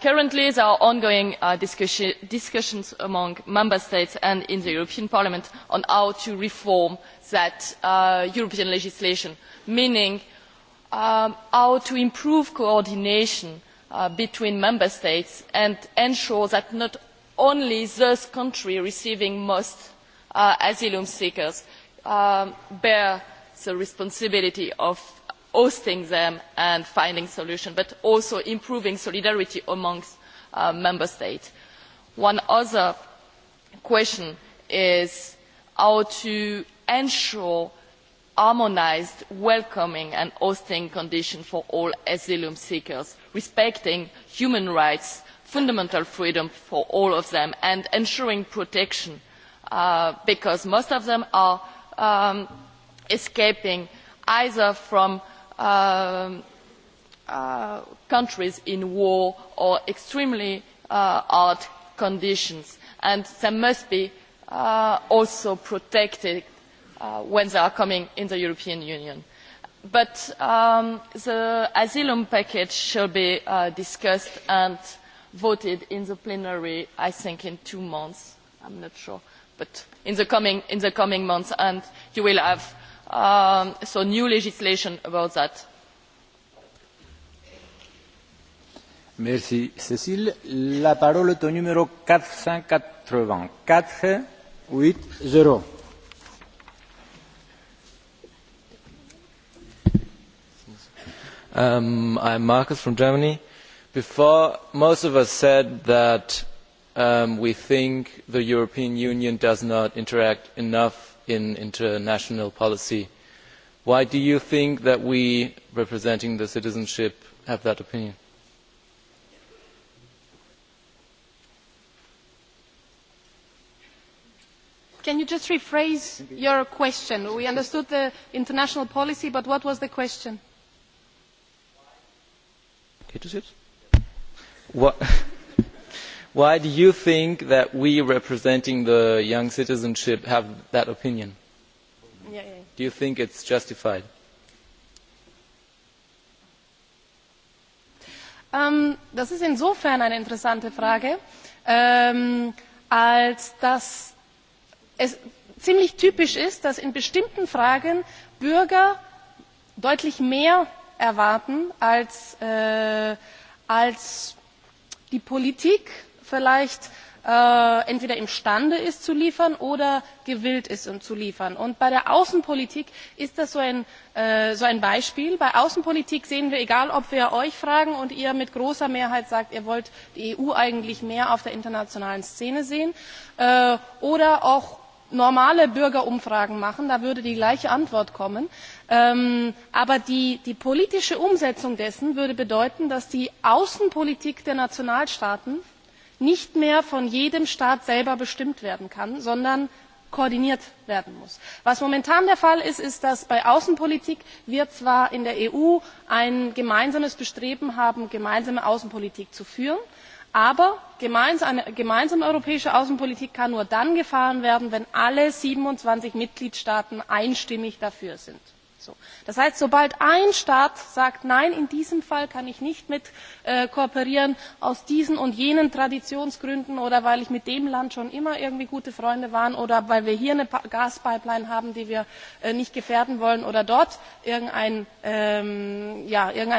currently there are ongoing discussions among member states and in the European Parliament on how to reform that European legislation, meaning how to improve coordination between member states and ensure that not only those countries receiving most asylum seekers bear the responsibility of hosting them and finding solutions, but also improving solidarity amongst member states. One other question is how to ensure harmonised welcoming and hosting conditions for all asylum seekers, respecting human rights, fundamental freedom for all of them, and ensuring protection, because most of them are escaping either from countries in war or extremely hard conditions and they must be also protected when they are coming in the European Union. But the asylum package shall be discussed and voted in the plenary I think in two months I'm not sure but in the coming months and you will have so new legislation about that. Merci Cécile. La parole est au numéro 480. 480. Um, I'm Marcus from Germany. Before, most of us said that um, we think the European Union does not interact enough in international policy. Why do you think that we, representing the citizenship, have that opinion? Can you just rephrase your question? We understood the international policy, but what was the question? Why do you think that we representing the young citizenship have that opinion? Do you think it's justified? Das ist insofern eine interessante Frage, als dass es ziemlich typisch ist, dass in bestimmten Fragen Bürger deutlich mehr erwarten als die Politik vielleicht entweder imstande ist zu liefern oder gewillt ist zu liefern. bei der außenpolitik ist das so ein beispiel bei außenpolitik sehen wir egal ob wir euch fragen und ihr mit großer mehrheit sagt ihr wollt die eu eigentlich mehr auf der internationalen szene sehen oder auch normale bürgerumfragen machen da würde die gleiche antwort kommen aber die politische umsetzung dessen würde bedeuten dass die außenpolitik der nationalstaaten nicht mehr von jedem staat selber bestimmt werden kann sondern koordiniert werden muss. was momentan der fall ist ist dass wir bei außenpolitik zwar in der eu ein gemeinsames bestreben haben gemeinsame außenpolitik zu führen aber eine gemeinsame europäische außenpolitik kann nur dann gefahren werden wenn alle siebenundzwanzig mitgliedstaaten einstimmig dafür sind das heißt sobald ein staat sagt nein in diesem fall kann ich nicht mit kooperieren aus diesen und jenen traditionsgründen oder weil ich mit dem land schon immer irgendwie gute freunde waren oder weil wir hier eine gaspipeline haben die wir nicht gefährden wollen oder dort irgendein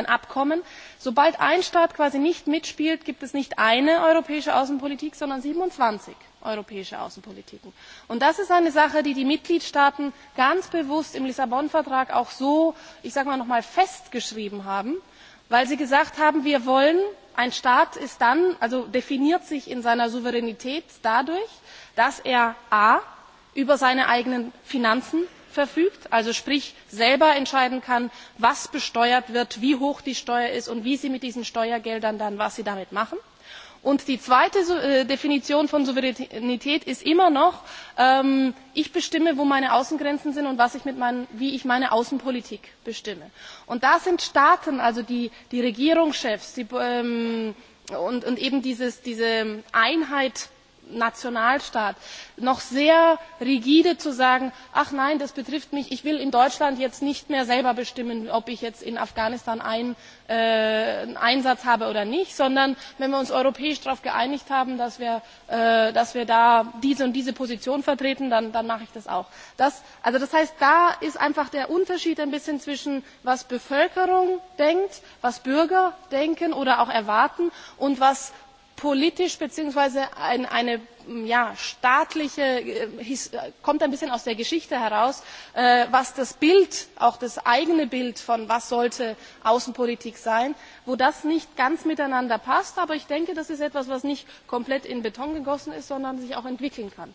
abkommen sobald ein staat quasi nicht mitspielt gibt es nicht eine europäische außenpolitik sondern 27 europäische Außenpolitiken. Und das ist eine Sache, die die Mitgliedstaaten ganz bewusst im Lissabon Vertrag auch so, ich sage mal noch einmal festgeschrieben haben, weil sie gesagt haben, wir wollen ein Staat definiert sich in seiner Souveränität dadurch, dass er a über seine eigenen Finanzen verfügt, also sprich selber entscheiden kann, was besteuert wird, wie hoch die Steuer ist und wie sie mit diesen Steuergeldern dann was sie damit machen und die zweite definition von souveränität ist immer noch ich bestimme wo meine außengrenzen sind und wie ich meine außenpolitik bestimme. da sind staaten also die regierungschefs und eben diese einheit nationalstaat noch sehr rigide zu sagen ach nein das betrifft mich ich will in deutschland jetzt nicht mehr selber bestimmen ob ich jetzt in afghanistan einen einsatz habe oder nicht sondern wenn wir uns europäisch darauf geeinigt haben dass wir da diese und diese position vertreten dann mache ich das auch. das heißt da ist einfach der unterschied ein bisschen zwischen was bevölkerung denkt was bürger denken oder auch erwarten und was politisch beziehungsweise eine staatliche kommt ein bisschen aus der geschichte heraus was das bild auch das eigene bild von was sollte außenpolitik sein wo das nicht ganz miteinander passt aber ich denke das ist etwas was nicht komplett in beton gegossen ist sondern sich auch entwickeln kann.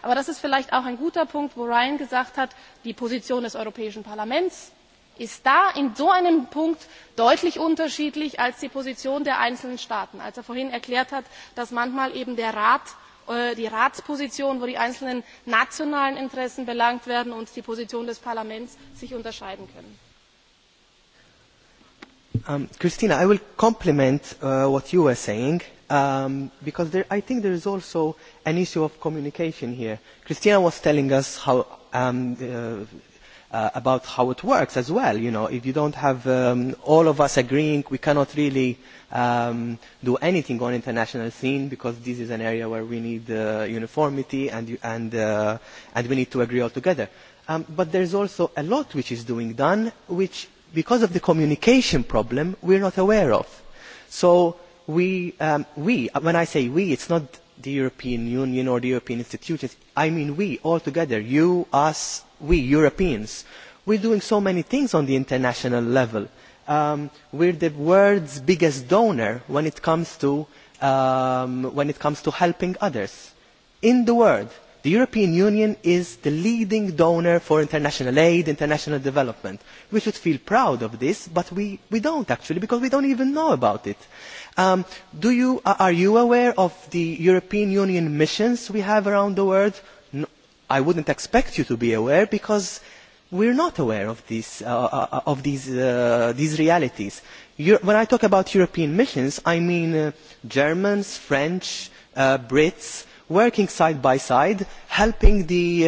aber das ist vielleicht auch ein guter punkt wo ryan gesagt hat die position des europäischen parlaments ist da in so einem punkt deutlich unterschiedlich als die position der einzelnen staaten. als er vorhin erklärt hat dass manchmal eben die ratsposition wo die einzelnen nationalen interessen belangt werden und die position des parlaments sich unterscheiden können. Christina, I will compliment what you were saying because I think there is also an issue of communication here. Christina was telling us how about how it works as well. You know, if you don't have all of us agreeing, we cannot really do anything on international scene because this is an area where we need uniformity and and we need to agree all together. But there is also a lot which is being done, which because of the communication problem we're not aware of. So we we when I say we, it's not the European Union or the European institutions. I mean we all together, you, us we Europeans. We're doing so many things on the international level. We're the world's biggest donor when it comes to when it comes to helping others in the world. The European Union is the leading donor for international aid, international development. We should feel proud of this, but we don't actually, because we don't even know about it. Are you aware of the European Union missions we have around the world I wouldn't expect you to be aware because we're not aware of these realities. When I talk about European missions, I mean Germans, French, Brits working side by side helping the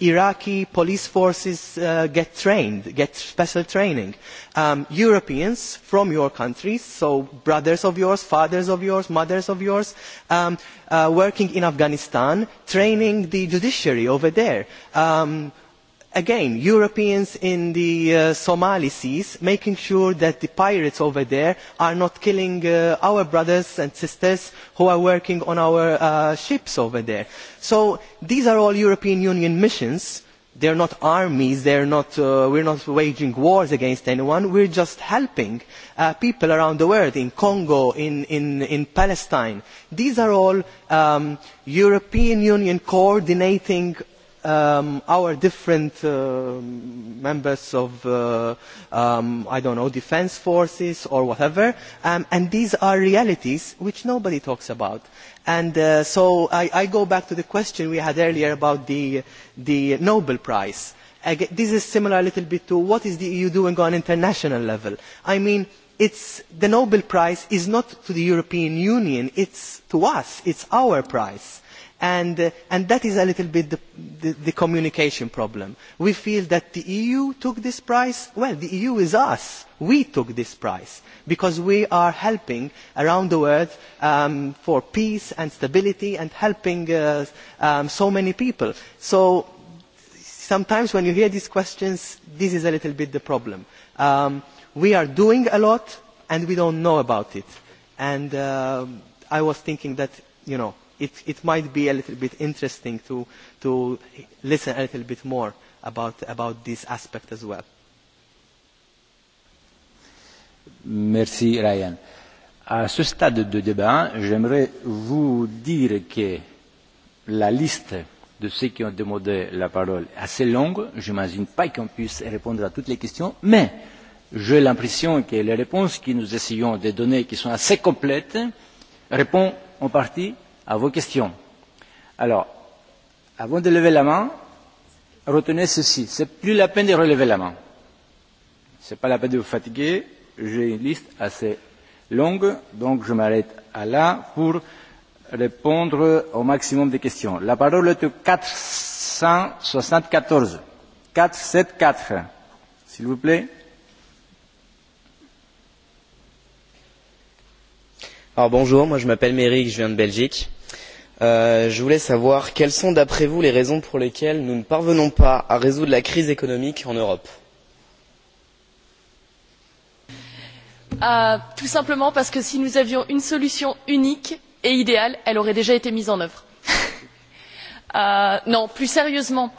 iraqi police forces get trained get special training europeans from your countries so brothers of yours fathers of yours mothers of yours working in afghanistan training the judiciary over there again europeans in the somali seas making sure that the pirates over there are not killing our brothers and sisters who are working on our ships over there. so these are all european union missions they are not armies we are not waging wars against anyone we are just helping people around the world in congo in palestine. these are all european union coordinating our different members of I don't know defense forces or whatever and these are realities which nobody talks about and so I go back to the question we had earlier about the Nobel Prize this is similar a little bit to what is the EU doing on international level I mean the Nobel Prize is not to the European Union it's to us it's our prize and that is a little bit the communication problem. we feel that the eu took this prize well the eu is us we took this prize because we are helping around the world for peace and stability and helping so many people. so sometimes when you hear these questions this is a little bit the problem. we are doing a lot and we don't know about it and i was thinking that you know it might be a little bit interesting to to listen a little bit more about about this aspect as well. Merci Ryan. À ce stade de débat, j'aimerais vous dire que la liste de ceux qui ont demandé la parole est assez longue. Je n'imagine pas qu'on puisse répondre à toutes les questions, mais j'ai l'impression que les réponses que nous essayons de donner, qui sont assez complètes, répondent en partie à vos questions. Alors, avant de lever la main, retenez ceci. C'est plus la peine de relever la main. Ce n'est pas la peine de vous fatiguer. J'ai une liste assez longue, donc je m'arrête à là pour répondre au maximum de questions. La parole est au 474. 474. S'il vous plaît. Alors bonjour, moi je m'appelle Méric, je viens de Belgique je voulais savoir quelles sont d'après vous les raisons pour lesquelles nous ne parvenons pas à résoudre la crise économique en europe? tout simplement parce que si nous avions une solution unique et idéale elle aurait déjà été mise en œuvre. non plus sérieusement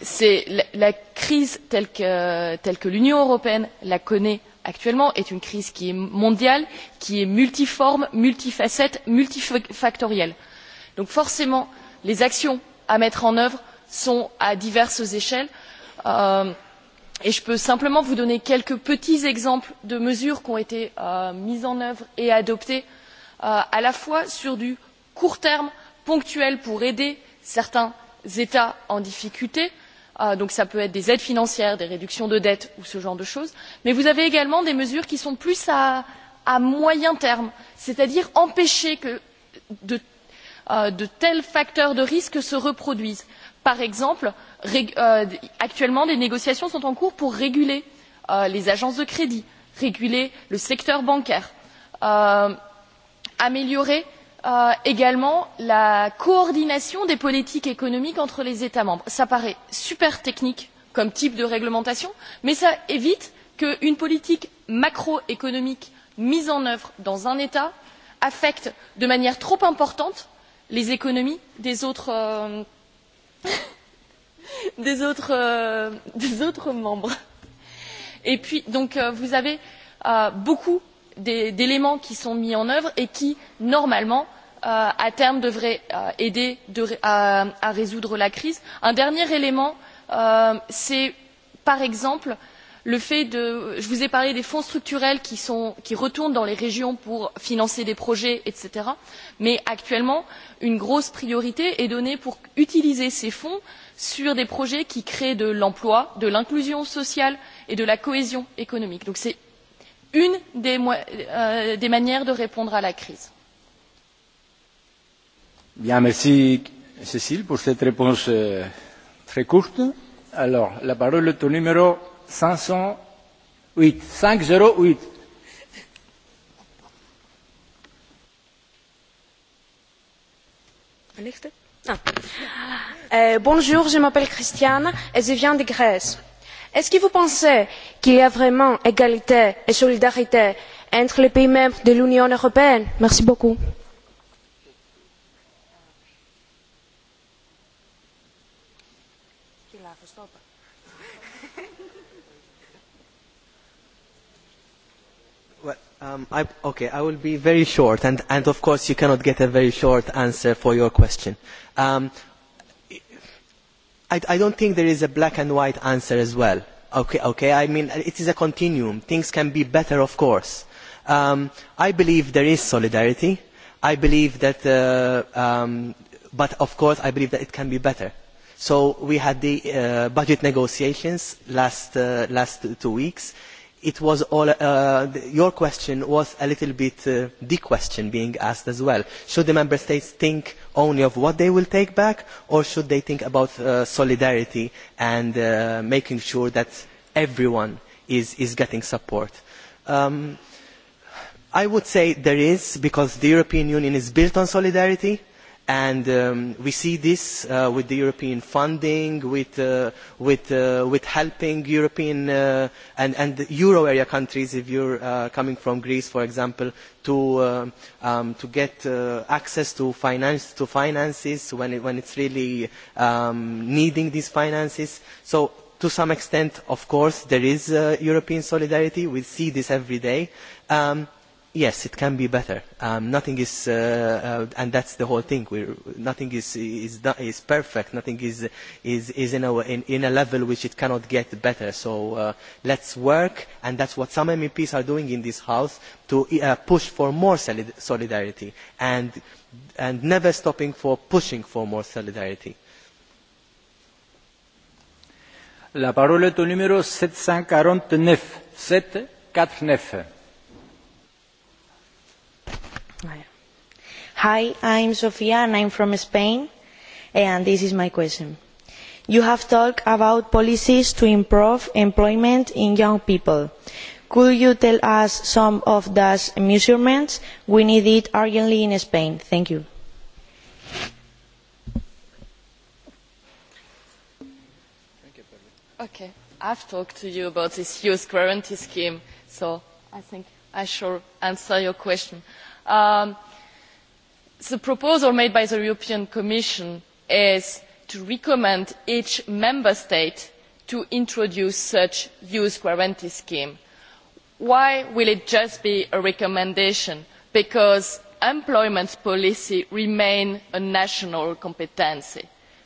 c'est la crise telle que l'union européenne la connaît actuellement est une crise qui est mondiale qui est multiforme multifacette multifactorielle. donc forcément les actions à mettre en œuvre sont à diverses échelles et je peux simplement vous donner quelques petits exemples de mesures qui ont été mises en œuvre et adoptées à la fois sur du court terme ponctuel pour aider certains états en difficulté donc cela peut être des aides financières des réductions de dettes ou ce genre de choses mais vous avez également des mesures qui sont plus à moyen terme c'est à dire empêcher que de tels facteurs de risque se reproduisent. par exemple actuellement des négociations sont en cours pour réguler les agences de crédit réguler le secteur bancaire améliorer également la coordination des politiques économiques entre les états membres. cela paraît super technique comme type de réglementation mais cela évite qu'une politique macroéconomique mise en œuvre dans un état affecte de manière trop importante les économies des autres membres. et puis donc vous avez beaucoup d'éléments qui sont mis en œuvre et qui normalement à terme devrait aider à résoudre la crise. un dernier élément c'est par exemple le fait de je vous ai parlé des fonds structurels qui retournent dans les régions pour financer des projets etc. mais actuellement une grosse priorité est donnée pour utiliser ces fonds sur des projets qui créent de l'emploi de l'inclusion sociale et de la cohésion économique. donc c'est une des manières de répondre à la crise merci Cécile pour cette réponse très courte. Alors, la parole est au numéro 508. 508. Bonjour, je m'appelle Christiane et je viens de Grèce. Est-ce que vous pensez qu'il y a vraiment égalité et solidarité entre les pays membres de l'Union européenne Merci beaucoup. Okay, I will be very short, and of course you cannot get a very short answer for your question. I don't think there is a black and white answer as well. Okay, okay. I mean, it is a continuum. Things can be better, of course. I believe there is solidarity. I believe that, but of course, I believe that it can be better. So we had the budget negotiations last last two weeks your question was a little bit the question being asked as well should the member states think only of what they will take back or should they think about solidarity and making sure that everyone is getting support i would say there is because the european union is built on solidarity and we see this with the european funding with helping european and euro area countries if you are coming from greece for example to get access to finances when it's really needing these finances. so to some extent of course there is european solidarity we see this every day yes it can be better nothing is and that's the whole thing nothing is is perfect nothing is is in a level which it cannot get better so let's work and that's what some meps are doing in this house to push for more solidarity and never stopping for pushing for more solidarity la parole est au numéro 749 749 Hi, I'm Sofia and I'm from Spain and this is my question. You have talked about policies to improve employment in young people. Could you tell us some of those measurements? We need it urgently in Spain. Thank you. Okay, I've talked to you about this youth guarantee scheme, so I think I shall answer your question. Um, the proposal made by the european commission is to recommend each member state to introduce such a youth guarantee scheme. why will it just be a recommendation? because employment policy remains a national competence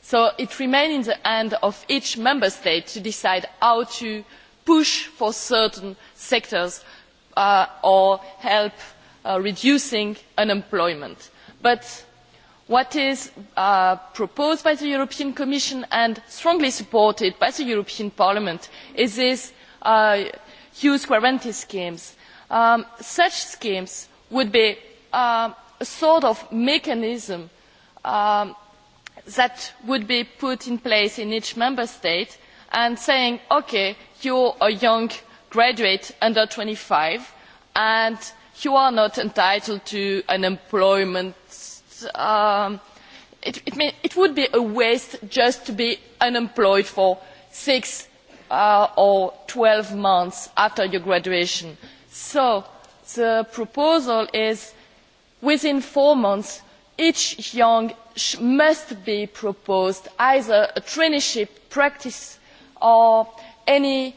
so it remains in the hands of each member state to decide how to push for certain sectors or help reducing unemployment but what is proposed by the european commission and strongly supported by the european parliament is these youth guarantee schemes. such schemes would be a sort of mechanism that would be put in place in each member state and saying okay, you are a young graduate under twenty five and you are not entitled to unemployment. It would be a waste just to be unemployed for six or 12 months after your graduation. So the proposal is within four months each young must be proposed either a traineeship practice or any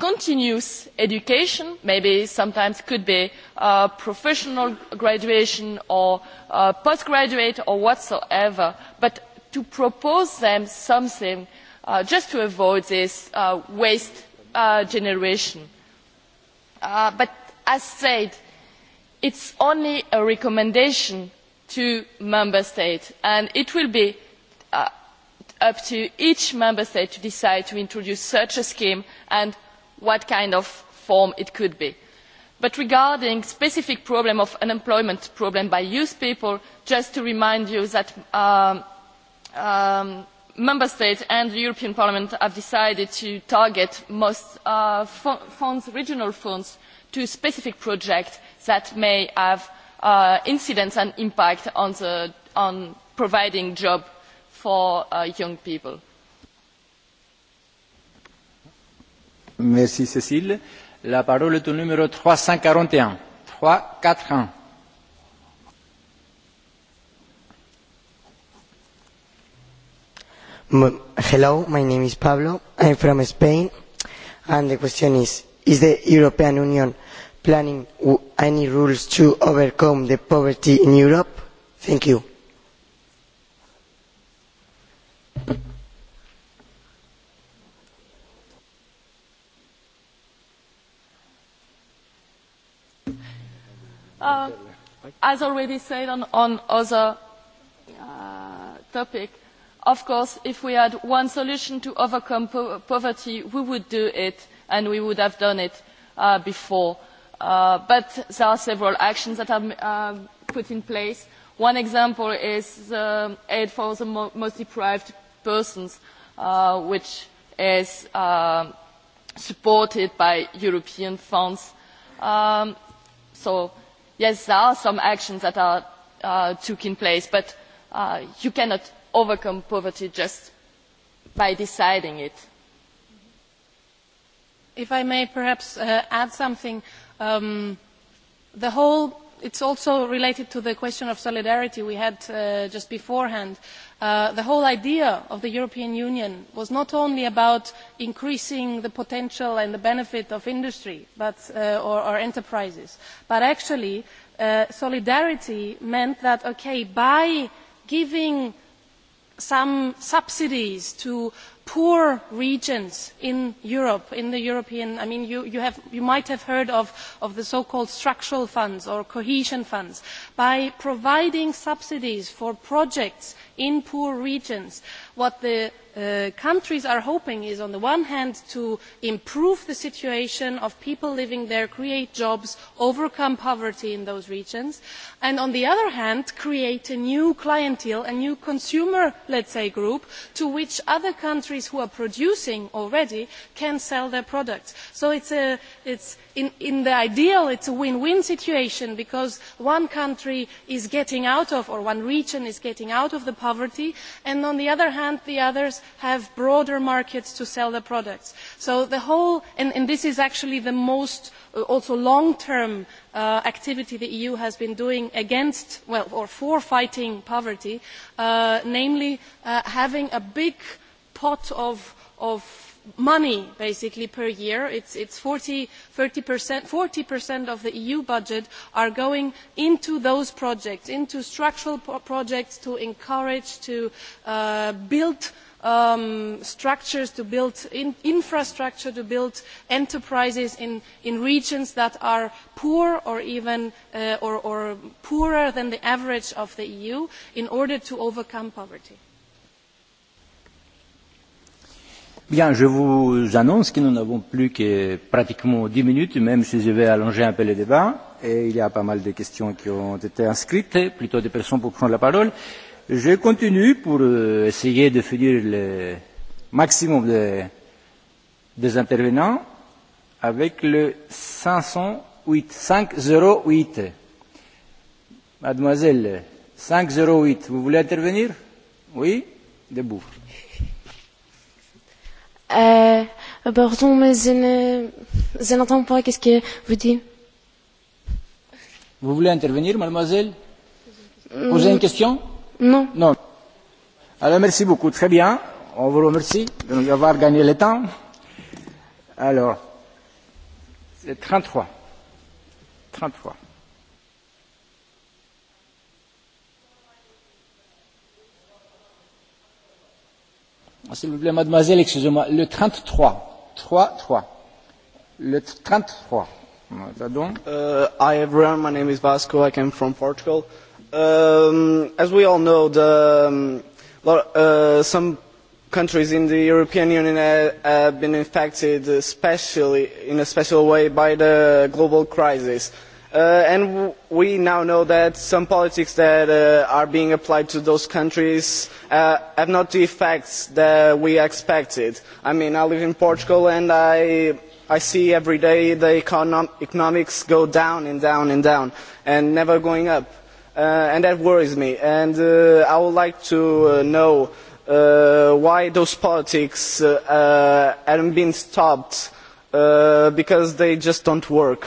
continuous education maybe sometimes could be professional graduation or postgraduate or whatsoever but to propose them something just to avoid this waste generation. but as said it is only a recommendation to member states and it will be up to each member state to decide to introduce such a scheme and what kind of form it could be. But regarding the specific problem of unemployment problem by youth people, just to remind you that Member States and the European Parliament have decided to target most funds, regional funds, to specific projects that may have incidence and impact on providing jobs for young people. Merci Cécile. La parole est au numéro 341. 341. Hello, my name is Pablo. I'm from Spain. And the question is, is the European Union planning any rules to overcome the poverty in Europe? Thank you. As already said on other topics, of course, if we had one solution to overcome poverty, we would do it and we would have done it before. But there are several actions that are put in place. One example is aid for the most deprived persons, which is supported by European funds. So yes there are some actions that are in place but you cannot overcome poverty just by deciding it. if i may perhaps add something the whole It's also related to the question of solidarity we had just beforehand. The whole idea of the European Union was not only about increasing the potential and the benefit of industry or enterprises, but actually solidarity meant that, okay, by giving some subsidies to poor regions in Europe, in the European, I mean, you might have heard of the so-called structural funds or cohesion funds. By providing subsidies for projects in poor regions, what the countries are hoping is on the one hand to improve the situation of people living there create jobs overcome poverty in those regions and on the other hand create a new clientele a new consumer let's say group to which other countries who are producing already can sell their products. so in the ideal it is a win win situation because one country is getting out of or one region is getting out of the poverty and on the other hand the others have broader markets to sell their products. So the whole, and this is actually the most also long-term activity the EU has been doing against, well, or for fighting poverty, namely having a big pot of money basically per year it's 40 40% of the eu budget are going into those projects into structural projects to encourage to build structures to build infrastructure to build enterprises in regions that are poor or even or poorer than the average of the eu in order to overcome poverty Bien, je vous annonce que nous n'avons plus que pratiquement 10 minutes, même si je vais allonger un peu le débat. Et il y a pas mal de questions qui ont été inscrites, plutôt des personnes pour prendre la parole. Je continue pour essayer de finir le maximum de, des intervenants avec le 508. 508. Mademoiselle, 508, vous voulez intervenir Oui Debout. Euh, pardon, mais je, ne, n'entends pas qu'est-ce que vous dites. Vous voulez intervenir, mademoiselle Poser une question Non. Non. Alors merci beaucoup. Très bien. On vous remercie de nous avoir gagné le temps. Alors, c'est 33. 33. S'il vous plaît, mademoiselle, excusez-moi, le 33. 3, 3. Le 33. Pardon. Uh, hi everyone, my name is Vasco, I come from Portugal as we all know some countries in the european union have been affected in a special way by the global crisis and we now know that some politics that are being applied to those countries have not the effects that we expected. i mean i live in portugal and i see every day the economics go down and down and down and never going up and that worries me. And I would like to know why those politics not been stopped because they just don't work.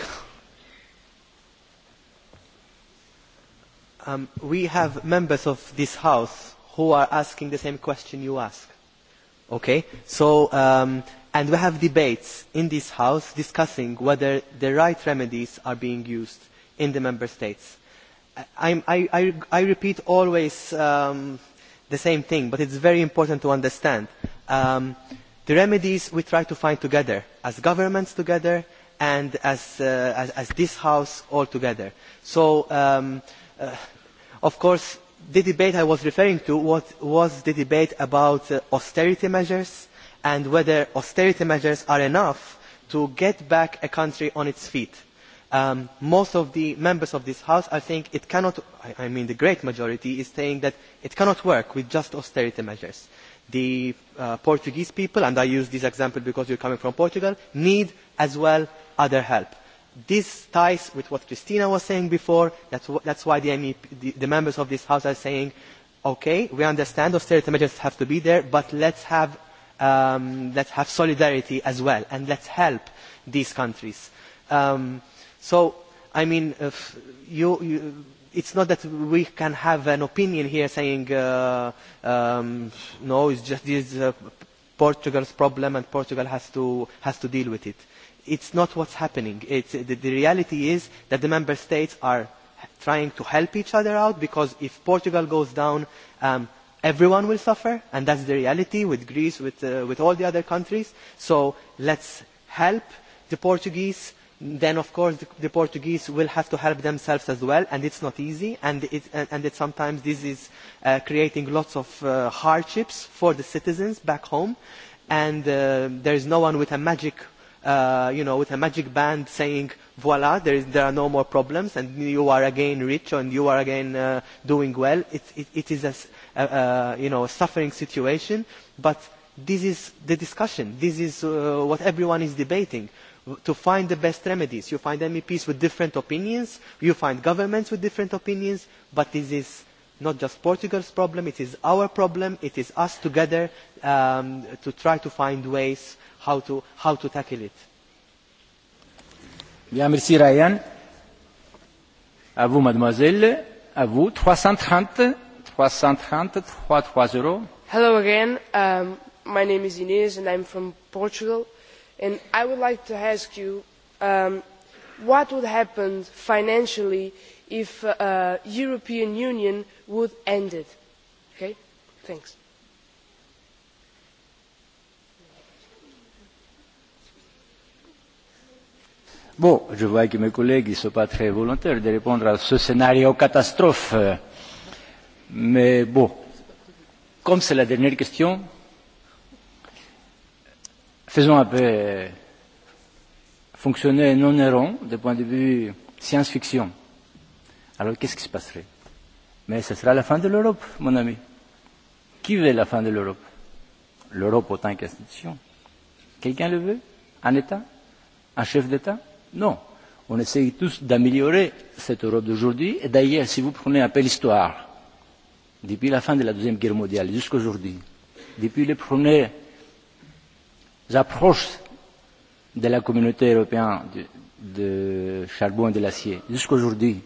We have members of this House who are asking the same question you ask. Okay? So, and we have debates in this House discussing whether the right remedies are being used in the Member States I repeat always the same thing, but it's very important to understand. The remedies we try to find together, as governments together and as this House all together. So, of course, the debate I was referring to was the debate about austerity measures and whether austerity measures are enough to get back a country on its feet most of the members of this house I think, it cannot i mean the great majority is saying that it cannot work with just austerity measures. the portuguese people and i use this example because you are coming from portugal need as well other help. this ties with what christina was saying before that is why the members of this house are saying "Okay, we understand austerity measures have to be there but let us have solidarity as well and let's help these countries. So, I mean, it's not that we can have an opinion here saying, no, it's just this Portugal's problem and Portugal has to has to deal with it. It's not what's happening. the, reality is that the member states are trying to help each other out because if Portugal goes down, everyone will suffer, and that's the reality with Greece, with, with all the other countries. So let's help the Portuguese then of course the Portuguese will have to help themselves as well, and it's not easy, and and sometimes this is creating lots of hardships for the citizens back home, and there is no one with a magic, you know, with a magic band saying, voila, there are no more problems, and you are again rich, and you are again doing well. It is a, you know, a suffering situation, but this is the discussion. This is what everyone is debating to find the best remedies. You find MEPs with different opinions, you find governments with different opinions, but this is not just Portugal's problem, it is our problem, it is us together to try to find ways how to, how to tackle it. Bien, merci Ryan. À vous, mademoiselle. À vous, 330, 330, 330. Hello again. my name is Inez and I'm from Portugal and i would like to ask you what would happen financially if the european union would end? thanks. Bon, je vois que mes collègues ne sont pas très volontaires de répondre à ce scénario catastrophe. Mais bon, comme c'est la dernière question, faisons un peu fonctionner non errant du point de vue science-fiction. Alors qu'est-ce qui se passerait Mais ce sera la fin de l'Europe, mon ami. Qui veut la fin de l'Europe L'Europe autant qu'institution. Quelqu'un le veut Un État Un chef d'État Non. On essaye tous d'améliorer cette Europe d'aujourd'hui. Et d'ailleurs, si vous prenez un peu l'histoire, depuis la fin de la Deuxième Guerre mondiale jusqu'à aujourd'hui, depuis les premiers approches de la communauté européenne de charbon et de l'acier jusqu'à aujourd'hui.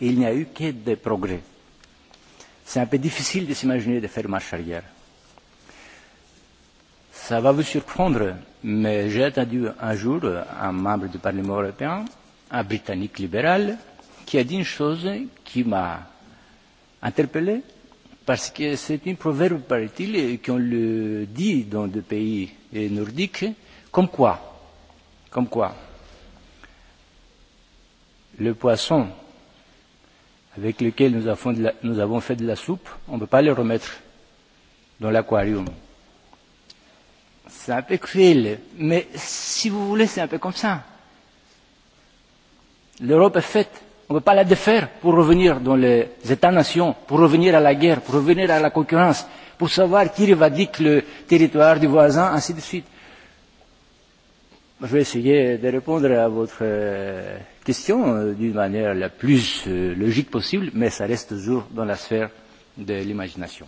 Il n'y a eu que des progrès. C'est un peu difficile de s'imaginer de faire marche arrière. Ça va vous surprendre, mais j'ai entendu un jour un membre du Parlement européen, un Britannique libéral, qui a dit une chose qui m'a interpellé parce que c'est un proverbe, paraît-il, qu'on le dit dans des pays nordiques, comme quoi, comme quoi, le poisson avec lequel nous avons, nous avons fait de la soupe, on ne peut pas le remettre dans l'aquarium. C'est un peu cruel, mais si vous voulez, c'est un peu comme ça. L'Europe est faite On ne peut pas la défaire pour revenir dans les États-nations, pour revenir à la guerre, pour revenir à la concurrence, pour savoir qui revendique le territoire du voisin, ainsi de suite. Je vais essayer de répondre à votre question d'une manière la plus logique possible, mais ça reste toujours dans la sphère de l'imagination.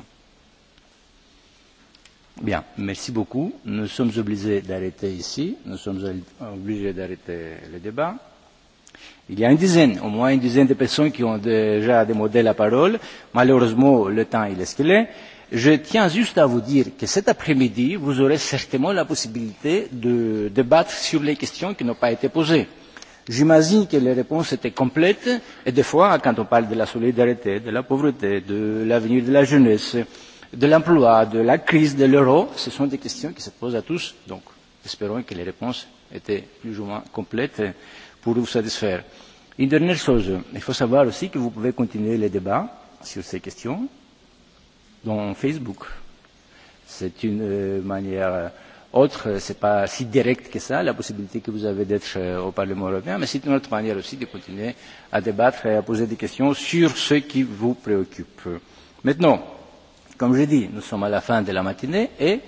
Bien, merci beaucoup. Nous sommes obligés d'arrêter ici. Nous sommes obligés d'arrêter le débat Il y a une dizaine, au moins une dizaine de personnes qui ont déjà demandé la parole. Malheureusement, le temps il est ce qu'il est. Je tiens juste à vous dire que cet après-midi, vous aurez certainement la possibilité de débattre sur les questions qui n'ont pas été posées. J'imagine que les réponses étaient complètes et des fois, quand on parle de la solidarité, de la pauvreté, de l'avenir de la jeunesse, de l'emploi, de la crise, de l'euro, ce sont des questions qui se posent à tous. Donc, espérons que les réponses étaient plus ou moins complètes pour vous satisfaire. Une dernière chose, il faut savoir aussi que vous pouvez continuer les débats sur ces questions dans Facebook. C'est une manière autre, ce n'est pas si direct que ça, la possibilité que vous avez d'être au Parlement européen, mais c'est une autre manière aussi de continuer à débattre et à poser des questions sur ce qui vous préoccupe. Maintenant, comme je dis, nous sommes à la fin de la matinée et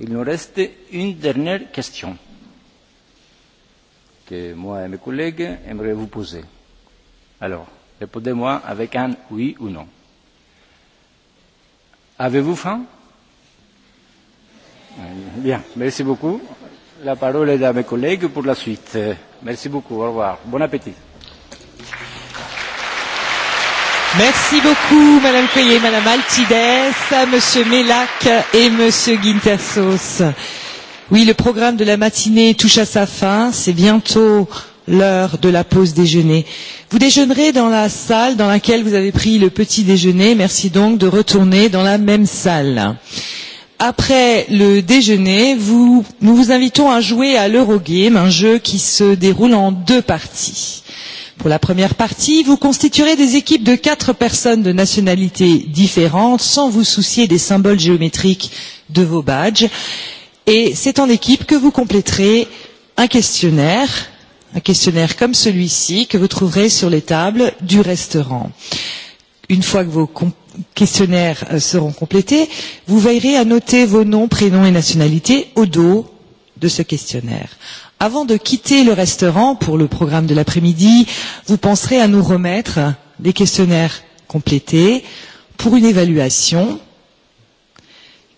il nous reste une dernière question que moi et mes collègues aimeraient vous poser. Alors, répondez-moi avec un oui ou non. Avez-vous faim Bien, merci beaucoup. La parole est à mes collègues pour la suite. Merci beaucoup, au revoir. Bon appétit. Merci beaucoup, Madame Coyer, Madame Altides, Monsieur Mélac et Monsieur Guintersos. Oui, le programme de la matinée touche à sa fin. C'est bientôt l'heure de la pause déjeuner. Vous déjeunerez dans la salle dans laquelle vous avez pris le petit déjeuner. Merci donc de retourner dans la même salle. Après le déjeuner, nous vous invitons à jouer à l'Eurogame, un jeu qui se déroule en deux parties. Pour la première partie, vous constituerez des équipes de quatre personnes de nationalités différentes sans vous soucier des symboles géométriques de vos badges Et c'est en équipe que vous compléterez un questionnaire, un questionnaire comme celui-ci, que vous trouverez sur les tables du restaurant. Une fois que vos questionnaires seront complétés, vous veillerez à noter vos noms, prénoms et nationalités au dos de ce questionnaire. Avant de quitter le restaurant pour le programme de l'après-midi, vous penserez à nous remettre les questionnaires complétés pour une évaluation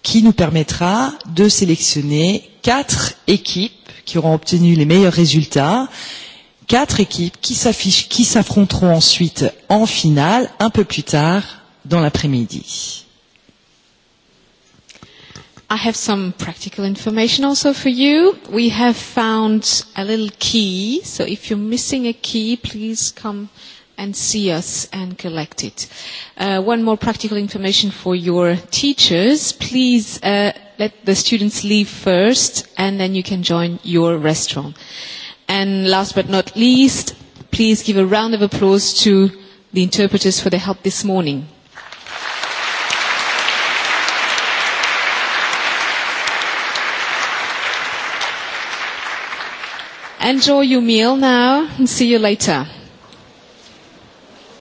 qui nous permettra de sélectionner quatre équipes qui auront obtenu les meilleurs résultats, quatre équipes qui s'affichent, qui s'affronteront ensuite en finale un peu plus tard dans l'après-midi. I have some practical information also for you. We have found a little key, so if you're missing a key, please come and see us and collect it. One more practical information for your teachers. Please let the students leave first and then you can join your restaurant. And last but not least, please give a round of applause to the interpreters for their help this morning. Enjoy your meal now and see you later.